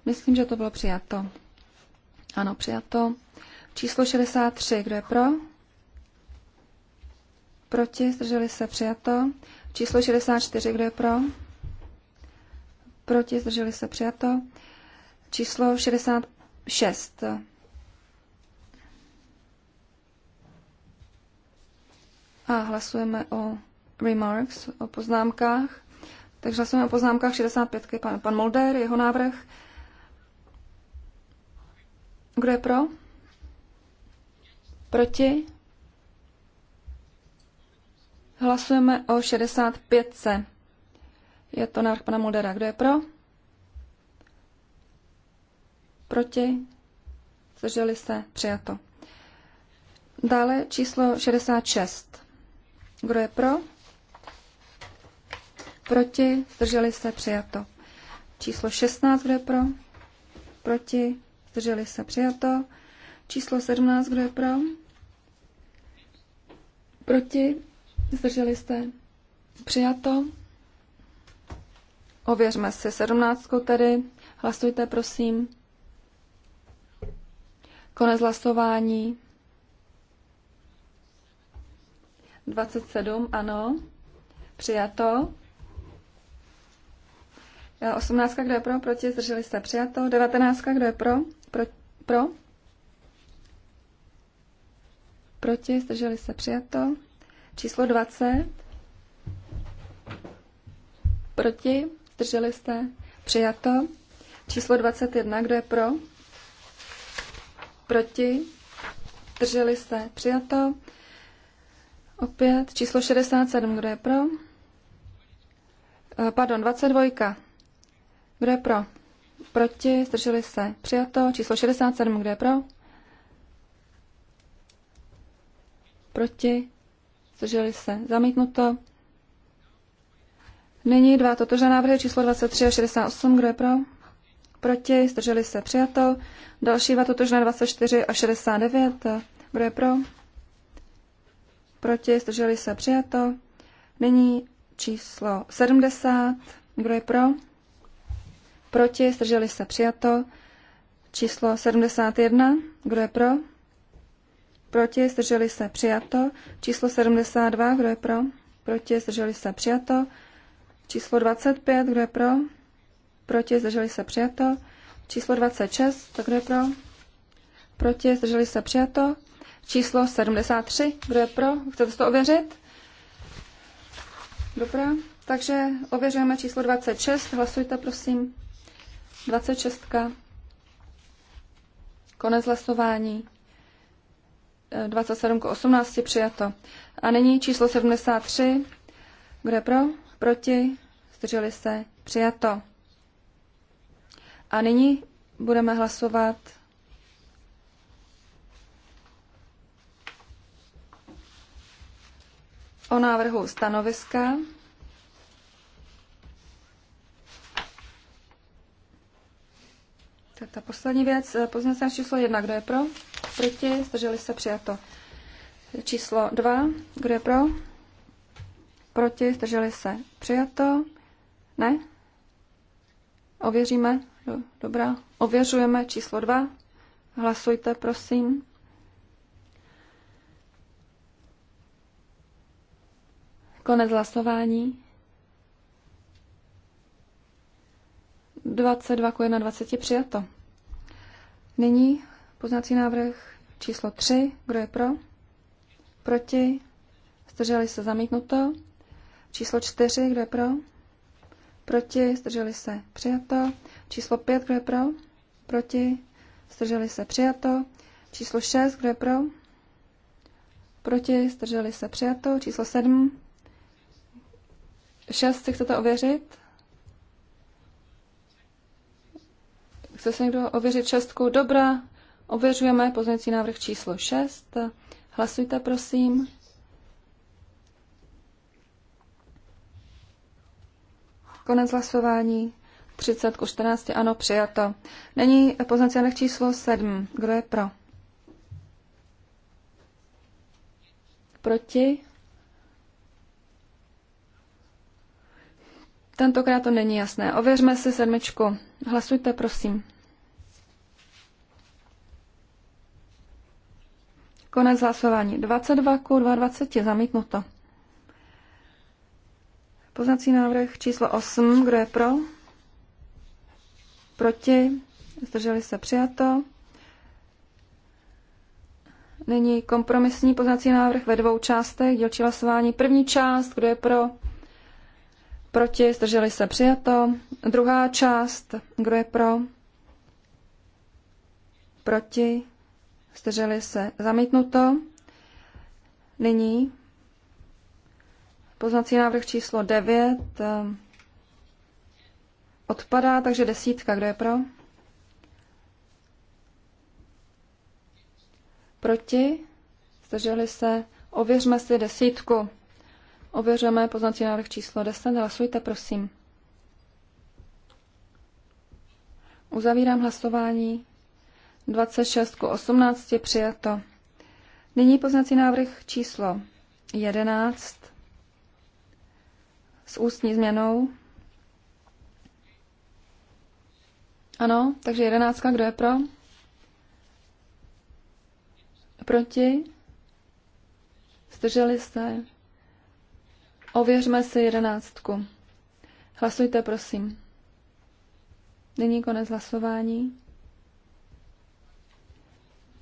Myslím, že to bylo přijato. Ano, přijato. Číslo 63, kdo je pro? Proti, zdrželi se, přijato. Číslo 64, kdo je pro? Proti, zdrželi se, přijato. Číslo 66. A hlasujeme o remarks, o poznámkách. Takže hlasujeme o poznámkách 65. Pan, pan Molder, jeho návrh. Kdo je pro? Proti? Hlasujeme o 65. Je to návrh pana Muldera. Kdo je pro? Proti? Zdrželi se? Přijato. Dále číslo 66. Kdo je pro? Proti? Zdrželi se? Přijato. Číslo 16. Kdo je pro? Proti? Zdrželi se? Přijato. Číslo 17. Kdo je pro? Proti? Zdrželi jste? Přijato? Ověřme si sedmnáctkou tedy. Hlasujte, prosím. Konec hlasování. 27, ano. Přijato. 18, kdo je pro, proti, zdrželi jste přijato. 19, kdo je pro, pro, pro proti, zdrželi se přijato. Číslo 20, proti, zdrželi se přijato. Číslo 21, kdo je pro? Proti, zdrželi se přijato. Opět číslo 67, kdo je pro? Eh, pardon, 22. Kdo je pro? Proti, zdrželi se. Přijato. Číslo 67, kdo je pro? proti, zdrželi se, zamítnuto. Nyní dva totožné návrhy číslo 23 a 68, kdo je pro? Proti, zdrželi se, přijato. Další dva totožné 24 a 69, kdo je pro? Proti, zdrželi se, přijato. Nyní číslo 70, kdo je pro? Proti, zdrželi se, přijato. Číslo 71, kdo je pro? proti, zdrželi se, přijato. Číslo 72, kdo je pro, proti, zdrželi se, přijato. Číslo 25, kdo je pro, proti, zdrželi se, přijato. Číslo 26, tak kdo je pro, proti, zdrželi se, přijato. Číslo 73, kdo je pro, chcete to ověřit? Dobrá, takže ověřujeme číslo 26, hlasujte prosím. 26. Konec hlasování. 27 k 18 přijato. A nyní číslo 73. Kdo je pro? Proti? Zdrželi se? Přijato. A nyní budeme hlasovat o návrhu stanoviska. je ta poslední věc, eh, poznací číslo 1, kdo je pro? Proti? Zdrželi se? Přijato. Číslo 2. Kdo je pro? Proti? Zdrželi se? Přijato. Ne? Ověříme? Dobrá. Ověřujeme číslo 2. Hlasujte, prosím. Konec hlasování. 22 k 21 přijato. Nyní Poznací návrh číslo 3. Kdo je pro? Proti? Zdrželi se zamítnuto. Číslo 4. Kdo je pro? Proti? Zdrželi se přijato. Číslo 5. Kdo je pro? Proti? Zdrželi se přijato. Číslo 6. Kdo je pro? Proti? Zdrželi se přijato. Číslo 7. 6. Si chcete ověřit? Chce se někdo ověřit šestku? Dobrá, Ověřujeme pozměňovací návrh číslo 6. Hlasujte, prosím. Konec hlasování. 30 ku 14, ano, přijato. Není poznací návrh číslo 7. Kdo je pro? Proti? Tentokrát to není jasné. Ověřme si sedmičku. Hlasujte, prosím. Konec hlasování 22 ku 22 je zamítnuto. Poznací návrh číslo 8. Kdo je pro? Proti? Zdrželi se přijato. Nyní kompromisní poznací návrh ve dvou částech. Dělčí hlasování. První část. Kdo je pro? Proti? Zdrželi se přijato. Druhá část. Kdo je pro? Proti? Zdrželi se. Zamítnuto. Nyní poznací návrh číslo 9 eh, odpadá, takže desítka. Kdo je pro? Proti? Zdrželi se. Ověřme si desítku. Ověřujeme poznací návrh číslo 10. Hlasujte, prosím. Uzavírám hlasování. 26 ku 18 přijato. Nyní poznací návrh číslo 11 s ústní změnou. Ano, takže 11. kdo je pro? Proti? Zdrželi jste? Ověřme si jedenáctku. Hlasujte, prosím. Nyní konec hlasování.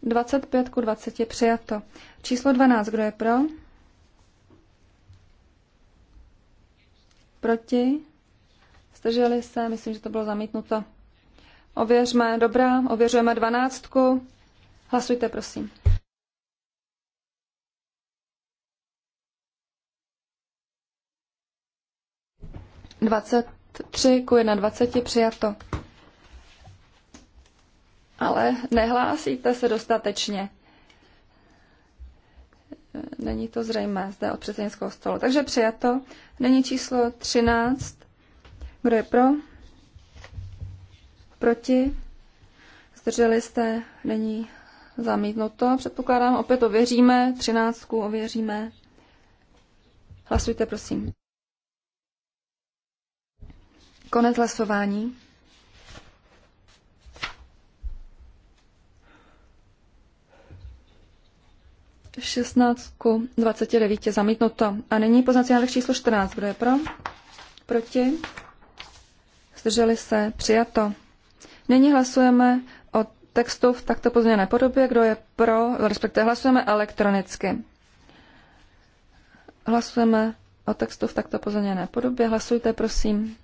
25 ku 20 je přijato. Číslo 12, kdo je pro? Proti? Zdrželi se, myslím, že to bylo zamítnuto. Ověřme, dobrá, ověřujeme dvanáctku. Hlasujte, prosím. Dvacet tři ku jedna dvaceti přijato ale nehlásíte se dostatečně. Není to zřejmé zde od předsednického stolu. Takže přijato. Není číslo 13. Kdo je pro? Proti? Zdrželi jste? Není zamítnuto. Předpokládám, opět ověříme. 13. ověříme. Hlasujte, prosím. Konec hlasování. 16 ku 29 zamítnuto. A nyní poznací návrh číslo 14. Kdo je pro? Proti? Zdrželi se? Přijato. Nyní hlasujeme o textu v takto pozměněné podobě. Kdo je pro? Respektive hlasujeme elektronicky. Hlasujeme o textu v takto pozměněné podobě. Hlasujte, prosím.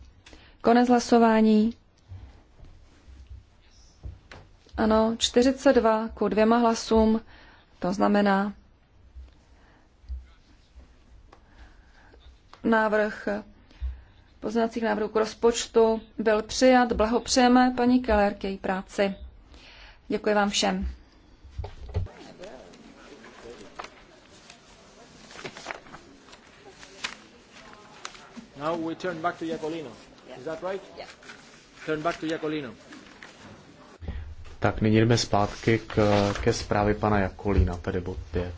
Konec hlasování. Ano, 42 ku dvěma hlasům. To znamená, návrh poznacích návrhů k rozpočtu byl přijat. Blahopřejeme paní Keller k její práci. Děkuji vám všem. Now we turn back to Jacolino. Yeah. Is that right? Yeah. Turn back to Jacolino. Tak nyní jdeme zpátky k, ke zprávě pana Jakolína, tedy bod 5.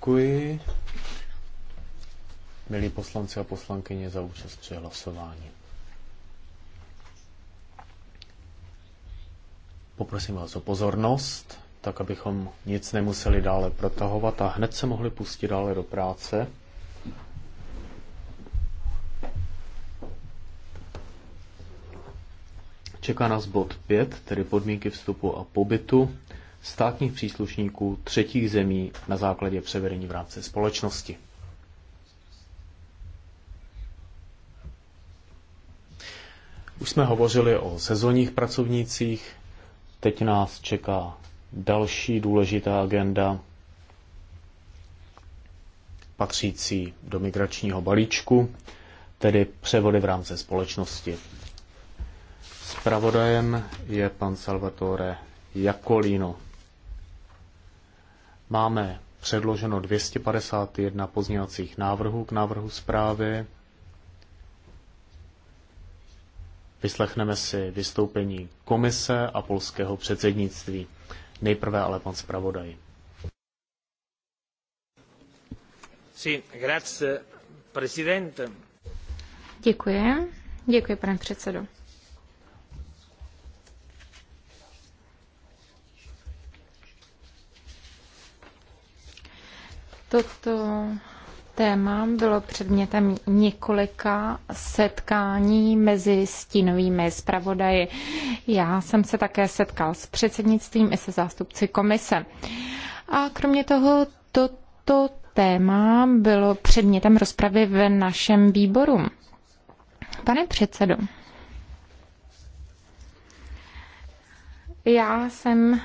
Děkuji, milí poslanci a poslankyně, za účast při hlasování. Poprosím vás o pozornost, tak abychom nic nemuseli dále protahovat a hned se mohli pustit dále do práce. Čeká nás bod 5, tedy podmínky vstupu a pobytu státních příslušníků třetích zemí na základě převedení v rámci společnosti. Už jsme hovořili o sezónních pracovnících, teď nás čeká další důležitá agenda patřící do migračního balíčku, tedy převody v rámci společnosti. Spravodajem je pan Salvatore Jakolino. Máme předloženo 251 pozměňovacích návrhů k návrhu zprávy. Vyslechneme si vystoupení komise a polského předsednictví. Nejprve ale pan zpravodaj. Sí, grazie, Děkuji. Děkuji, pane předsedo. Toto téma bylo předmětem několika setkání mezi stínovými zpravodaji. Já jsem se také setkal s předsednictvím i se zástupci komise. A kromě toho toto téma bylo předmětem rozpravy v našem výboru. Pane předsedo, já jsem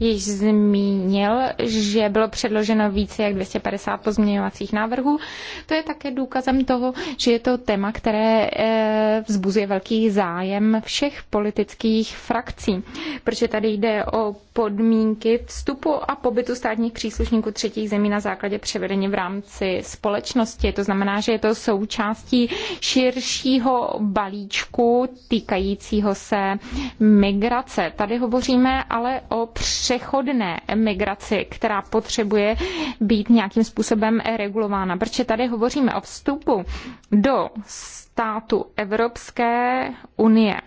již zmínil, že bylo předloženo více jak 250 pozměňovacích návrhů. To je také důkazem toho, že je to téma, které eh, vzbuzuje velký zájem všech politických frakcí, protože tady jde o podmínky vstupu a pobytu státních příslušníků třetích zemí na základě převedení v rámci společnosti. To znamená, že je to součástí širšího balíčku týkajícího se migrace. Tady hovoříme ale o při přechodné migraci, která potřebuje být nějakým způsobem regulována. Protože tady hovoříme o vstupu do státu Evropské unie.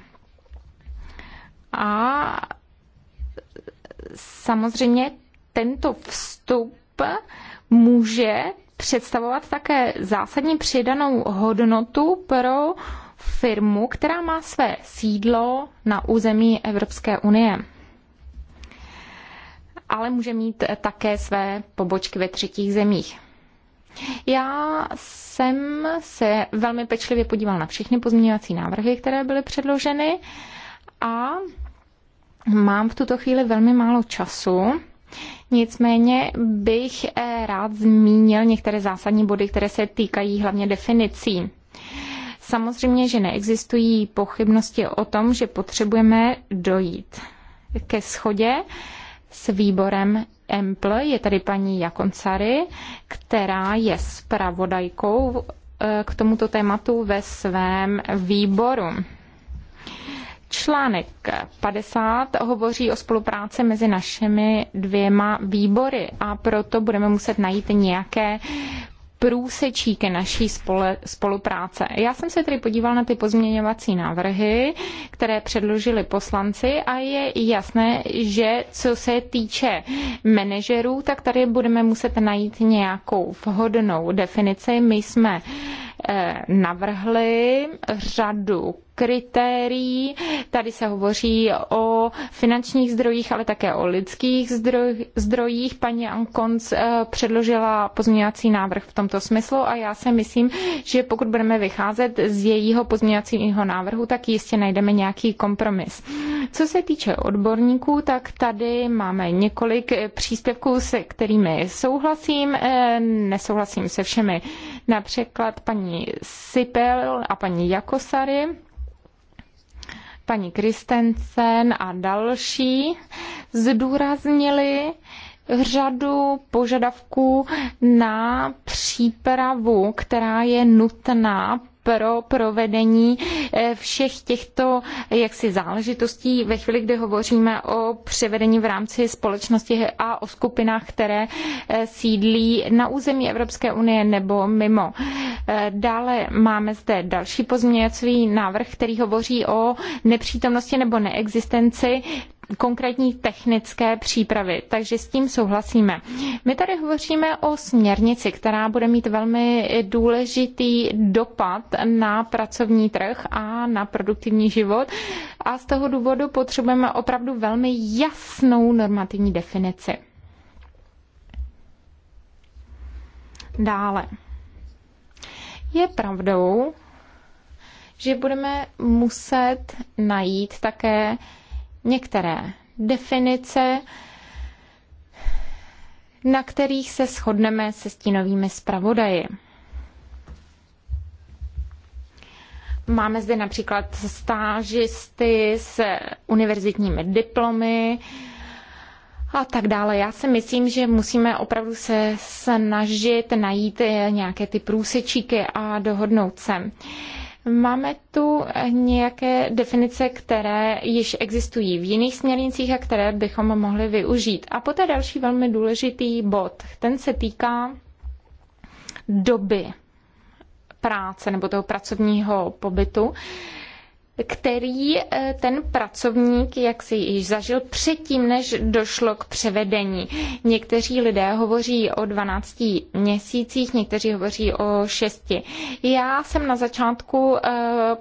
A samozřejmě tento vstup může představovat také zásadní přidanou hodnotu pro firmu, která má své sídlo na území Evropské unie ale může mít také své pobočky ve třetích zemích. Já jsem se velmi pečlivě podíval na všechny pozměňovací návrhy, které byly předloženy a mám v tuto chvíli velmi málo času. Nicméně bych eh, rád zmínil některé zásadní body, které se týkají hlavně definicí. Samozřejmě, že neexistují pochybnosti o tom, že potřebujeme dojít ke schodě s výborem EMPL. Je tady paní Jakoncary, která je zpravodajkou eh, k tomuto tématu ve svém výboru. Článek 50 hovoří o spolupráci mezi našimi dvěma výbory a proto budeme muset najít nějaké průsečíky naší spole, spolupráce. Já jsem se tedy podíval na ty pozměňovací návrhy, které předložili poslanci a je jasné, že co se týče manažerů, tak tady budeme muset najít nějakou vhodnou definici. My jsme eh, navrhli řadu kritérií. Tady se hovoří o finančních zdrojích, ale také o lidských zdrojích. Paní Ankonc eh, předložila pozměňovací návrh v tomto smyslu a já se myslím, že pokud budeme vycházet z jejího pozměňovacího návrhu, tak jistě najdeme nějaký kompromis. Co se týče odborníků, tak tady máme několik příspěvků, se kterými souhlasím, eh, nesouhlasím se všemi. Například paní Sipel a paní Jakosary paní Kristensen a další zdůraznili řadu požadavků na přípravu, která je nutná pro provedení eh, všech těchto jaksi záležitostí ve chvíli, kdy hovoříme o převedení v rámci společnosti a o skupinách, které eh, sídlí na území Evropské unie nebo mimo. Eh, dále máme zde další pozměňovací návrh, který hovoří o nepřítomnosti nebo neexistenci konkrétní technické přípravy, takže s tím souhlasíme. My tady hovoříme o směrnici, která bude mít velmi důležitý dopad na pracovní trh a na produktivní život a z toho důvodu potřebujeme opravdu velmi jasnou normativní definici. Dále. Je pravdou, že budeme muset najít také některé definice, na kterých se shodneme se stínovými zpravodaji. Máme zde například stážisty s univerzitními diplomy a tak dále. Já si myslím, že musíme opravdu se snažit najít nějaké ty průsečíky a dohodnout se. Máme tu nějaké definice, které již existují v jiných směrnicích a které bychom mohli využít. A poté další velmi důležitý bod. Ten se týká doby práce nebo toho pracovního pobytu který eh, ten pracovník jak si již zažil předtím, než došlo k převedení. Někteří lidé hovoří o 12 měsících, někteří hovoří o 6. Já jsem na začátku eh,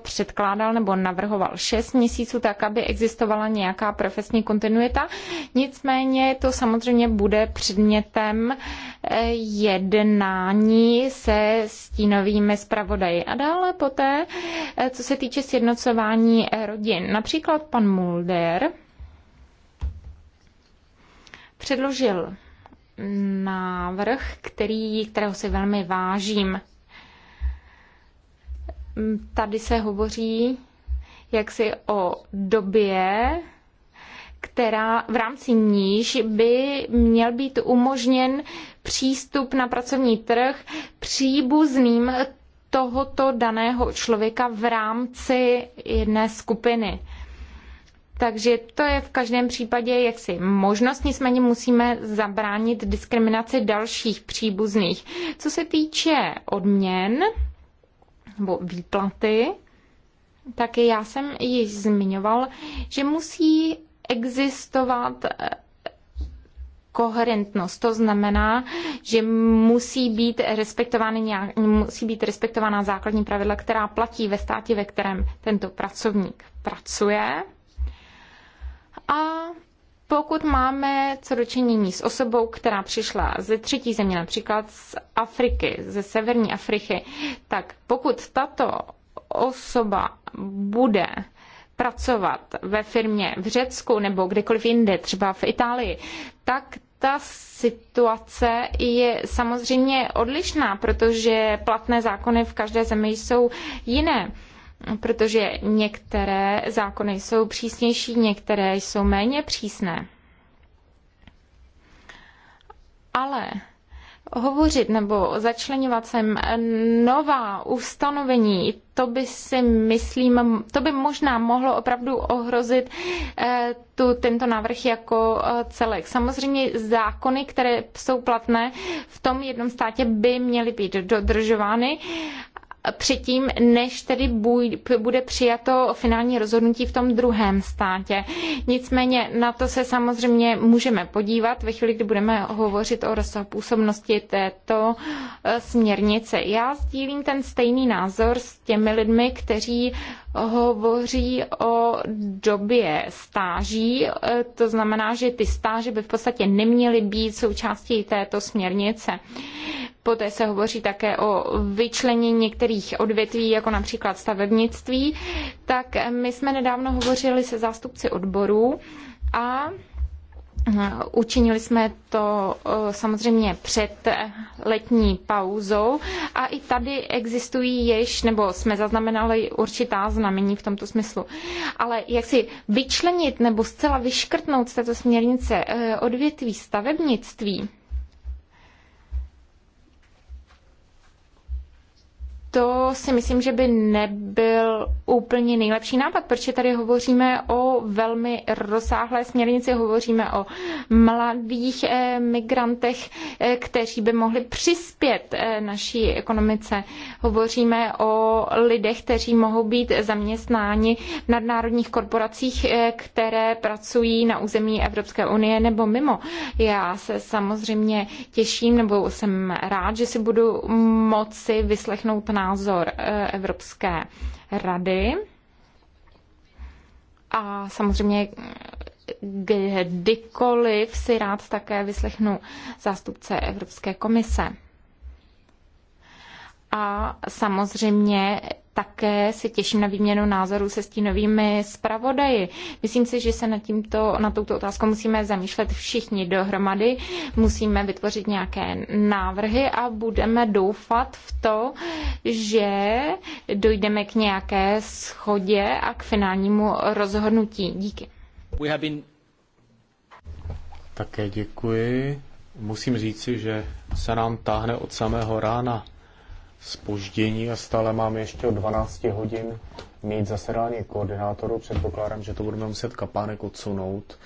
předkládal nebo navrhoval 6 měsíců, tak aby existovala nějaká profesní kontinuita. Nicméně to samozřejmě bude předmětem jednání se stínovými zpravodaji. A dále poté, eh, co se týče sjednocování rodin. Například pan Mulder předložil návrh, který, kterého si velmi vážím. Tady se hovoří jaksi o době, která, v rámci níž by měl být umožněn přístup na pracovní trh příbuzným tohoto daného člověka v rámci jedné skupiny. Takže to je v každém případě jaksi možnost, nicméně musíme zabránit diskriminaci dalších příbuzných. Co se týče odměn nebo výplaty, tak já jsem již zmiňoval, že musí existovat eh, koherentnost. To znamená, že musí být, respektovány nějak, musí být respektována základní pravidla, která platí ve státě, ve kterém tento pracovník pracuje. A pokud máme co dočinění s osobou, která přišla ze třetí země, například z Afriky, ze severní Afriky, tak pokud tato osoba bude pracovat ve firmě v Řecku nebo kdekoliv jinde, třeba v Itálii, tak ta situace je samozřejmě odlišná, protože platné zákony v každé zemi jsou jiné protože některé zákony jsou přísnější, některé jsou méně přísné. Ale hovořit nebo začlenovat sem nová ustanovení, to by si myslím, to by možná mohlo opravdu ohrozit eh, tu, tento návrh jako eh, celek. Samozřejmě zákony, které jsou platné v tom jednom státě, by měly být dodržovány předtím, než tedy bude přijato finální rozhodnutí v tom druhém státě. Nicméně na to se samozřejmě můžeme podívat ve chvíli, kdy budeme hovořit o rozsahu působnosti této eh, směrnice. Já sdílím ten stejný názor s těmi lidmi, kteří hovoří o době stáží, e, to znamená, že ty stáže by v podstatě neměly být součástí této směrnice. Poté se hovoří také o vyčlenění některých odvětví, jako například stavebnictví. Tak e, my jsme nedávno hovořili se zástupci odborů a Eh, učinili jsme to eh, samozřejmě před letní pauzou a i tady existují již, nebo jsme zaznamenali určitá znamení v tomto smyslu. Ale jak si vyčlenit nebo zcela vyškrtnout z této směrnice eh, odvětví stavebnictví, to si myslím, že by nebyl úplně nejlepší nápad, protože tady hovoříme o velmi rozsáhlé směrnici, hovoříme o mladých eh, migrantech, eh, kteří by mohli přispět eh, naší ekonomice. Hovoříme o lidech, kteří mohou být zaměstnáni v nadnárodních korporacích, které pracují na území Evropské unie nebo mimo. Já se samozřejmě těším, nebo jsem rád, že si budu moci vyslechnout na názor eh, Evropské rady. A samozřejmě eh, kdykoliv si rád také vyslechnu zástupce Evropské komise. A samozřejmě také se těším na výměnu názorů se stínovými zpravodaji. Myslím si, že se nad, tímto, na touto otázku musíme zamýšlet všichni dohromady, musíme vytvořit nějaké návrhy a budeme doufat v to, že dojdeme k nějaké schodě a k finálnímu rozhodnutí. Díky. Been... Také děkuji. Musím říci, že se nám táhne od samého rána spoždění a stále máme ještě o 12 hodin mít zasedání koordinátorů. Předpokládám, že to budeme muset kapánek odsunout,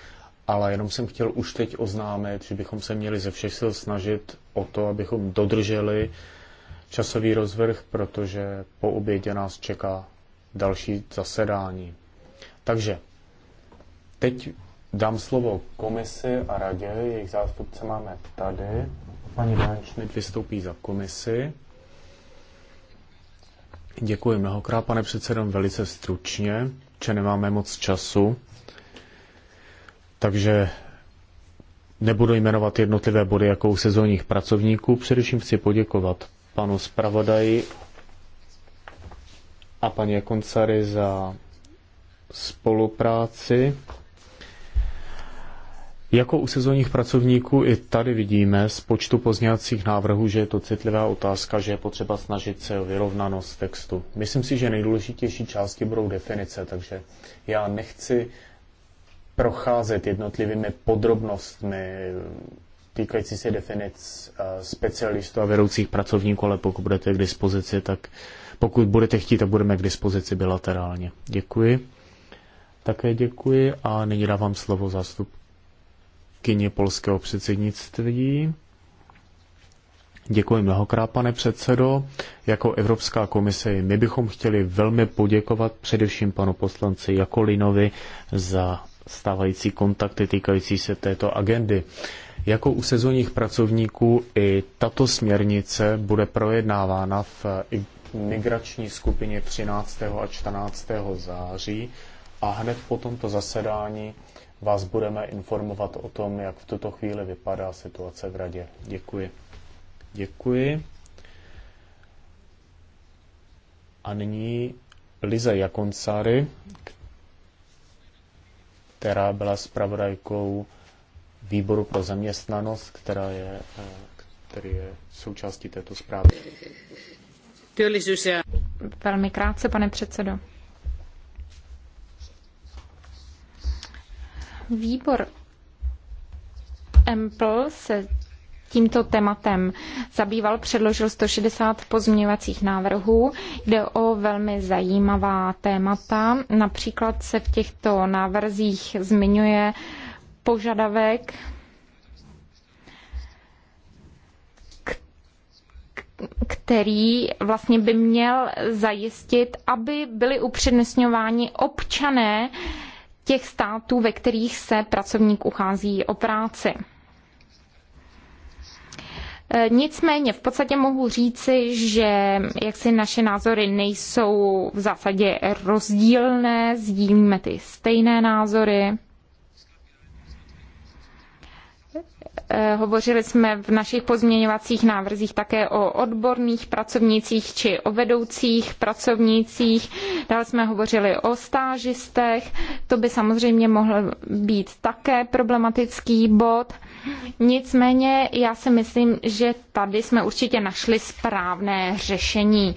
ale jenom jsem chtěl už teď oznámit, že bychom se měli ze všech sil snažit o to, abychom dodrželi časový rozvrh, protože po obědě nás čeká další zasedání. Takže teď dám slovo komisi a radě, jejich zástupce máme tady. Paní Dančnit vystoupí za komisi. Děkuji mnohokrát, pane předsedo, velice stručně, že nemáme moc času. Takže nebudu jmenovat jednotlivé body jako u sezónních pracovníků. Především chci poděkovat panu zpravodaji a paní Koncary za spolupráci. Jako u sezónních pracovníků i tady vidíme z počtu pozněvacích návrhů, že je to citlivá otázka, že je potřeba snažit se o vyrovnanost textu. Myslím si, že nejdůležitější části budou definice, takže já nechci procházet jednotlivými podrobnostmi týkající se definic eh, specialistů a vedoucích pracovníků, ale pokud budete k dispozici, tak pokud budete chtít, tak budeme k dispozici bilaterálně. Děkuji. Také děkuji a nyní dávám slovo zástup zástupkyni polského předsednictví. Děkuji mnohokrát, pane předsedo. Jako Evropská komise my bychom chtěli velmi poděkovat především panu poslanci Jakolinovi za stávající kontakty týkající se této agendy. Jako u sezónních pracovníků i tato směrnice bude projednávána v migrační skupině 13. a 14. září a hned po tomto zasedání vás budeme informovat o tom, jak v tuto chvíli vypadá situace v radě. Děkuji. Děkuji. A nyní Liza Jakoncary, která byla spravodajkou výboru pro zaměstnanost, která je, který je součástí této zprávy. Velmi krátce, pane předsedo. Výbor EMPL se tímto tématem zabýval, předložil 160 pozměňovacích návrhů. Jde o velmi zajímavá témata. Například se v těchto návrzích zmiňuje požadavek který vlastně by měl zajistit, aby byli upřednostňováni občané, těch států, ve kterých se pracovník uchází o práci. E, nicméně v podstatě mohu říci, že jaksi naše názory nejsou v zásadě rozdílné, sdílíme ty stejné názory. Eh, hovořili jsme v našich pozměňovacích návrzích také o odborných pracovnících či o vedoucích pracovnících. Dále jsme hovořili o stážistech. To by samozřejmě mohl být také problematický bod. Nicméně já si myslím, že tady jsme určitě našli správné řešení.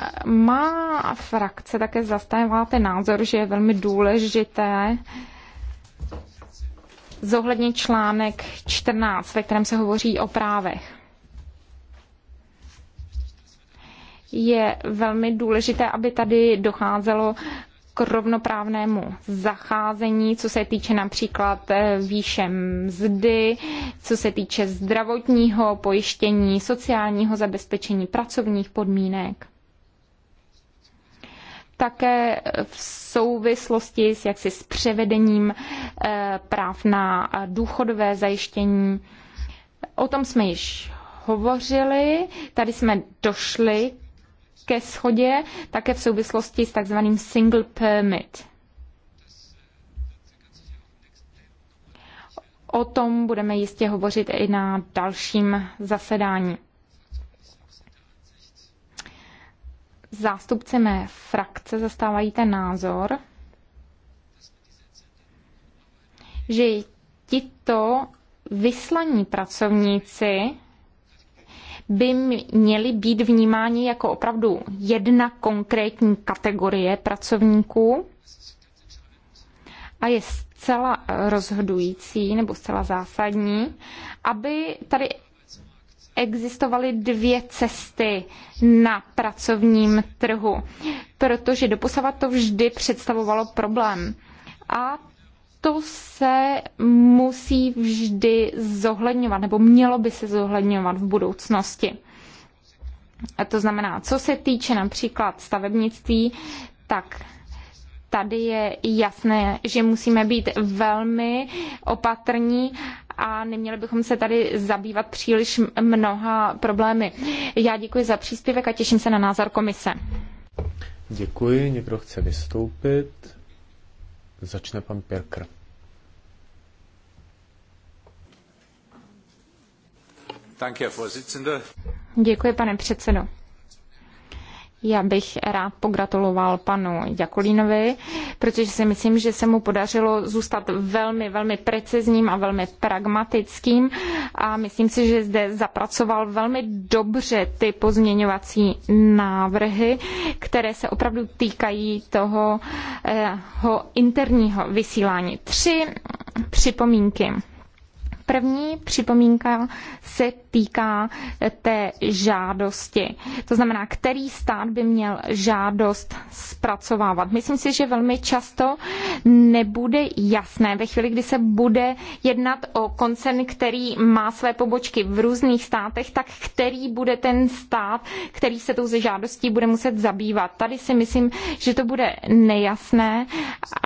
Eh, má frakce také zastává ten názor, že je velmi důležité, zohlednit článek 14, ve kterém se hovoří o právech. Je velmi důležité, aby tady docházelo k rovnoprávnému zacházení, co se týče například eh, výše mzdy, co se týče zdravotního pojištění, sociálního zabezpečení, pracovních podmínek také v souvislosti s jaksi s převedením eh, práv na eh, důchodové zajištění. O tom jsme již hovořili, tady jsme došli ke schodě, také v souvislosti s takzvaným single permit. O tom budeme jistě hovořit i na dalším zasedání. zástupci mé frakce zastávají ten názor, že tito vyslaní pracovníci by měli být vnímáni jako opravdu jedna konkrétní kategorie pracovníků a je zcela rozhodující nebo zcela zásadní, aby tady existovaly dvě cesty na pracovním trhu, protože doposavat to vždy představovalo problém. A to se musí vždy zohledňovat, nebo mělo by se zohledňovat v budoucnosti. A to znamená, co se týče například stavebnictví, tak tady je jasné, že musíme být velmi opatrní a neměli bychom se tady zabývat příliš mnoha problémy. Já děkuji za příspěvek a těším se na názor komise. Děkuji, někdo chce vystoupit. Začne pan Pirkr. Děkuji, pane předsedo. Já bych rád pogratuloval panu Jakolínovi, protože si myslím, že se mu podařilo zůstat velmi, velmi precizním a velmi pragmatickým a myslím si, že zde zapracoval velmi dobře ty pozměňovací návrhy, které se opravdu týkají toho eh, interního vysílání. Tři připomínky. První připomínka se týká té žádosti. To znamená, který stát by měl žádost zpracovávat. Myslím si, že velmi často nebude jasné ve chvíli, kdy se bude jednat o koncern, který má své pobočky v různých státech, tak který bude ten stát, který se tou žádostí bude muset zabývat. Tady si myslím, že to bude nejasné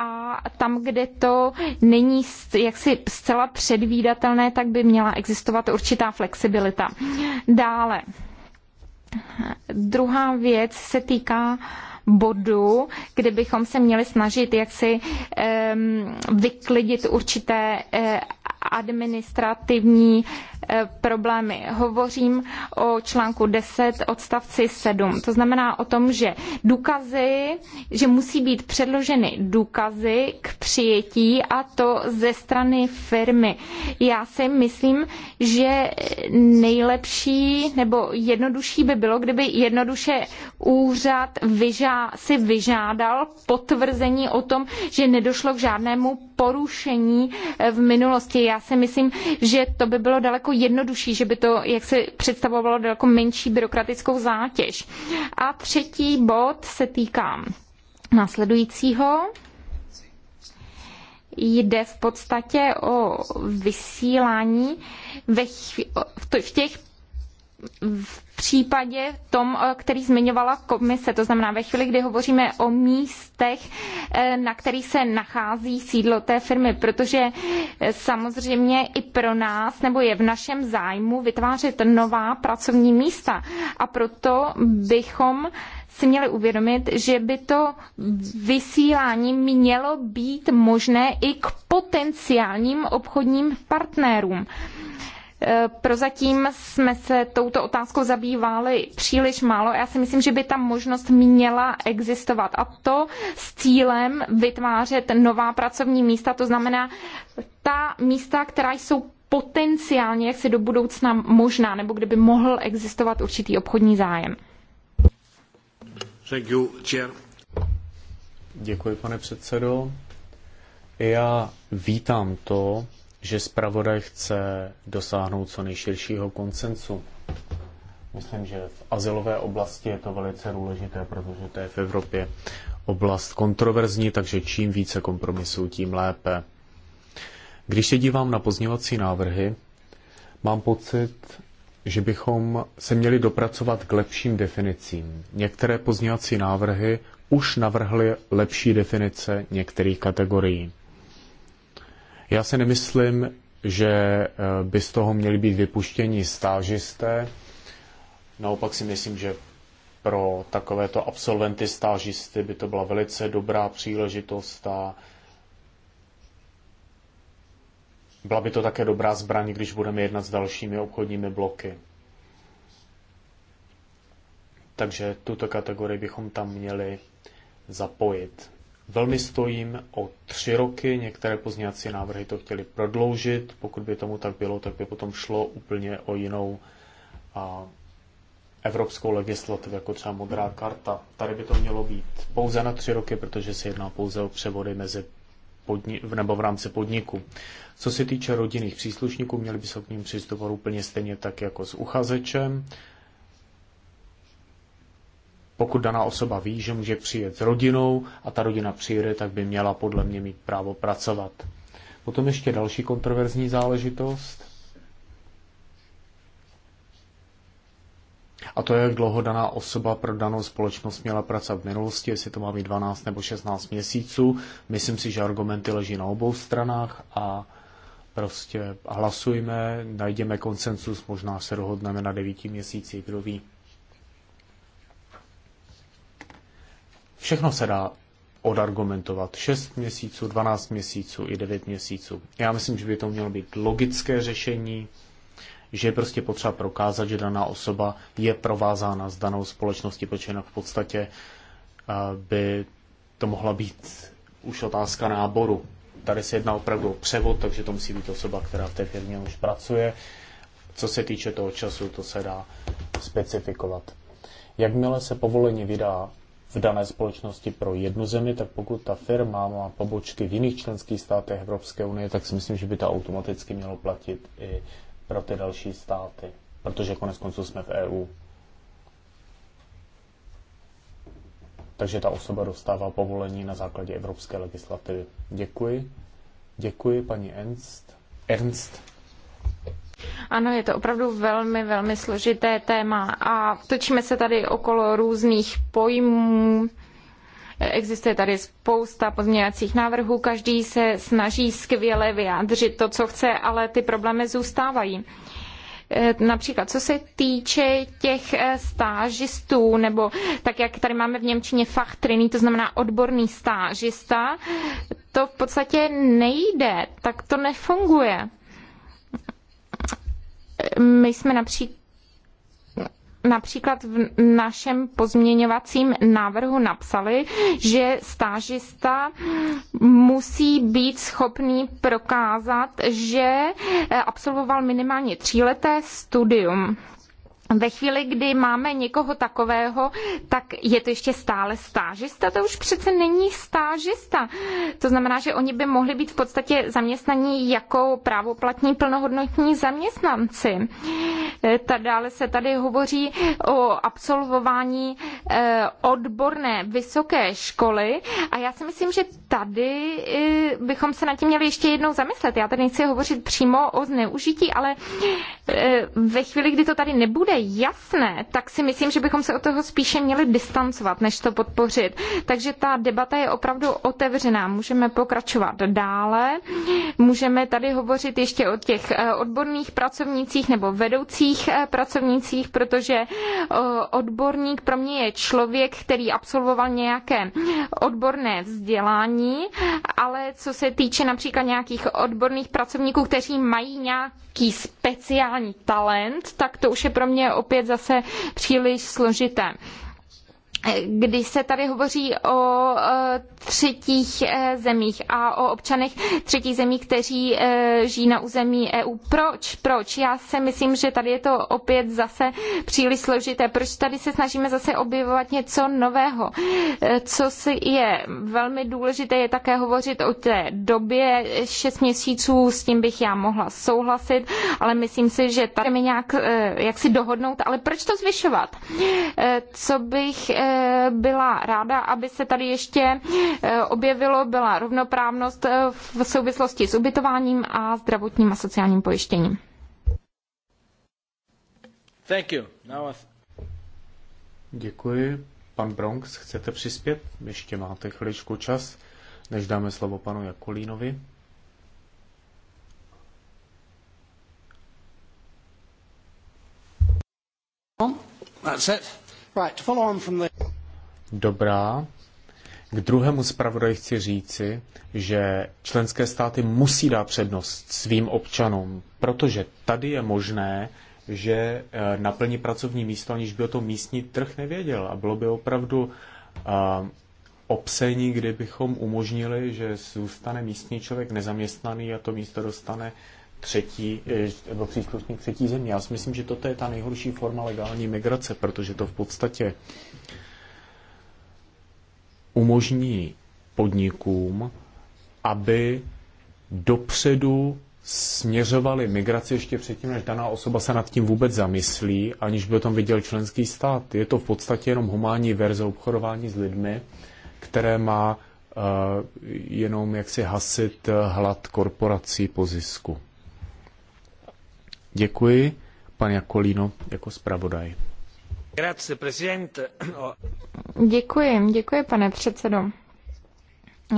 a tam, kde to není jaksi zcela předvídatelné, udržitelné, tak by měla existovat určitá flexibilita. Dále, druhá věc se týká bodu, kde bychom se měli snažit jak si vyklidit určité eh, administrativní Eh, problémy. Hovořím o článku 10 odstavci 7. To znamená o tom, že důkazy, že musí být předloženy důkazy k přijetí a to ze strany firmy. Já si myslím, že nejlepší nebo jednodušší by bylo, kdyby jednoduše úřad vyžá, si vyžádal potvrzení o tom, že nedošlo k žádnému porušení eh, v minulosti. Já si myslím, že to by bylo daleko jednodušší, že by to jak se představovalo daleko jako menší byrokratickou zátěž. A třetí bod se týká následujícího. Jde v podstatě o vysílání ve, v těch v případě tom, eh, který zmiňovala komise, to znamená ve chvíli, kdy hovoříme o místech, eh, na kterých se nachází sídlo té firmy, protože eh, samozřejmě i pro nás nebo je v našem zájmu vytvářet nová pracovní místa a proto bychom si měli uvědomit, že by to vysílání mělo být možné i k potenciálním obchodním partnerům. Eh, prozatím jsme se touto otázkou zabývali příliš málo. Já si myslím, že by ta možnost měla existovat. A to s cílem vytvářet nová pracovní místa, to znamená ta místa, která jsou potenciálně jaksi do budoucna možná, nebo kdyby mohl existovat určitý obchodní zájem. Thank you, chair. Děkuji, pane předsedo. Já vítám to, že zpravodaj chce dosáhnout co nejširšího koncensu. Myslím, že v asilové oblasti je to velice důležité, protože to je v Evropě oblast kontroverzní, takže čím více kompromisů, tím lépe. Když se dívám na pozněvací návrhy, mám pocit, že bychom se měli dopracovat k lepším definicím. Některé pozněvací návrhy už navrhly lepší definice některých kategorií. Já si nemyslím, že eh, by z toho měli být vypuštěni stážisté. Naopak si myslím, že pro takovéto absolventy stážisty by to byla velice dobrá příležitost a byla by to také dobrá zbraň, když budeme jednat s dalšími obchodními bloky. Takže tuto kategorii bychom tam měli zapojit. Velmi stojím o tři roky, některé pozněvací návrhy to chtěli prodloužit. Pokud by tomu tak bylo, tak by potom šlo úplně o jinou a, evropskou legislativu, jako třeba modrá karta. Tady by to mělo být pouze na tři roky, protože se jedná pouze o převody mezi podni- nebo v rámci podniku. Co se týče rodinných příslušníků, měli by se k ním přistupovat úplně stejně tak jako s uchazečem pokud daná osoba ví, že může přijet s rodinou a ta rodina přijede, tak by měla podle mě mít právo pracovat. Potom ještě další kontroverzní záležitost. A to je, jak dlouho daná osoba pro danou společnost měla pracovat v minulosti, jestli to má být 12 nebo 16 měsíců. Myslím si, že argumenty leží na obou stranách a prostě hlasujme, najdeme konsensus, možná se dohodneme na 9 měsících, kdo ví. Všechno se dá odargumentovat. 6 měsíců, 12 měsíců i 9 měsíců. Já myslím, že by to mělo být logické řešení, že je prostě potřeba prokázat, že daná osoba je provázána s danou společností, protože jinak v podstatě eh, by to mohla být už otázka náboru. Tady se jedná opravdu o převod, takže to musí být osoba, která v té firmě už pracuje. Co se týče toho času, to se dá specifikovat. Jakmile se povolení vydá v dané společnosti pro jednu zemi, tak pokud ta firma má pobočky v jiných členských státech Evropské unie, tak si myslím, že by to automaticky mělo platit i pro ty další státy, protože konec konců jsme v EU. Takže ta osoba dostává povolení na základě evropské legislativy. Děkuji. Děkuji, paní Ernst. Ernst. Ano, je to opravdu velmi, velmi složité téma a točíme se tady okolo různých pojmů. Existuje tady spousta pozměňovacích návrhů, každý se snaží skvěle vyjádřit to, co chce, ale ty problémy zůstávají. E, například co se týče těch e, stážistů, nebo tak, jak tady máme v Němčině fachtriny, to znamená odborný stážista, to v podstatě nejde, tak to nefunguje my jsme například například v našem pozměňovacím návrhu napsali, že stážista musí být schopný prokázat, že absolvoval minimálně tříleté studium ve chvíli, kdy máme někoho takového, tak je to ještě stále stážista. To už přece není stážista. To znamená, že oni by mohli být v podstatě zaměstnaní jako právoplatní plnohodnotní zaměstnanci. E, ta dále se tady hovoří o absolvování e, odborné vysoké školy a já si myslím, že tady e, bychom se na tím měli ještě jednou zamyslet. Já tady nechci hovořit přímo o zneužití, ale ve chvíli, kdy to tady nebude, jasné, tak si myslím, že bychom se od toho spíše měli distancovat, než to podpořit. Takže ta debata je opravdu otevřená. Můžeme pokračovat dále. Můžeme tady hovořit ještě o těch eh, odborných pracovnících nebo vedoucích eh, pracovnících, protože eh, odborník pro mě je člověk, který absolvoval nějaké odborné vzdělání, ale co se týče například nějakých odborných pracovníků, kteří mají nějaký speciální talent, tak to už je pro mě je opět zase příliš složité když se tady hovoří o e, třetích e, zemích a o občanech třetích zemí, kteří e, žijí na území EU. Proč? Proč? Já se myslím, že tady je to opět zase příliš složité. Proč tady se snažíme zase objevovat něco nového? Co si je velmi důležité, je také hovořit o té době šest měsíců, s tím bych já mohla souhlasit, ale myslím si, že tady mi nějak jak si dohodnout, ale proč to zvyšovat? Co bych byla ráda, aby se tady ještě eh, objevilo, byla rovnoprávnost eh, v souvislosti s ubytováním a zdravotním a sociálním pojištěním. Thank you. Now Děkuji. Pan Bronx, chcete přispět? Ještě máte chviličku čas, než dáme slovo panu Jakolínovi. That's it. Dobrá. K druhému zpravodaji chci říci, že členské státy musí dát přednost svým občanům, protože tady je možné, že eh, naplní pracovní místo, aniž by o to místní trh nevěděl. A bylo by opravdu eh, obsení, kdybychom umožnili, že zůstane místní člověk nezaměstnaný a to místo dostane třetí, eh, nebo příslušník třetí země. Já si myslím, že toto je ta nejhorší forma legální migrace, protože to v podstatě umožní podnikům, aby dopředu směřovali migraci ještě předtím, než daná osoba se nad tím vůbec zamyslí, aniž by o tom viděl členský stát. Je to v podstatě jenom humánní verze obchodování s lidmi, které má uh, jenom jaksi hasit hlad korporací po zisku. Děkuji, pan Jakolino jako zpravodaj. Děkuji, děkuji, pane předsedo.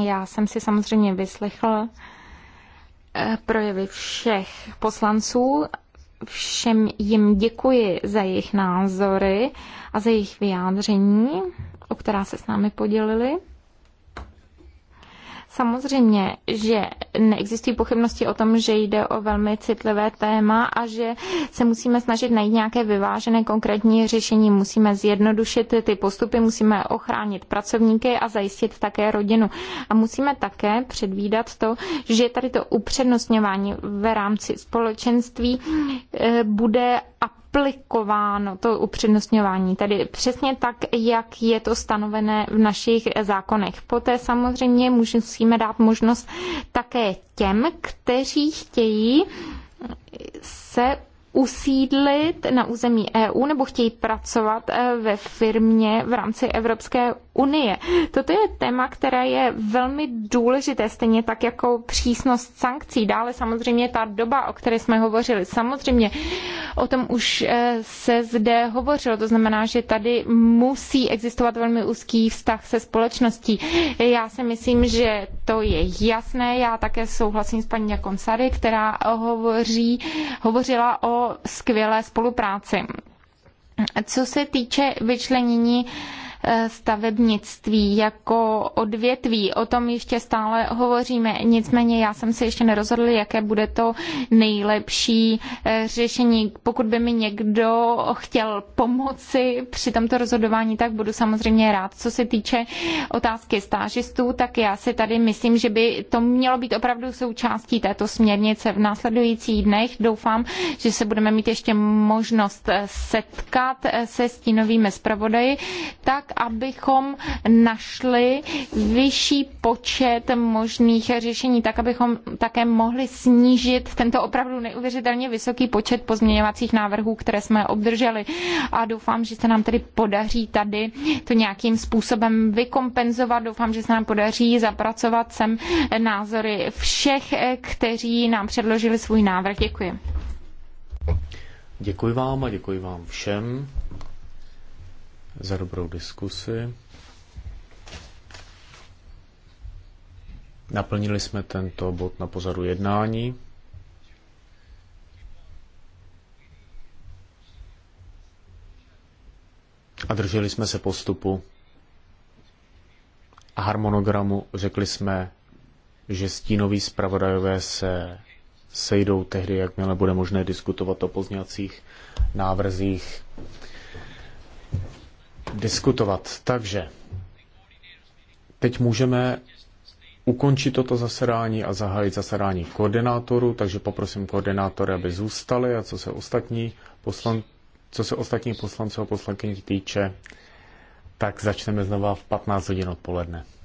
Já jsem si samozřejmě vyslechl eh, projevy všech poslanců. Všem jim děkuji za jejich názory a za jejich vyjádření, o která se s námi podělili. Samozřejmě, že neexistují pochybnosti o tom, že jde o velmi citlivé téma a že se musíme snažit najít nějaké vyvážené konkrétní řešení. Musíme zjednodušit ty postupy, musíme ochránit pracovníky a zajistit také rodinu. A musíme také předvídat to, že tady to upřednostňování v rámci společenství eh, bude a aplikováno to upřednostňování, tedy přesně tak, jak je to stanovené v našich zákonech. Poté samozřejmě musíme dát možnost také těm, kteří chtějí se usídlit na území EU nebo chtějí pracovat eh, ve firmě v rámci Evropské unie. Toto je téma, které je velmi důležité, stejně tak jako přísnost sankcí. Dále samozřejmě ta doba, o které jsme hovořili. Samozřejmě o tom už eh, se zde hovořilo, to znamená, že tady musí existovat velmi úzký vztah se společností. Já si myslím, že to je jasné. Já také souhlasím s paní Jakonsary, která hovoří, hovořila o skvělé spolupráci. Co se týče vyčlenění stavebnictví jako odvětví. O tom ještě stále hovoříme. Nicméně já jsem se ještě nerozhodl, jaké bude to nejlepší eh, řešení. Pokud by mi někdo chtěl pomoci při tomto rozhodování, tak budu samozřejmě rád. Co se týče otázky stážistů, tak já si tady myslím, že by to mělo být opravdu součástí této směrnice v následujících dnech. Doufám, že se budeme mít ještě možnost eh, setkat eh, se stínovými zpravodaji, tak tak, abychom našli vyšší počet možných řešení, tak, abychom také mohli snížit tento opravdu neuvěřitelně vysoký počet pozměňovacích návrhů, které jsme obdrželi. A doufám, že se nám tedy podaří tady to nějakým způsobem vykompenzovat. Doufám, že se nám podaří zapracovat sem názory všech, kteří nám předložili svůj návrh. Děkuji. Děkuji vám a děkuji vám všem za dobrou diskusi. Naplnili jsme tento bod na pozadu jednání. A drželi jsme se postupu a harmonogramu. Řekli jsme, že stínoví zpravodajové se sejdou tehdy, jakmile bude možné diskutovat o pozněcích návrzích diskutovat. Takže teď můžeme ukončit toto zasedání a zahájit zasedání koordinátorů, takže poprosím koordinátory, aby zůstali a co se ostatní poslan, co se ostatní poslanců a poslankyní týče, tak začneme znova v 15 hodin odpoledne.